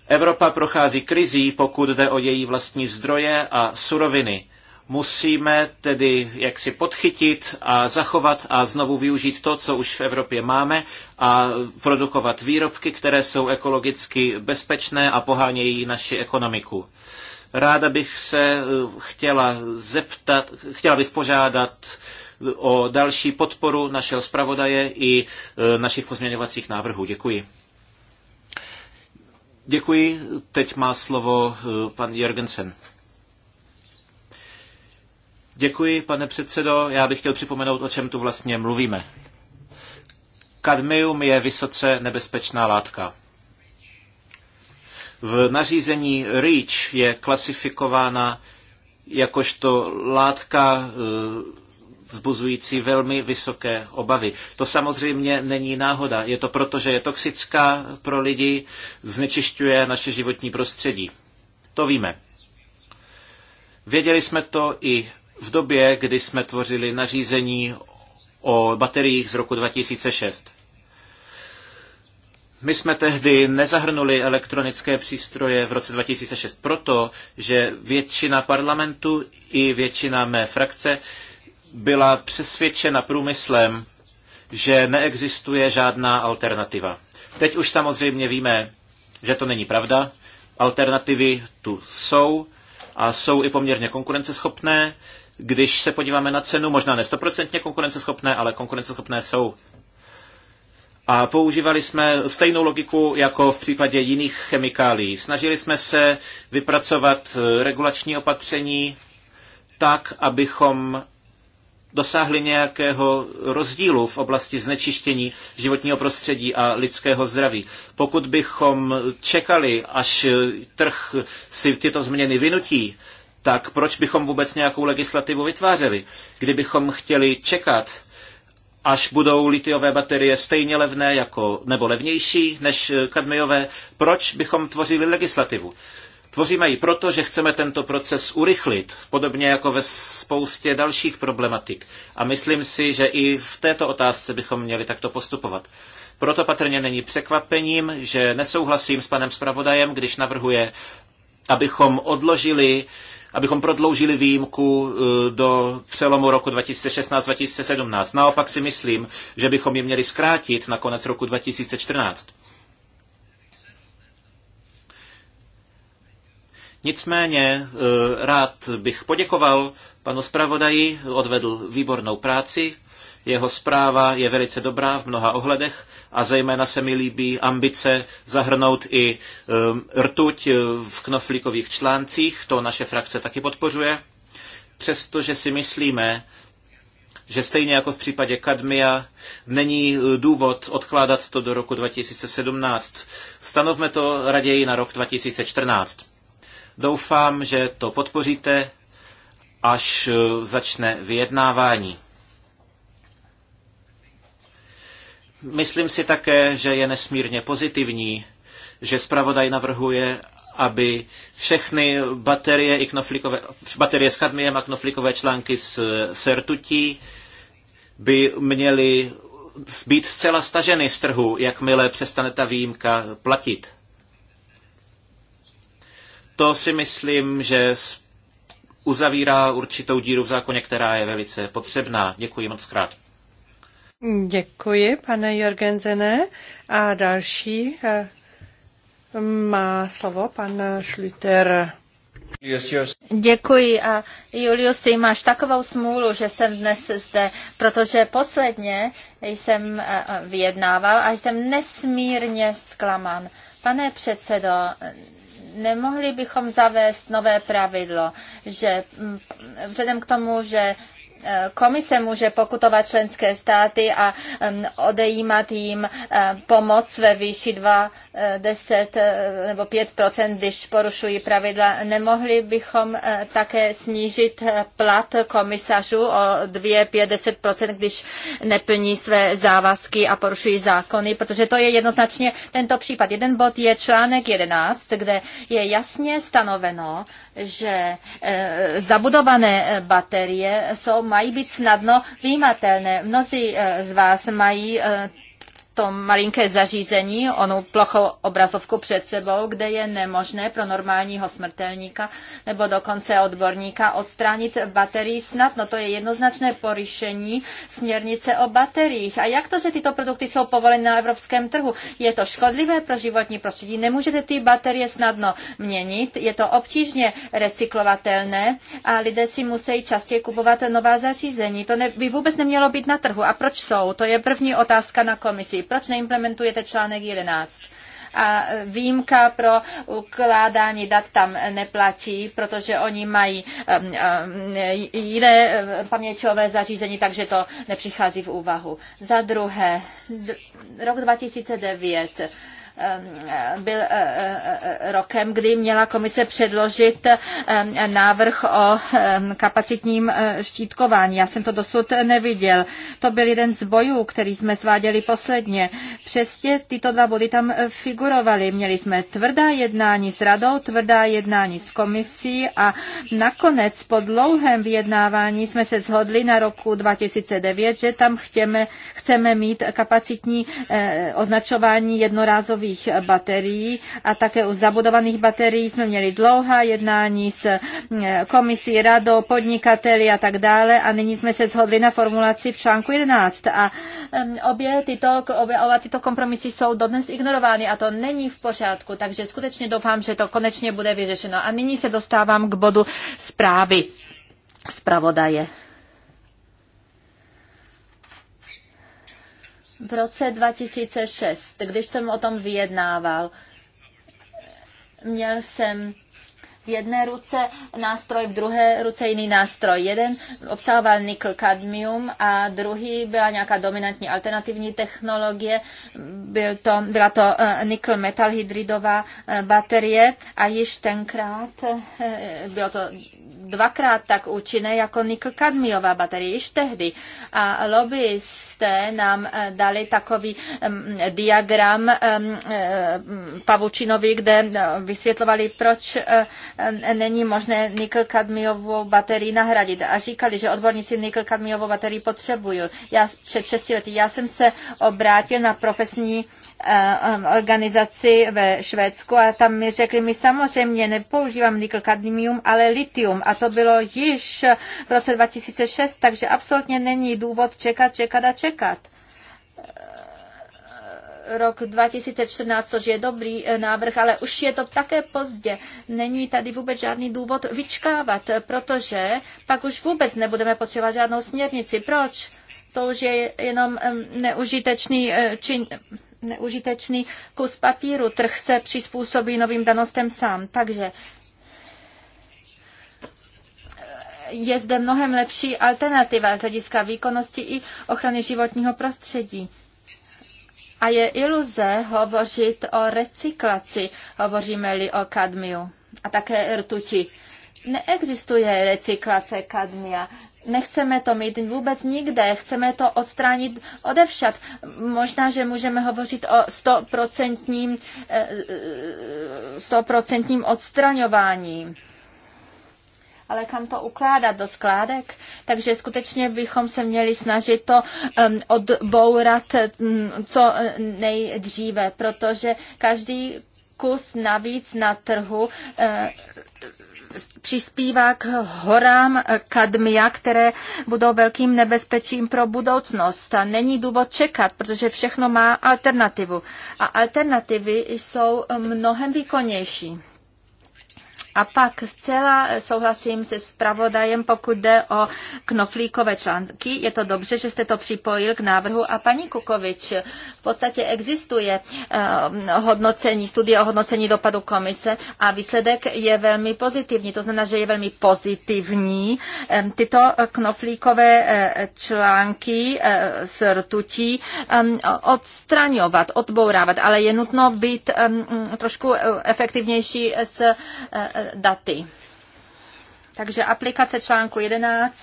Evropa prochází krizí, pokud jde o její vlastní zdroje a suroviny. Musíme tedy jaksi podchytit a zachovat a znovu využít to, co už v Evropě máme a produkovat výrobky, které jsou ekologicky bezpečné a pohánějí naši ekonomiku. Ráda bych se eh, chtěla zeptat, chtěla bych požádat eh, o další podporu našeho zpravodaje i eh, našich pozměňovacích návrhů. Děkuji. Děkuji. Teď má slovo pan Jorgensen. Děkuji, pane předsedo. Já bych chtěl připomenout, o čem tu vlastně mluvíme. Kadmium je vysoce nebezpečná látka. V nařízení REACH je klasifikována jakožto látka eh, vzbuzující velmi vysoké obavy. To samozřejmě není náhoda. Je to proto, že je toxická pro lidi, znečišťuje naše životní prostředí. To víme. Věděli jsme to i v době, kdy jsme tvořili nařízení o bateriích z roku 2006. My jsme tehdy nezahrnuli elektronické přístroje v roce 2006 proto, že většina parlamentu i většina mé frakce byla přesvědčena průmyslem, že neexistuje žádná alternativa. Teď už samozřejmě víme, že to není pravda. Alternativy tu jsou a jsou i poměrně konkurenceschopné když se podíváme na cenu, možná ne stoprocentně konkurenceschopné, ale konkurenceschopné jsou. A používali jsme stejnou logiku jako v případě jiných chemikálií. Snažili jsme se vypracovat eh, regulační opatření tak, abychom dosáhli nějakého rozdílu v oblasti znečištění životního prostředí a lidského zdraví. Pokud bychom čekali, až eh, trh si tyto změny vynutí, tak proč bychom vůbec nějakou legislativu vytvářeli? Kdybychom chtěli čekat, až budou litiové baterie stejně levné jako, nebo levnější než eh, kadmiové, proč bychom tvořili legislativu? Tvoříme ji proto, že chceme tento proces urychlit, podobně jako ve spoustě dalších problematik. A myslím si, že i v této otázce bychom měli takto postupovat. Proto patrně není překvapením, že nesouhlasím s panem zpravodajem, když navrhuje, abychom odložili uh, abychom prodloužili výjimku e, do přelomu roku 2016-2017. Naopak si myslím, že bychom ji měli zkrátit na konec roku 2014. Nicméně e, rád bych poděkoval panu zpravodaji, odvedl výbornou práci jeho zpráva je velice dobrá v mnoha ohledech a zejména se mi líbí ambice zahrnout i um, rtuť uh, v knoflíkových článcích, to naše frakce taky podpořuje, přestože si myslíme, že stejně jako v případě kadmia není uh, důvod odkládat to do roku 2017. Stanovme to raději na rok 2014. Doufám, že to podpoříte, až uh, začne vyjednávání. Myslím si také, že je nesmírně pozitivní, že zpravodaj navrhuje, aby všechny baterie, i knoflikové, baterie s chadmiem a knoflikové články s sertutí by měly být zcela staženy z trhu, jakmile přestane ta výjimka platit. To si myslím, že uzavírá určitou díru v zákoně, která je velice potřebná. Děkuji moc krát. Děkuji, pane Jorgenzene. A další eh, má slovo pan Schlüter. Děkuji a Juliusi, máš takovou smůlu, že jsem dnes zde, protože posledně jsem eh, vyjednával a jsem nesmírně zklaman. Pane předsedo, nemohli bychom zavést nové pravidlo, že mm, vzhledem k tomu, že Eh, komise může pokutovat členské státy a odejímat jim eh, pomoc ve výši 2 10 eh, nebo 5 když porušují pravidla. Nemohli bychom eh, také snížit eh, plat komisařů o 2, 5, 10 když neplní své závazky a porušují zákony, protože to je jednoznačně tento případ. Jeden bod je článek 11, kde je jasně stanoveno, že zabudované baterie jsou, mají být snadno výjimatelné. Mnozí z vás mají to malinké zařízení, onu plochou obrazovku před sebou, kde je nemožné pro normálního smrtelníka nebo dokonce odborníka odstránit baterii snad, no To je jednoznačné porušení směrnice o bateriích. A jak to, že tyto produkty jsou povoleny na evropském trhu? Je to škodlivé pro životní prostředí? Nemůžete ty baterie snadno měnit, je to obtížně recyklovatelné a lidé si musí častěji kupovat nová zařízení. To ne, by vůbec nemělo být na trhu. A proč jsou? To je první otázka na komisi. Proč neimplementujete článek 11? a výjimka pro ukládání dat tam neplatí, protože oni mají um, um, jiné um, paměťové zařízení, takže to nepřichází v úvahu. Za druhé, rok 2009 Eh, byl eh, eh, rokem, kdy měla komise předložit návrh o kapacitním štítkování. Já jsem to dosud neviděl. To byl jeden z bojů, který jsme sváděli posledně. Přesně tyto dva body tam figurovaly. Měli jsme tvrdá jednání s radou, tvrdá jednání s komisí a nakonec po dlouhém vyjednávání jsme se shodli na roku 2009, že tam chceme, chceme mít kapacitní označování jednorázových nových baterií a také u zabudovaných baterií jsme měli dlouhá jednání s eh, komisí, radou, podnikateli a tak dále a nyní jsme se shodli na formulaci v článku 11 a obě tyto, obě, oba tyto kompromisy jsou dodnes ignorovány a to není v pořádku, takže skutečně doufám, že to konečně bude vyřešeno. A nyní se dostávám k bodu zprávy zpravodaje. v roce 2006, když jsem o tom vyjednával, měl jsem v jedné ruce nástroj, v druhé ruce jiný nástroj. Jeden obsahoval nikl kadmium a druhý byla nějaká dominantní alternativní technologie. Byl to, byla to eh, nikl metalhydridová eh, baterie a již tenkrát eh, bylo to dvakrát tak účinné jako nikl kadmiová baterie, již tehdy. A lobbyist jste nám eh, dali takový mm, diagram eh, mm, eh, pavučinovi, kde vysvětlovali, proč není možné nikl-kadmiovou baterii nahradit. A říkali, že odborníci nikl-kadmiovou baterii potřebují. Já před 6 lety já jsem se obrátil na profesní Eh, organizaci ve Švédsku a tam mi řekli, my samozřejmě nepoužívám nikl kadmium, ale litium a to bylo již v roce 2006, takže absolutně není důvod čekat, čekat a čekat eh, rok 2014, což je dobrý eh, návrh, ale už je to také pozdě. Není tady vůbec žádný důvod vyčkávat, protože pak už vůbec nebudeme potřebovat žádnou směrnici. Proč? To už je jenom neužitečný čin neužitečný kus papíru. Trh se přizpůsobí novým danostem sám. Takže eh, je zde mnohem lepší alternativa z hlediska výkonnosti i ochrany životního prostředí. A je iluze hovořit o recyklaci, hovoříme-li o kadmiu a také rtuti. Neexistuje recyklace kadmia. Nechceme to mít vůbec nikde, chceme to odstránit odevšad. Možná, že můžeme hovořit o 100%, 100% eh, odstraňování ale kam to ukládat do skládek. Takže skutečně bychom se měli snažit to um, odbourat um, co nejdříve, protože každý kus navíc na trhu uh, přispívá k horám kadmia, které budou velkým nebezpečím pro budoucnost. A není důvod čekat, protože všechno má alternativu. A alternativy jsou mnohem výkonnější. A pak zcela souhlasím se zpravodajem, pokud jde o knoflíkové články. Je to dobře, že jste to připojil k návrhu. A paní Kukovič, v podstatě existuje ehm, hodnocení, studie o hodnocení dopadu komise a výsledek je velmi pozitivní. To znamená, že je velmi pozitivní. Ehm, tyto knoflíkové eh, články eh, s rtutí ehm, odstraňovat, odbourávat, ale je nutno být trošku eh, efektivnější s Eh, daty. Takže aplikace článku 11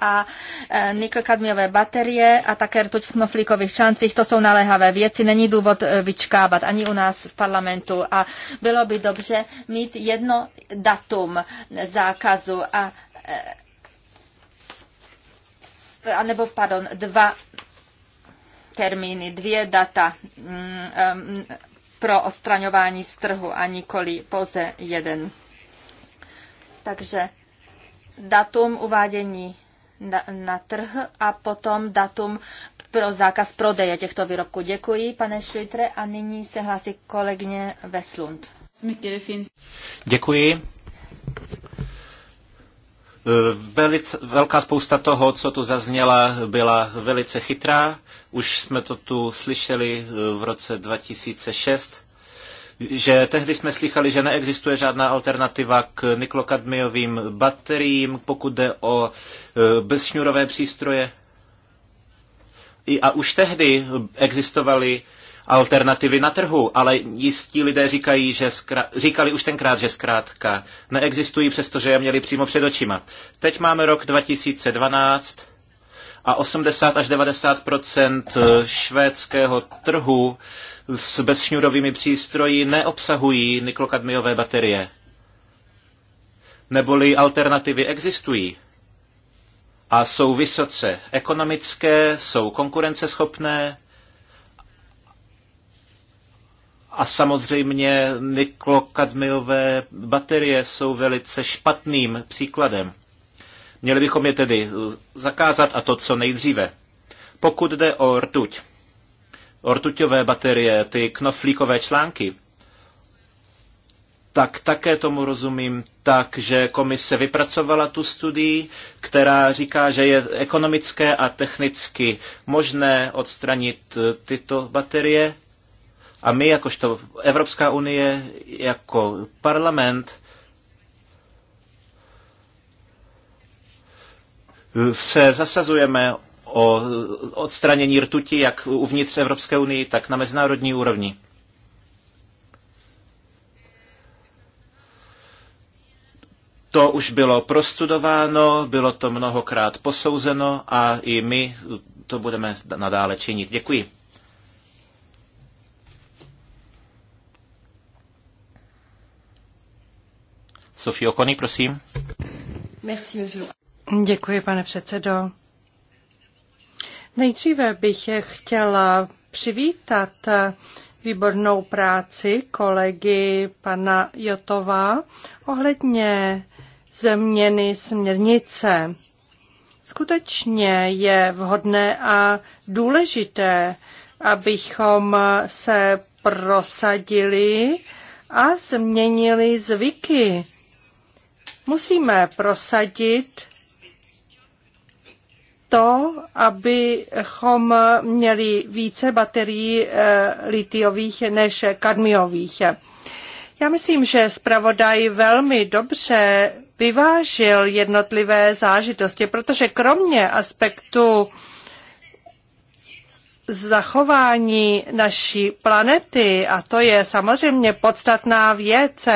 a eh, nikl-kadmiové baterie a také rtuť v knoflíkových šancích, to jsou naléhavé věci, není důvod eh, vyčkávat ani u nás v parlamentu. A bylo by dobře mít jedno datum zákazu a a nebo pardon, dva termíny, dvě data mm, mm, pro odstraňování z trhu a nikoli pouze jeden. Takže datum uvádění na, na trh a potom datum pro zákaz prodeje těchto výrobků. Děkuji, pane Šlitre, a nyní se hlásí kolegyně Veslund. Děkuji. Velice, velká spousta toho, co tu zazněla, byla velice chytrá. Už jsme to tu slyšeli v roce 2006 že tehdy jsme slychali, že neexistuje žádná alternativa k niklokadmiovým bateriím, pokud jde o e, bezšňurové přístroje. A už tehdy existovaly alternativy na trhu, ale jistí lidé říkají, že zkra- říkali už tenkrát, že zkrátka neexistují, přestože je měli přímo před očima. Teď máme rok 2012 a 80 až 90 e, švédského trhu s bezšňurovými přístroji neobsahují niklokadmiové baterie. Neboli alternativy existují a jsou vysoce ekonomické, jsou konkurenceschopné a samozřejmě niklokadmiové baterie jsou velice špatným příkladem. Měli bychom je tedy zakázat a to co nejdříve. Pokud jde o rtuť, ortuťové baterie, ty knoflíkové články, tak také tomu rozumím tak, že komise vypracovala tu studii, která říká, že je ekonomické a technicky možné odstranit eh, tyto baterie. A my, jakožto Evropská unie, jako parlament, eh, se zasazujeme o odstranění rtuti jak uvnitř Evropské unii, tak na mezinárodní úrovni. To už bylo prostudováno, bylo to mnohokrát posouzeno a i my to budeme nadále činit. Děkuji. Sofio Kony, prosím. Merci, Děkuji, pane předsedo. Nejdříve bych chtěla přivítat výbornou práci kolegy pana Jotova ohledně změny směrnice. Skutečně je vhodné a důležité, abychom se prosadili a změnili zvyky. Musíme prosadit to, abychom měli více baterií eh, litiových než kadmiových. Já myslím, že zpravodaj velmi dobře vyvážil jednotlivé zážitosti, protože kromě aspektu zachování naší planety, a to je samozřejmě podstatná věc,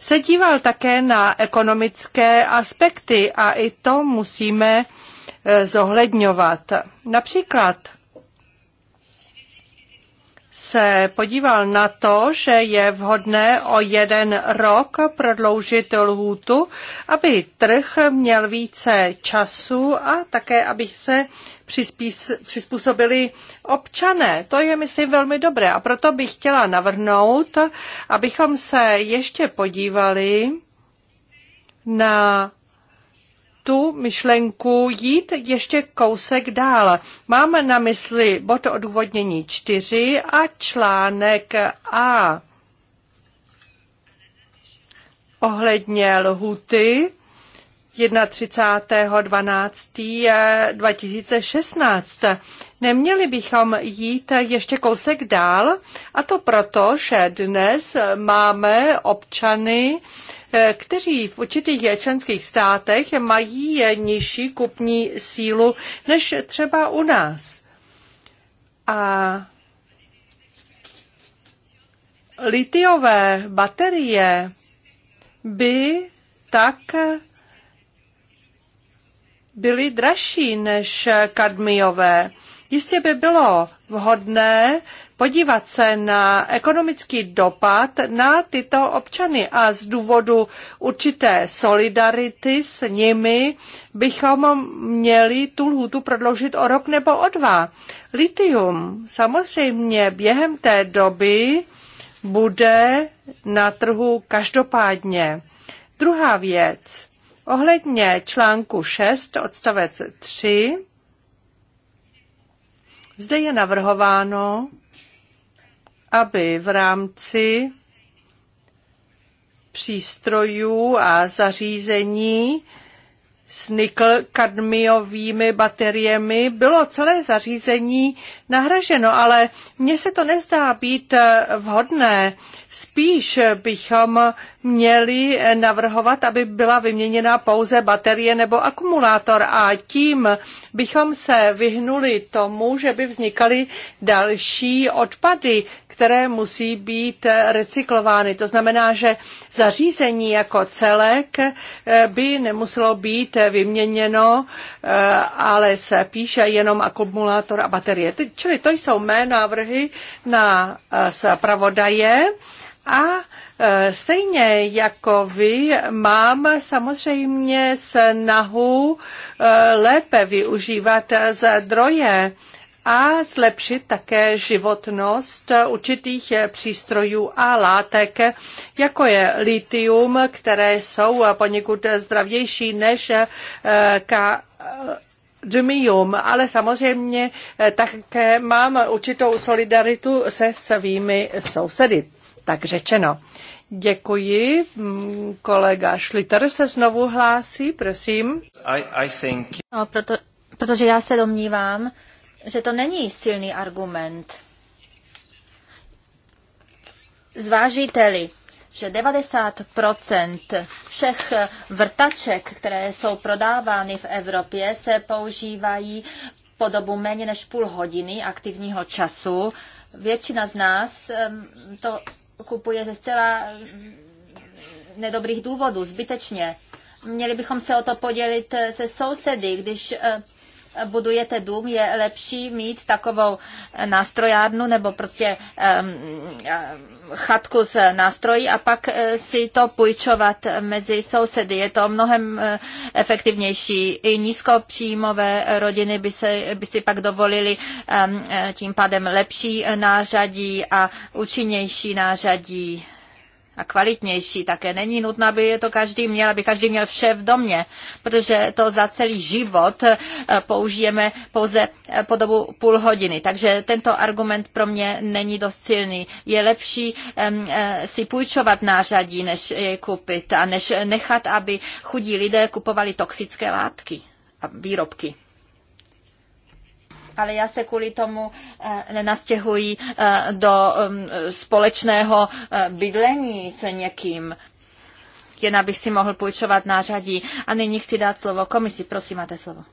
se díval také na ekonomické aspekty a i to musíme Eh, zohledňovat. Například se podíval na to, že je vhodné o jeden rok prodloužit lhůtu, aby trh měl více času a také, aby se přizpůsobili občané. To je, myslím, velmi dobré a proto bych chtěla navrhnout, abychom se ještě podívali na tu myšlenku jít ještě kousek dál. Mám na mysli bod odůvodnění 4 a článek A. Ohledně lhuty 31.12.2016. Neměli bychom jít ještě kousek dál, a to proto, že dnes máme občany kteří v určitých členských státech mají nižší kupní sílu než třeba u nás. A litiové baterie by tak byly dražší než kadmiové. Jistě by bylo vhodné podívat se na ekonomický dopad na tyto občany a z důvodu určité solidarity s nimi bychom měli tu lhůtu prodloužit o rok nebo o dva. Litium samozřejmě během té doby bude na trhu každopádně. Druhá věc. Ohledně článku 6 odstavec 3 zde je navrhováno, aby v rámci přístrojů a zařízení s nikl-kadmiovými bateriemi bylo celé zařízení nahraženo, ale mně se to nezdá být eh, vhodné. Spíš bychom měli eh, navrhovat, aby byla vyměněna pouze baterie nebo akumulátor a tím bychom se vyhnuli tomu, že by vznikaly další odpady které musí být recyklovány. To znamená, že zařízení jako celek eh, by nemuselo být vyměněno, eh, ale se píše jenom akumulátor a baterie. Čili to jsou mé návrhy na eh, zpravodaje a Stejně jako vy mám samozřejmě snahu lépe využívat zdroje a zlepšit také životnost určitých přístrojů a látek, jako je litium, které jsou poněkud zdravější než eh, k dmium, ale samozřejmě eh, také mám určitou solidaritu se svými sousedy. Tak řečeno. Děkuji. Mm, kolega Schlitter se znovu hlásí, prosím. I, I think... no, proto, protože já se domnívám, že to není silný argument. Zvážíte-li, že 90% všech vrtaček, které jsou prodávány v Evropě, se používají po dobu méně než půl hodiny aktivního času. Většina z nás to kupuje ze zcela nedobrých důvodů, zbytečně. Měli bychom se o to podělit eh, se sousedy, když eh, budujete dům, je lepší mít takovou nástrojárnu nebo prostě chatku s nástroji a pak eh, si to půjčovat mezi sousedy. Je to mnohem eh, efektivnější. I nízkopříjmové rodiny by, se, by si pak dovolili eh, tím pádem lepší nářadí a účinnější nářadí a kvalitnější také. Není nutné, aby to každý měl, aby každý měl vše v domě, protože to za celý život eh, použijeme pouze eh, po dobu půl hodiny. Takže tento argument pro mě není dost silný. Je lepší eh, si půjčovat nářadí, než je koupit a než nechat, aby chudí lidé kupovali toxické látky a výrobky ale já se kvůli tomu eh, nenastěhuji eh, do mm, společného eh, bydlení s někým jen abych si mohl půjčovat nářadí. A nyní chci dát slovo komisi. Prosím, máte slovo.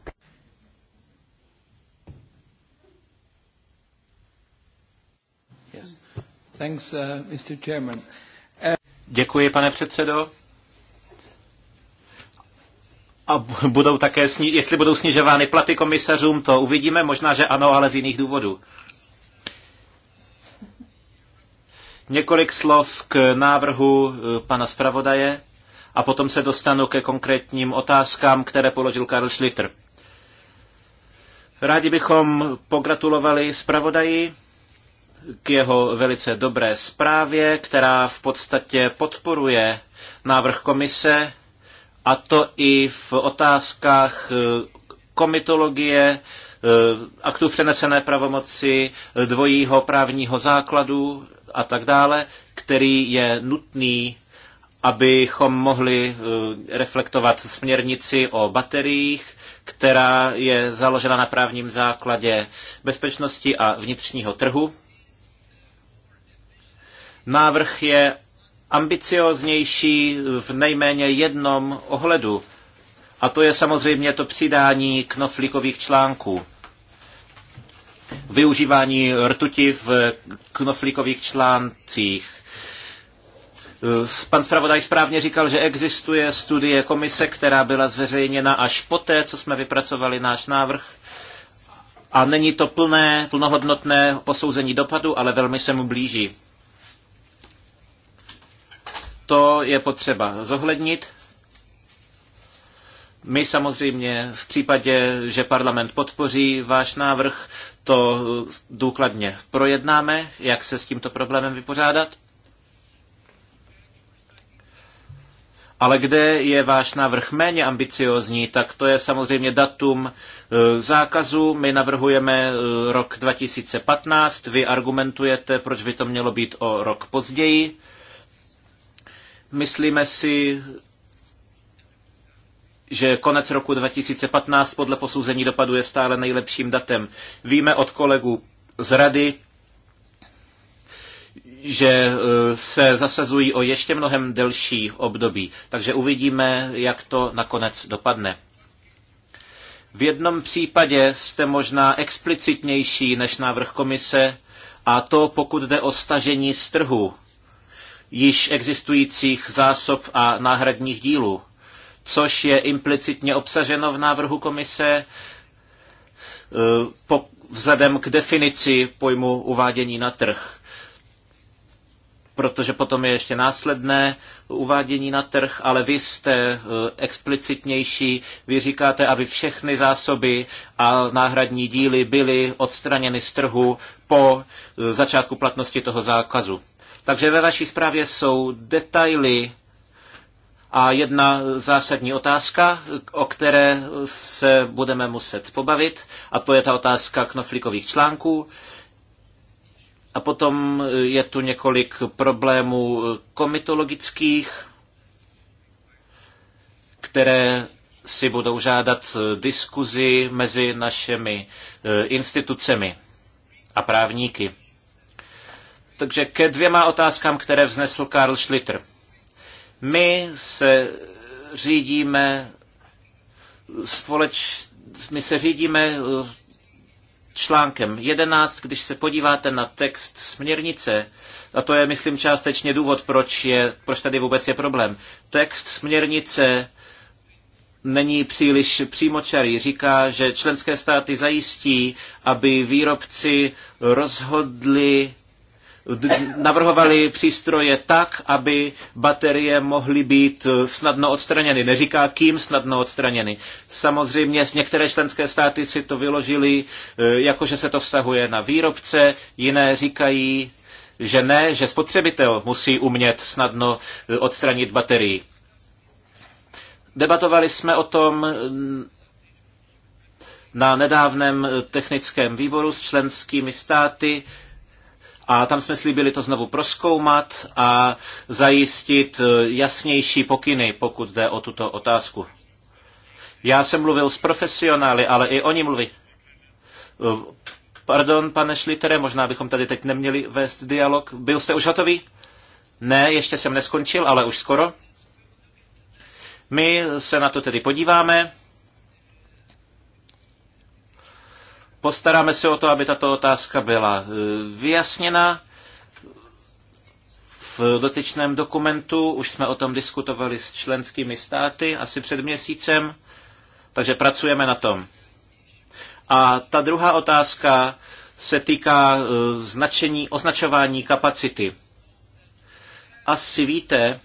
Uh, Děkuji, pane předsedo. A budou také, sni- jestli budou snižovány platy komisařům, to uvidíme, možná, že ano, ale z jiných důvodů. Několik slov k návrhu eh, pana zpravodaje a potom se dostanu ke konkrétním otázkám, které položil Karl Schlitter. Rádi bychom pogratulovali zpravodaji k jeho velice dobré zprávě, která v podstatě podporuje návrh komise a to i v otázkách eh, komitologie, eh, aktů přenesené pravomoci, eh, dvojího právního základu a tak dále, který je nutný, abychom mohli reflektovat směrnici o bateriích, která je založena na právním základě bezpečnosti a vnitřního trhu. Návrh je ambicioznější v nejméně jednom ohledu. A to je samozřejmě to přidání knoflíkových článků. Využívání rtuti v knoflíkových článcích. Eh, pan zpravodaj správně říkal, že existuje studie komise, která byla zveřejněna až poté, co jsme vypracovali náš návrh. A není to plné, plnohodnotné posouzení dopadu, ale velmi se mu blíží to je potřeba zohlednit. My samozřejmě v případě, že parlament podpoří váš návrh, to důkladně projednáme, jak se s tímto problémem vypořádat. Ale kde je váš návrh méně ambiciozní, tak to je samozřejmě datum e, zákazu. My navrhujeme e, rok 2015, vy argumentujete, proč by to mělo být o rok později. Myslíme si, že konec roku 2015 podle posouzení dopadu je stále nejlepším datem. Víme od kolegů z rady, že e, se zasazují o ještě mnohem delší období. Takže uvidíme, jak to nakonec dopadne. V jednom případě jste možná explicitnější než návrh komise, a to pokud jde o stažení z trhu již existujících zásob a náhradních dílů, což je implicitně obsaženo v návrhu komise e, vzhledem k definici pojmu uvádění na trh protože potom je ještě následné uvádění na trh, ale vy jste e, explicitnější, vy říkáte, aby všechny zásoby a náhradní díly byly odstraněny z trhu po e, začátku platnosti toho zákazu. Takže ve vaší zprávě jsou detaily a jedna zásadní otázka, o které se budeme muset pobavit, a to je ta otázka knoflíkových článků. A potom je tu několik problémů komitologických, které si budou žádat diskuzi mezi našimi eh, institucemi a právníky. Takže ke dvěma otázkám, které vznesl Karl Schlitter. My se řídíme společ, my se řídíme uh, článkem 11, když se podíváte na text směrnice, a to je, myslím, částečně důvod, proč, je, proč tady vůbec je problém. Text směrnice není příliš přímočarý. Říká, že členské státy zajistí, aby výrobci rozhodli navrhovali přístroje tak, aby baterie mohly být eh, snadno odstraněny. Neříká kým snadno odstraněny. Samozřejmě některé členské státy si to vyložili, eh, jakože se to vztahuje na výrobce, jiné říkají, že ne, že spotřebitel musí umět snadno eh, odstranit baterii. Debatovali jsme o tom na nedávném technickém výboru s členskými státy, a tam jsme slíbili to znovu proskoumat a zajistit eh, jasnější pokyny, pokud jde o tuto otázku. Já jsem mluvil s profesionály, ale i oni mluví. Eh, pardon, pane Šlitere, možná bychom tady teď neměli vést dialog. Byl jste už hotový? Ne, ještě jsem neskončil, ale už skoro. My se na to tedy podíváme Postaráme se o to, aby tato otázka byla e, vyjasněna. V dotyčném dokumentu už jsme o tom diskutovali s členskými státy asi před měsícem, takže pracujeme na tom. A ta druhá otázka se týká e, značení, označování kapacity. Asi víte,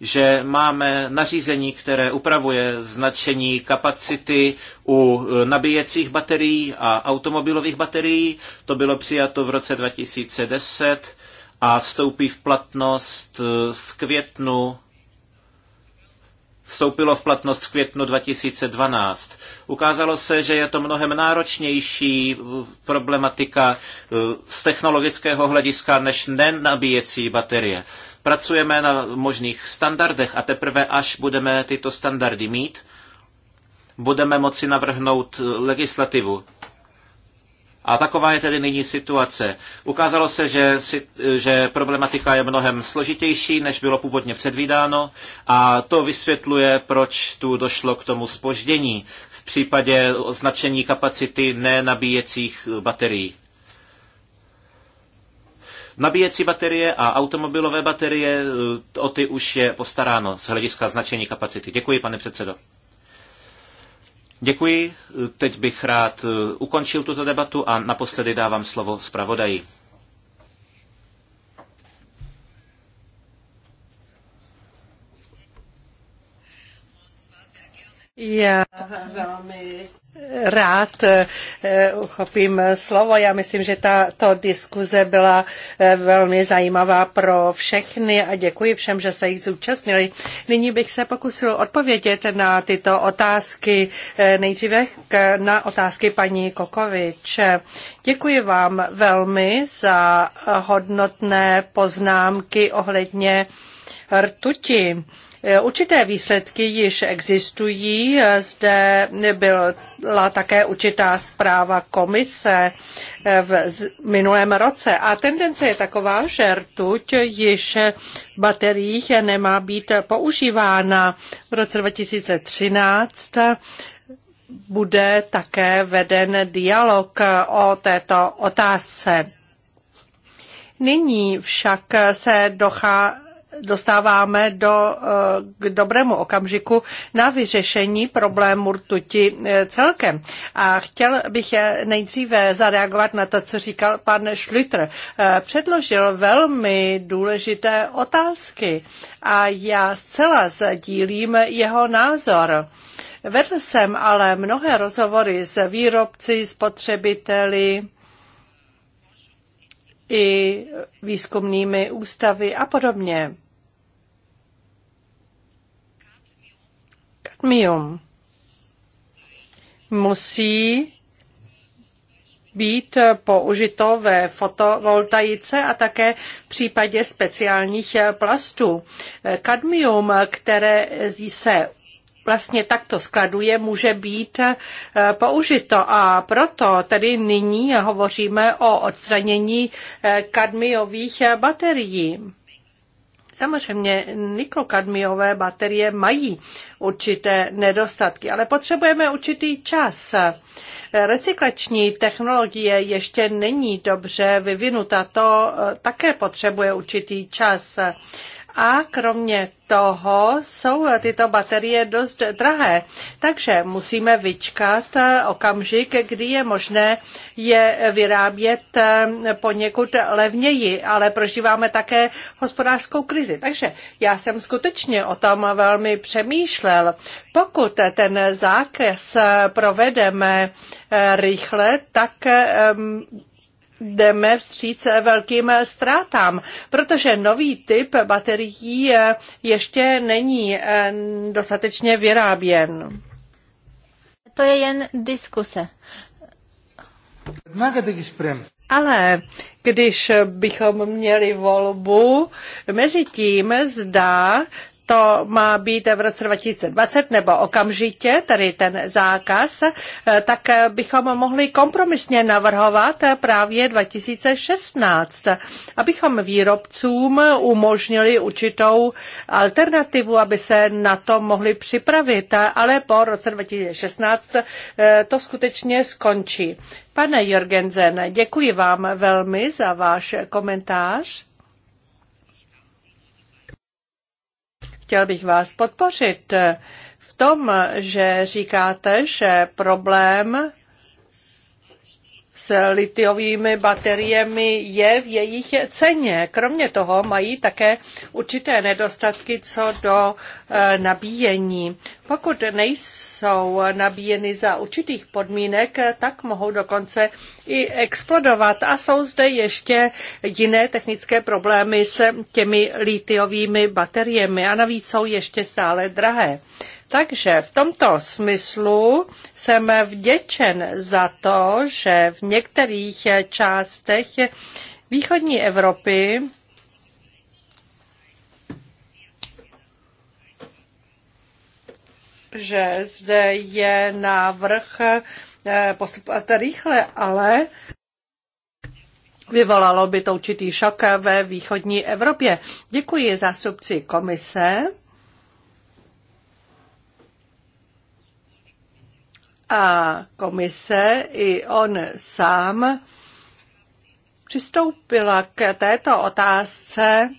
že máme nařízení, které upravuje značení kapacity u e, nabíjecích baterií a automobilových baterií. To bylo přijato v roce 2010 a vstoupí v platnost e, v květnu vstoupilo v platnost v květnu 2012. Ukázalo se, že je to mnohem náročnější uh, problematika uh, z technologického hlediska než nenabíjecí baterie. Pracujeme na možných standardech a teprve až budeme tyto standardy mít, budeme moci navrhnout uh, legislativu a taková je tedy nyní situace. Ukázalo se, že, že problematika je mnohem složitější, než bylo původně předvídáno a to vysvětluje, proč tu došlo k tomu spoždění v případě označení kapacity nenabíjecích baterií. Nabíjecí baterie a automobilové baterie, e, o ty už je postaráno z hlediska značení kapacity. Děkuji, pane předsedo. Děkuji, teď bych rád eh, ukončil tuto debatu a naposledy dávám slovo zpravodaji. Já velmi rád eh, uchopím slovo. Já myslím, že tato diskuze byla eh, velmi zajímavá pro všechny a děkuji všem, že se jich zúčastnili. Nyní bych se pokusil odpovědět na tyto otázky. Eh, nejdříve na otázky paní Kokovič. Děkuji vám velmi za hodnotné poznámky ohledně rtuti. Určité výsledky již existují. Zde byla také určitá zpráva komise v minulém roce. A tendence je taková, že rtuť již v bateriích nemá být používána. V roce 2013 bude také veden dialog o této otázce. Nyní však se dochází dostáváme do, eh, k dobrému okamžiku na vyřešení problému rtuti eh, celkem. A chtěl bych nejdříve zareagovat na to, co říkal pan Schlüter. Eh, předložil velmi důležité otázky a já zcela sdílím jeho názor. Vedl jsem ale mnohé rozhovory s výrobci, spotřebiteli, i výzkumnými ústavy a podobně. kadmium musí být použito ve fotovoltaice a také v případě speciálních plastů. Kadmium, které se vlastně takto skladuje, může být eh, použito. A proto tedy nyní hovoříme o odstranění eh, kadmiových eh, baterií. Samozřejmě niklokadmiové baterie mají určité nedostatky, ale potřebujeme určitý čas. Recyklační technologie ještě není dobře vyvinuta, to eh, také potřebuje určitý čas a kromě toho jsou tyto baterie dost drahé, takže musíme vyčkat okamžik, kdy je možné je vyrábět eh, poněkud levněji, ale prožíváme také hospodářskou krizi. Takže já jsem skutečně o tom velmi přemýšlel. Pokud ten zákaz provedeme eh, rychle, tak eh, jdeme vstříc velkým ztrátám, protože nový typ baterií eh, ještě není eh, dostatečně vyráběn. To je jen diskuse. Ale když bychom měli volbu mezi tím, zda to má být v roce 2020 nebo okamžitě, tedy ten zákaz, eh, tak bychom mohli kompromisně navrhovat právě 2016, abychom výrobcům umožnili určitou alternativu, aby se na to mohli připravit, ale po roce 2016 eh, to skutečně skončí. Pane Jorgensen, děkuji vám velmi za váš komentář. Chtěl bych vás podpořit v tom, že říkáte, že problém s litiovými bateriemi je v jejich ceně. Kromě toho mají také určité nedostatky co do e, nabíjení. Pokud nejsou nabíjeny za určitých podmínek, tak mohou dokonce i explodovat. A jsou zde ještě jiné technické problémy s těmi litiovými bateriemi a navíc jsou ještě stále drahé. Takže v tomto smyslu jsem vděčen za to, že v některých částech východní Evropy že zde je návrh eh, postupovat rychle, ale vyvolalo by to určitý šok ve východní Evropě. Děkuji zástupci komise. a komise i on sám přistoupila k této otázce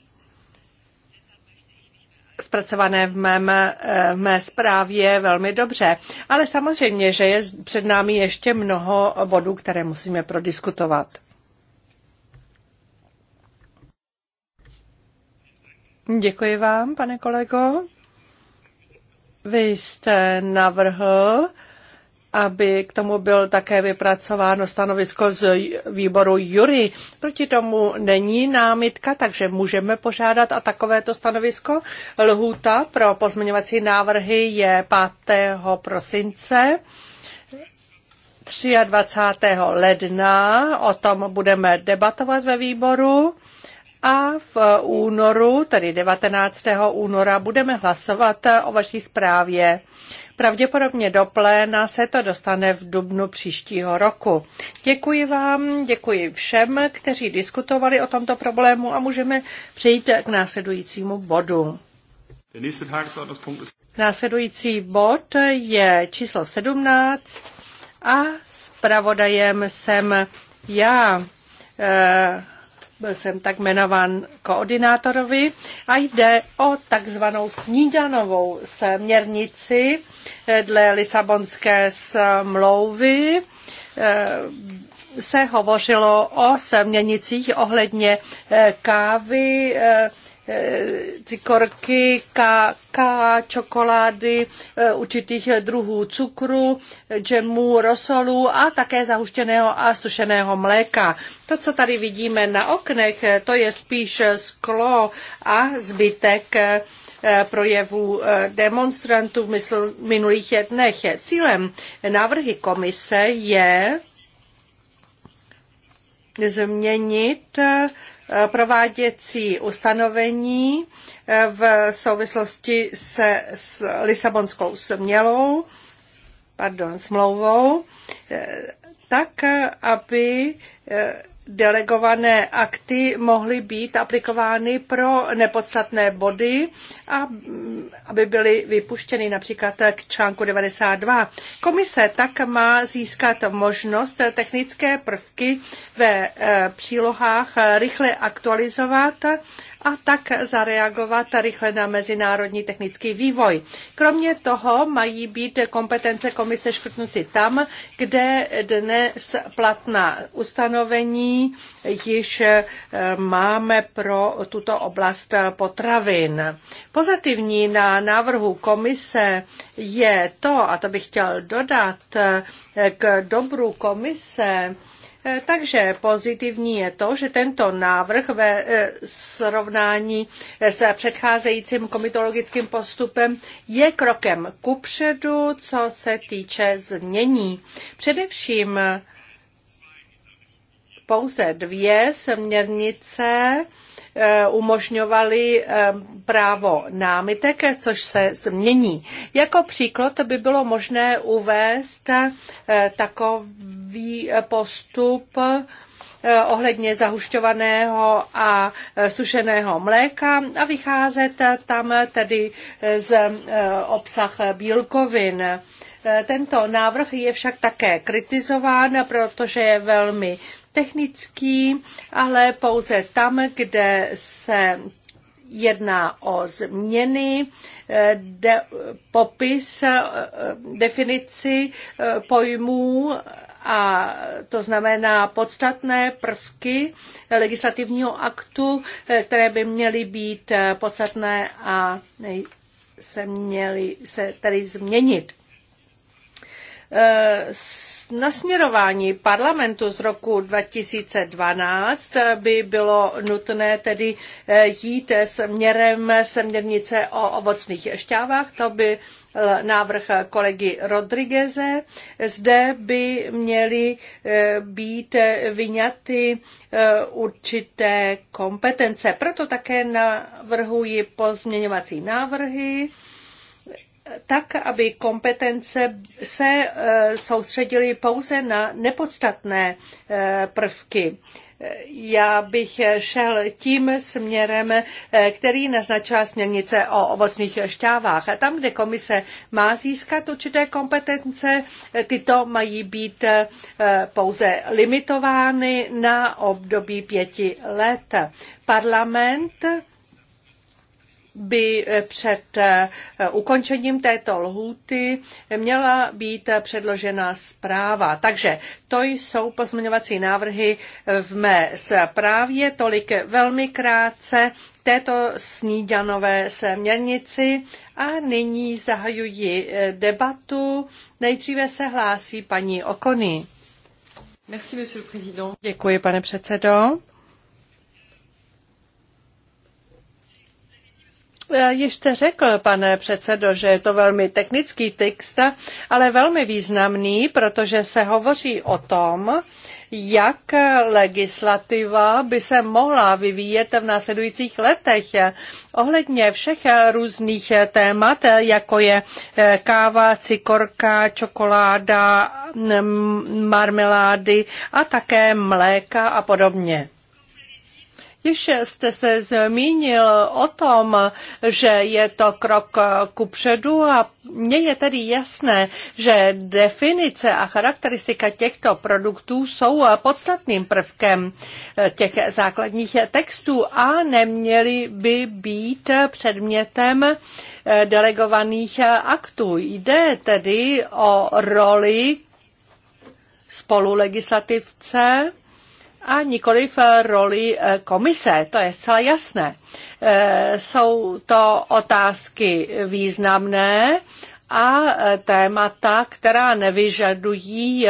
zpracované v, mém, eh, v mé zprávě velmi dobře. Ale samozřejmě, že je před námi ještě mnoho bodů, které musíme prodiskutovat. Děkuji vám, pane kolego. Vy jste navrhl aby k tomu byl také vypracováno stanovisko z výboru Jury. Proti tomu není námitka, takže můžeme požádat a takovéto stanovisko. Lhůta pro pozměňovací návrhy je 5. prosince. 23. ledna o tom budeme debatovat ve výboru a v únoru, tedy 19. února, budeme hlasovat o vaší zprávě. Pravděpodobně do pléna se to dostane v dubnu příštího roku. Děkuji vám, děkuji všem, kteří diskutovali o tomto problému a můžeme přejít k následujícímu bodu. Následující bod je číslo 17 a zpravodajem jsem já. Eh, byl jsem tak jmenován koordinátorovi a jde o takzvanou snídanovou směrnici eh, dle Lisabonské smlouvy eh, se hovořilo o směrnicích ohledně eh, kávy, cikorky, eh, káka, čokolády, eh, určitých druhů cukru, džemů, rosolů a také zahuštěného a sušeného mléka. To, co tady vidíme na oknech, eh, to je spíš sklo a zbytek projevů demonstrantů v minulých dnech. Cílem návrhy komise je změnit prováděcí ustanovení eh, v souvislosti se s Lisabonskou smělou, pardon, smlouvou, eh, tak, eh, aby delegované akty mohly být aplikovány pro nepodstatné body, a aby byly vypuštěny například k článku 92. Komise tak má získat možnost technické prvky ve eh, přílohách rychle aktualizovat a tak zareagovat rychle na mezinárodní technický vývoj. Kromě toho mají být kompetence komise škrtnuty tam, kde dnes platná ustanovení již eh, máme pro tuto oblast potravin. Pozitivní na návrhu komise je to, a to bych chtěl dodat, eh, k dobru komise, Eh, takže pozitivní je to, že tento návrh ve eh, srovnání eh, s předcházejícím komitologickým postupem je krokem kupředu, co se týče změní. Především pouze dvě směrnice eh, umožňovaly eh, právo námitek, což se změní. Jako příklad by bylo možné uvést eh, takový postup, ohledně zahušťovaného a sušeného mléka a vycházet tam tedy z obsah bílkovin. Tento návrh je však také kritizován, protože je velmi technický, ale pouze tam, kde se jedná o změny, eh, de, popis, eh, definici eh, pojmů a to znamená podstatné prvky legislativního aktu, které by měly být podstatné a se měly se tedy změnit. Eh, nasměrování parlamentu z roku 2012 eh, by bylo nutné tedy eh, jít směrem směrnice o ovocných šťávách. To by návrh kolegy Rodrigueze. Zde by měly být vyňaty určité kompetence. Proto také navrhuji pozměňovací návrhy tak, aby kompetence se eh, soustředily pouze na nepodstatné eh, prvky. Eh, já bych šel tím směrem, který naznačila směrnice o ovocných šťávách. A tam, kde komise má získat určité kompetence, tyto mají být pouze limitovány na období pěti let. Parlament by před eh, ukončením této lhůty měla být předložena zpráva. Takže to jsou pozměňovací návrhy v mé zprávě, tolik velmi krátce této snídanové směrnici a nyní zahajuji eh, debatu. Nejdříve se hlásí paní Okony. Merci, Děkuji, pane předsedo. Eh, již jste řekl, pane předsedo, že je to velmi technický text, ale velmi významný, protože se hovoří o tom, jak legislativa by se mohla vyvíjet v následujících letech ohledně všech různých témat, jako je eh, káva, cikorka, čokoláda, mm, marmelády a také mléka a podobně. Již jste se zmínil o tom, že je to krok ku předu a mně je tedy jasné, že definice a charakteristika těchto produktů jsou podstatným prvkem těch základních textů a neměly by být předmětem delegovaných aktů. Jde tedy o roli spolulegislativce a nikoli v eh, roli eh, komise, to je zcela jasné. Eh, jsou to otázky významné a témata, která nevyžadují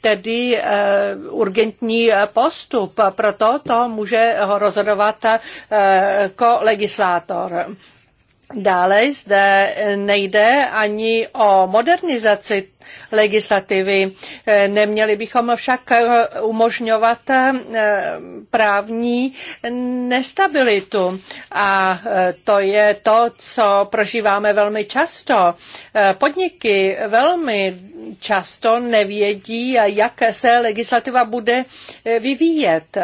tedy urgentní postup. Proto to může rozhodovat kolegislátor. Dále zde nejde ani o modernizaci legislativy. Neměli bychom však umožňovat eh, právní nestabilitu. A eh, to je to, co prožíváme velmi často. Eh, podniky velmi často nevědí, jak se legislativa bude vyvíjet.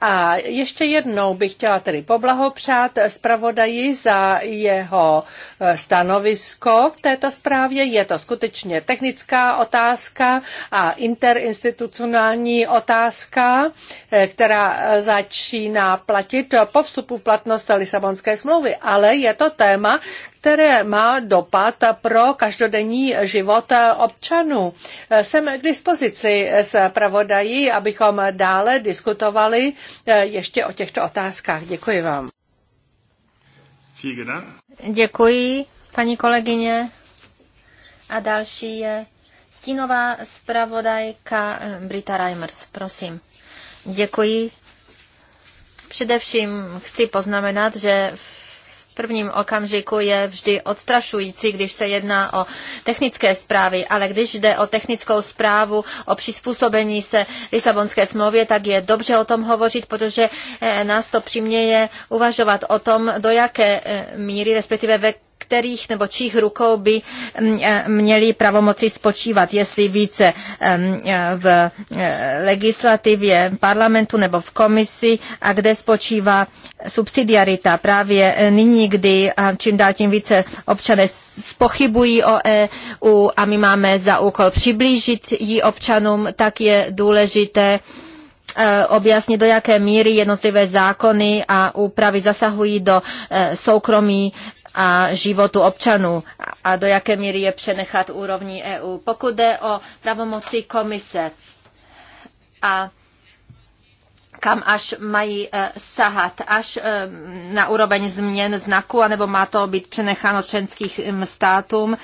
A ještě jednou bych chtěla tedy poblahopřát zpravodaji za jeho eh, stanovisko v této zprávě. Je to skutečně technická otázka a interinstitucionální otázka, eh, která eh, začíná platit po vstupu v platnost Lisabonské smlouvy, ale je to téma, které má dopad pro každodenní život občanů. Jsem k dispozici s pravodají, abychom dále diskutovali eh, ještě o těchto otázkách. Děkuji vám. Děkuji, paní kolegyně. A další je stínová zpravodajka eh, Brita Reimers. Prosím. Děkuji. Především chci poznamenat, že v prvním okamžiku je vždy odstrašující, když se jedná o technické zprávy, ale když jde o technickou zprávu, o přizpůsobení se Lisabonské smlouvě, tak je dobře o tom hovořit, protože eh, nás to přiměje uvažovat o tom, do jaké eh, míry, respektive ve kterých nebo čích rukou by mm, eh, měly pravomoci spočívat, jestli více eh, mm, eh, v legislativě parlamentu nebo v komisi a kde spočívá subsidiarita. Právě nyní, kdy čím dál tím více občané spochybují o EU a my máme za úkol přiblížit ji občanům, tak je důležité objasnit, do jaké míry jednotlivé zákony a úpravy zasahují do soukromí a životu občanů a do jaké míry je přenechat úrovní EU. Pokud jde o pravomoci komise a kam až mají e, sahat, až e, na úroveň změn znaku, anebo má to být přenecháno členským státům,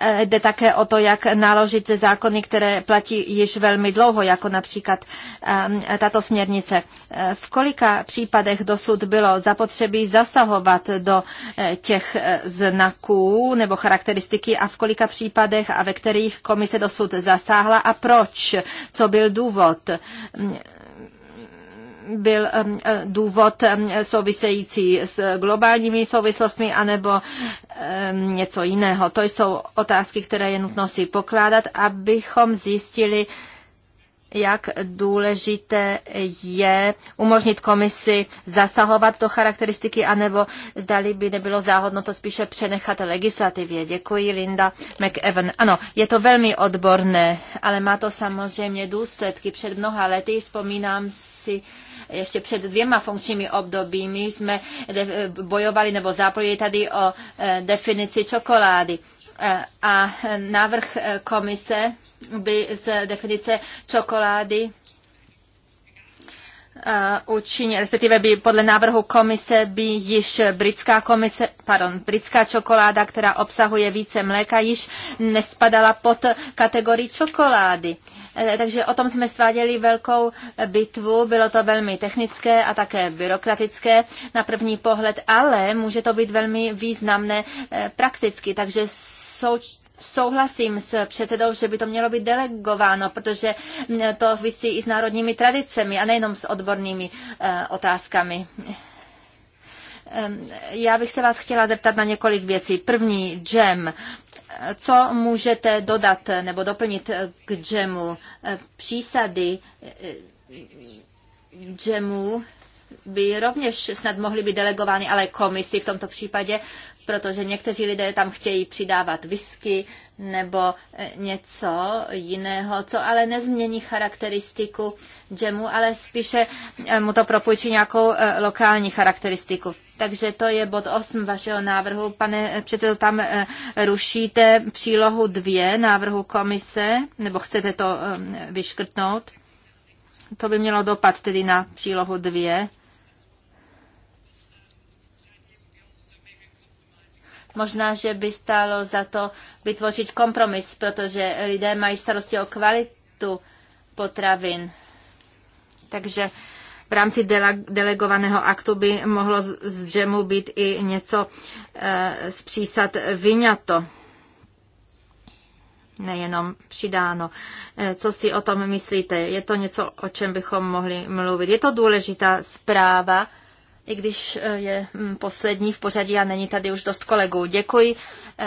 Eh, jde také o to, jak naložit ze zákony, které platí již velmi dlouho, jako například ehm, tato směrnice. Eh, v kolika případech dosud bylo zapotřebí zasahovat do eh, těch znaků nebo charakteristiky a v kolika případech a ve kterých komise dosud zasáhla a proč, co byl důvod byl e, důvod související s globálními souvislostmi anebo něco jiného. To jsou otázky, které je nutno si pokládat, abychom zjistili, jak důležité je umožnit komisi zasahovat do charakteristiky, anebo zdali by nebylo záhodno to spíše přenechat legislativě. Děkuji, Linda McEvan. Ano, je to velmi odborné, ale má to samozřejmě důsledky. Před mnoha lety vzpomínám asi ještě před dvěma funkčními obdobími jsme bojovali nebo zápojili tady o eh, definici čokolády. Eh, a eh, návrh komise by z definice čokolády učinil, respektive by podle návrhu komise by již britská komise, pardon, britská čokoláda, která obsahuje více mléka, již nespadala pod kategorii čokolády. Eh, takže o tom jsme sváděli velkou bitvu, bylo to velmi technické a také byrokratické na první pohled, ale může to být velmi významné eh, prakticky, takže jsou souhlasím s předsedou, že by to mělo být delegováno, protože mm, to vysí i s národními tradicemi a nejenom s odbornými eh, otázkami. Já bych se vás chtěla zeptat na několik věcí. První, jam co můžete dodat nebo doplnit k džemu? Přísady džemu by rovněž snad mohly být delegovány, ale komisi v tomto případě, protože někteří lidé tam chtějí přidávat whisky nebo něco jiného, co ale nezmění charakteristiku džemu, ale spíše mu to propůjčí nějakou eh, lokální charakteristiku. Takže to je bod 8 vašeho návrhu. Pane eh, předsedo, tam eh, rušíte přílohu 2 návrhu komise, nebo chcete to eh, vyškrtnout? To by mělo dopad tedy na přílohu 2. Možná, že by stálo za to vytvořit kompromis, protože lidé mají starosti o kvalitu potravin. Takže v rámci delegovaného aktu by mohlo z džemu být i něco eh, z přísad vyňato nejenom přidáno. Eh, co si o tom myslíte? Je to něco, o čem bychom mohli mluvit? Je to důležitá zpráva, i když eh, je mm, poslední v pořadí a není tady už dost kolegů. Děkuji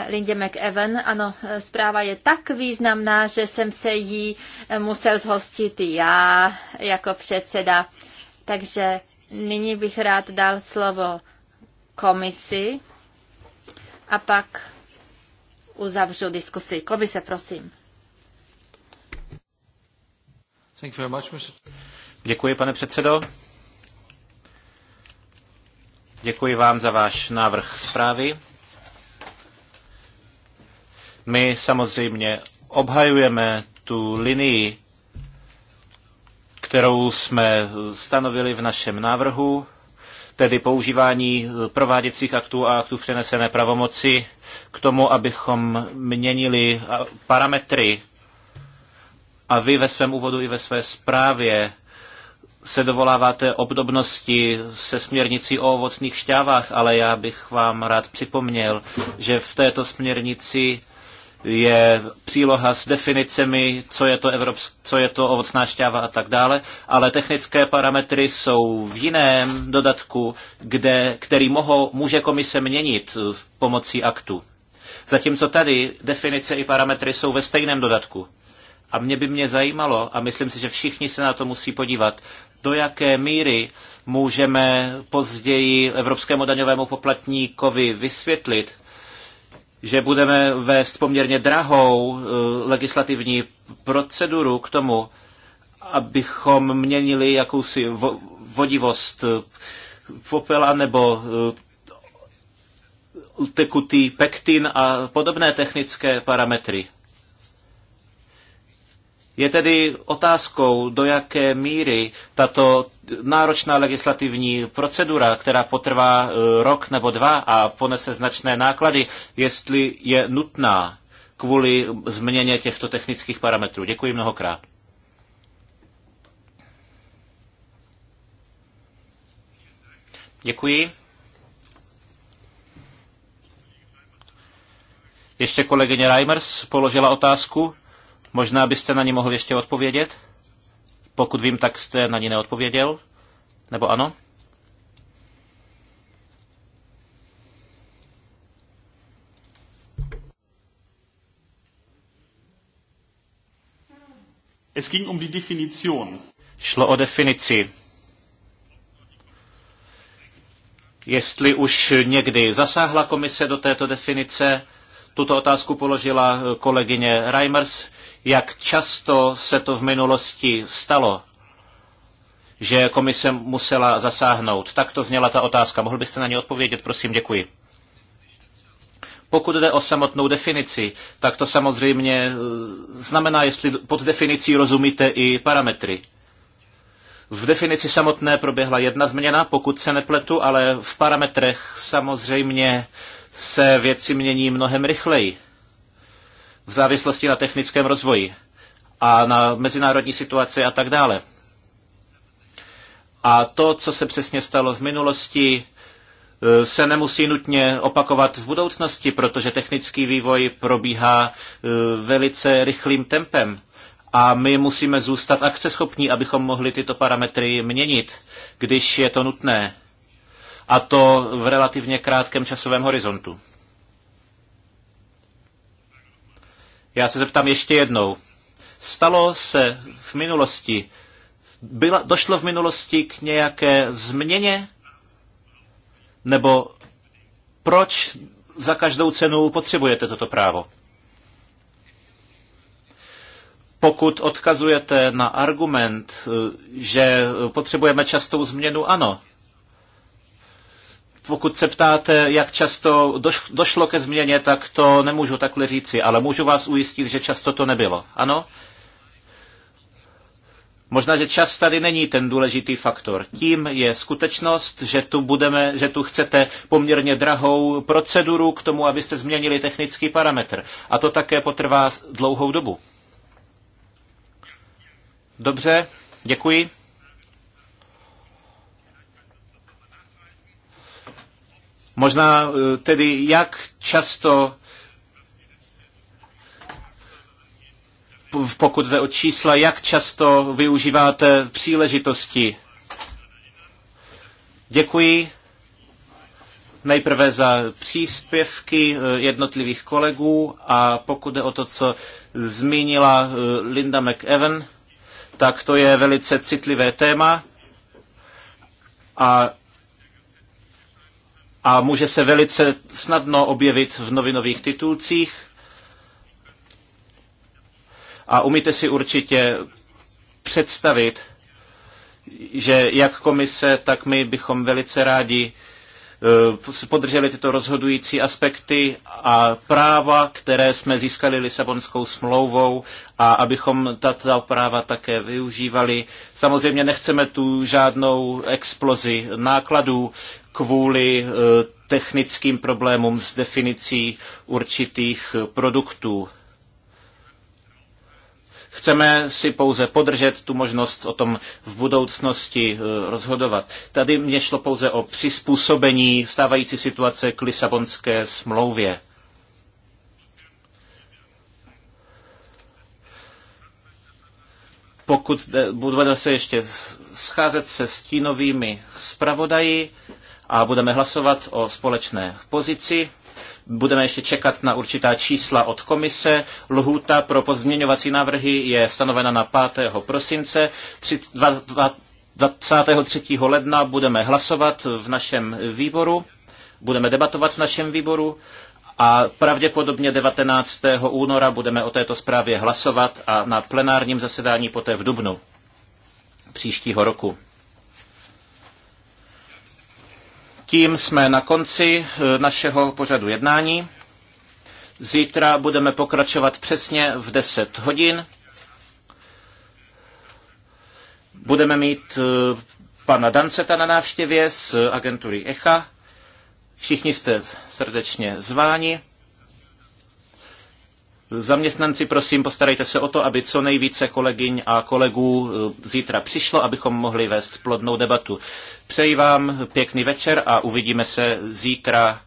Lindě McEwen. Ano, zpráva je tak významná, že jsem se jí musel zhostit já jako předseda takže nyní bych rád dal slovo komisi a pak uzavřu diskusi. Komise, prosím. Děkuji, pane předsedo. Děkuji vám za váš návrh zprávy. My samozřejmě obhajujeme tu linii kterou jsme stanovili v našem návrhu, tedy používání eh, prováděcích aktů a aktů v přenesené pravomoci k tomu, abychom měnili eh, parametry. A vy ve svém úvodu i ve své zprávě se dovoláváte obdobnosti se směrnicí o ovocných šťávách, ale já bych vám rád připomněl, že v této směrnici je příloha s definicemi, co je to, evropsk, co je to ovocná šťáva a tak dále, ale technické parametry jsou v jiném dodatku, kde, který moho, může komise měnit pomocí aktu. Zatímco tady definice i parametry jsou ve stejném dodatku. A mě by mě zajímalo, a myslím si, že všichni se na to musí podívat, do jaké míry můžeme později evropskému daňovému poplatníkovi vysvětlit, že budeme vést poměrně drahou eh, legislativní proceduru k tomu, abychom měnili jakousi vodivost eh, popela nebo eh, tekutý pektin a podobné technické parametry. Je tedy otázkou, do jaké míry tato náročná legislativní procedura, která potrvá e, rok nebo dva a ponese značné náklady, jestli je nutná kvůli změně těchto technických parametrů. Děkuji mnohokrát. Děkuji. Ještě kolegyně Reimers položila otázku. Možná byste na ně mohl ještě odpovědět? Pokud vím, tak jste na ně neodpověděl? Nebo ano? Es ging um die Definition. Šlo o definici. Jestli už někdy zasáhla komise do této definice, tuto otázku položila kolegyně Reimers jak často se to v minulosti stalo, že komise musela zasáhnout. Tak to zněla ta otázka. Mohl byste na ně odpovědět, prosím, děkuji. Pokud jde o samotnou definici, tak to samozřejmě eh, znamená, jestli pod definicí rozumíte i parametry. V definici samotné proběhla jedna změna, pokud se nepletu, ale v parametrech samozřejmě se věci mění mnohem rychleji v závislosti na technickém rozvoji a na mezinárodní situaci a tak dále. A to, co se přesně stalo v minulosti, eh, se nemusí nutně opakovat v budoucnosti, protože technický vývoj probíhá eh, velice rychlým tempem. A my musíme zůstat akceschopní, abychom mohli tyto parametry měnit, když je to nutné. A to v relativně krátkém časovém horizontu. Já se zeptám ještě jednou. Stalo se v minulosti, byla, došlo v minulosti k nějaké změně? Nebo proč za každou cenu potřebujete toto právo? Pokud odkazujete na argument, že potřebujeme častou změnu, ano pokud se ptáte, jak často došlo ke změně, tak to nemůžu takhle říci, ale můžu vás ujistit, že často to nebylo. Ano? Možná, že čas tady není ten důležitý faktor. Tím je skutečnost, že tu, budeme, že tu chcete poměrně drahou proceduru k tomu, abyste změnili technický parametr. A to také potrvá dlouhou dobu. Dobře, děkuji. Možná eh, tedy, jak často pokud jde o čísla, jak často využíváte příležitosti. Děkuji nejprve za příspěvky eh, jednotlivých kolegů a pokud jde o to, co zmínila eh, Linda McEwen, tak to je velice citlivé téma a a může se velice snadno objevit v novinových titulcích. A umíte si určitě představit, že jak komise, tak my bychom velice rádi eh, podrželi tyto rozhodující aspekty a práva, které jsme získali Lisabonskou smlouvou a abychom tato práva také využívali. Samozřejmě nechceme tu žádnou explozi nákladů, kvůli eh, technickým problémům s definicí určitých eh, produktů. Chceme si pouze podržet tu možnost o tom v budoucnosti eh, rozhodovat. Tady mě šlo pouze o přizpůsobení stávající situace k Lisabonské smlouvě. Pokud budeme se ještě scházet se stínovými zpravodaji, a budeme hlasovat o společné pozici. Budeme ještě čekat na určitá čísla od komise. Lhůta pro pozměňovací návrhy je stanovena na 5. prosince. 23. ledna budeme hlasovat v našem výboru, budeme debatovat v našem výboru a pravděpodobně 19. února budeme o této zprávě hlasovat a na plenárním zasedání poté v Dubnu příštího roku. Tím jsme na konci eh, našeho pořadu jednání. Zítra budeme pokračovat přesně v 10 hodin. Budeme mít eh, pana Danceta na návštěvě z agentury ECHA. Všichni jste srdečně zváni. Zaměstnanci, prosím, postarejte se o to, aby co nejvíce kolegyň a kolegů eh, zítra přišlo, abychom mohli vést plodnou debatu. Přeji vám pěkný večer a uvidíme se zítra.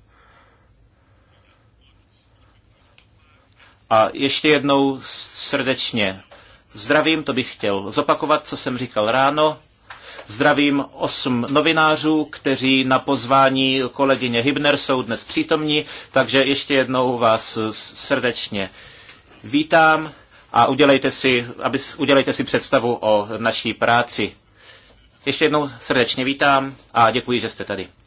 A ještě jednou srdečně zdravím, to bych chtěl zopakovat, co jsem říkal ráno. Zdravím osm novinářů, kteří na pozvání kolegyně Hybner jsou dnes přítomní, takže ještě jednou vás srdečně vítám a udělejte si, aby, udělejte si představu o naší práci. Ještě jednou srdečně vítám a děkuji, že jste tady.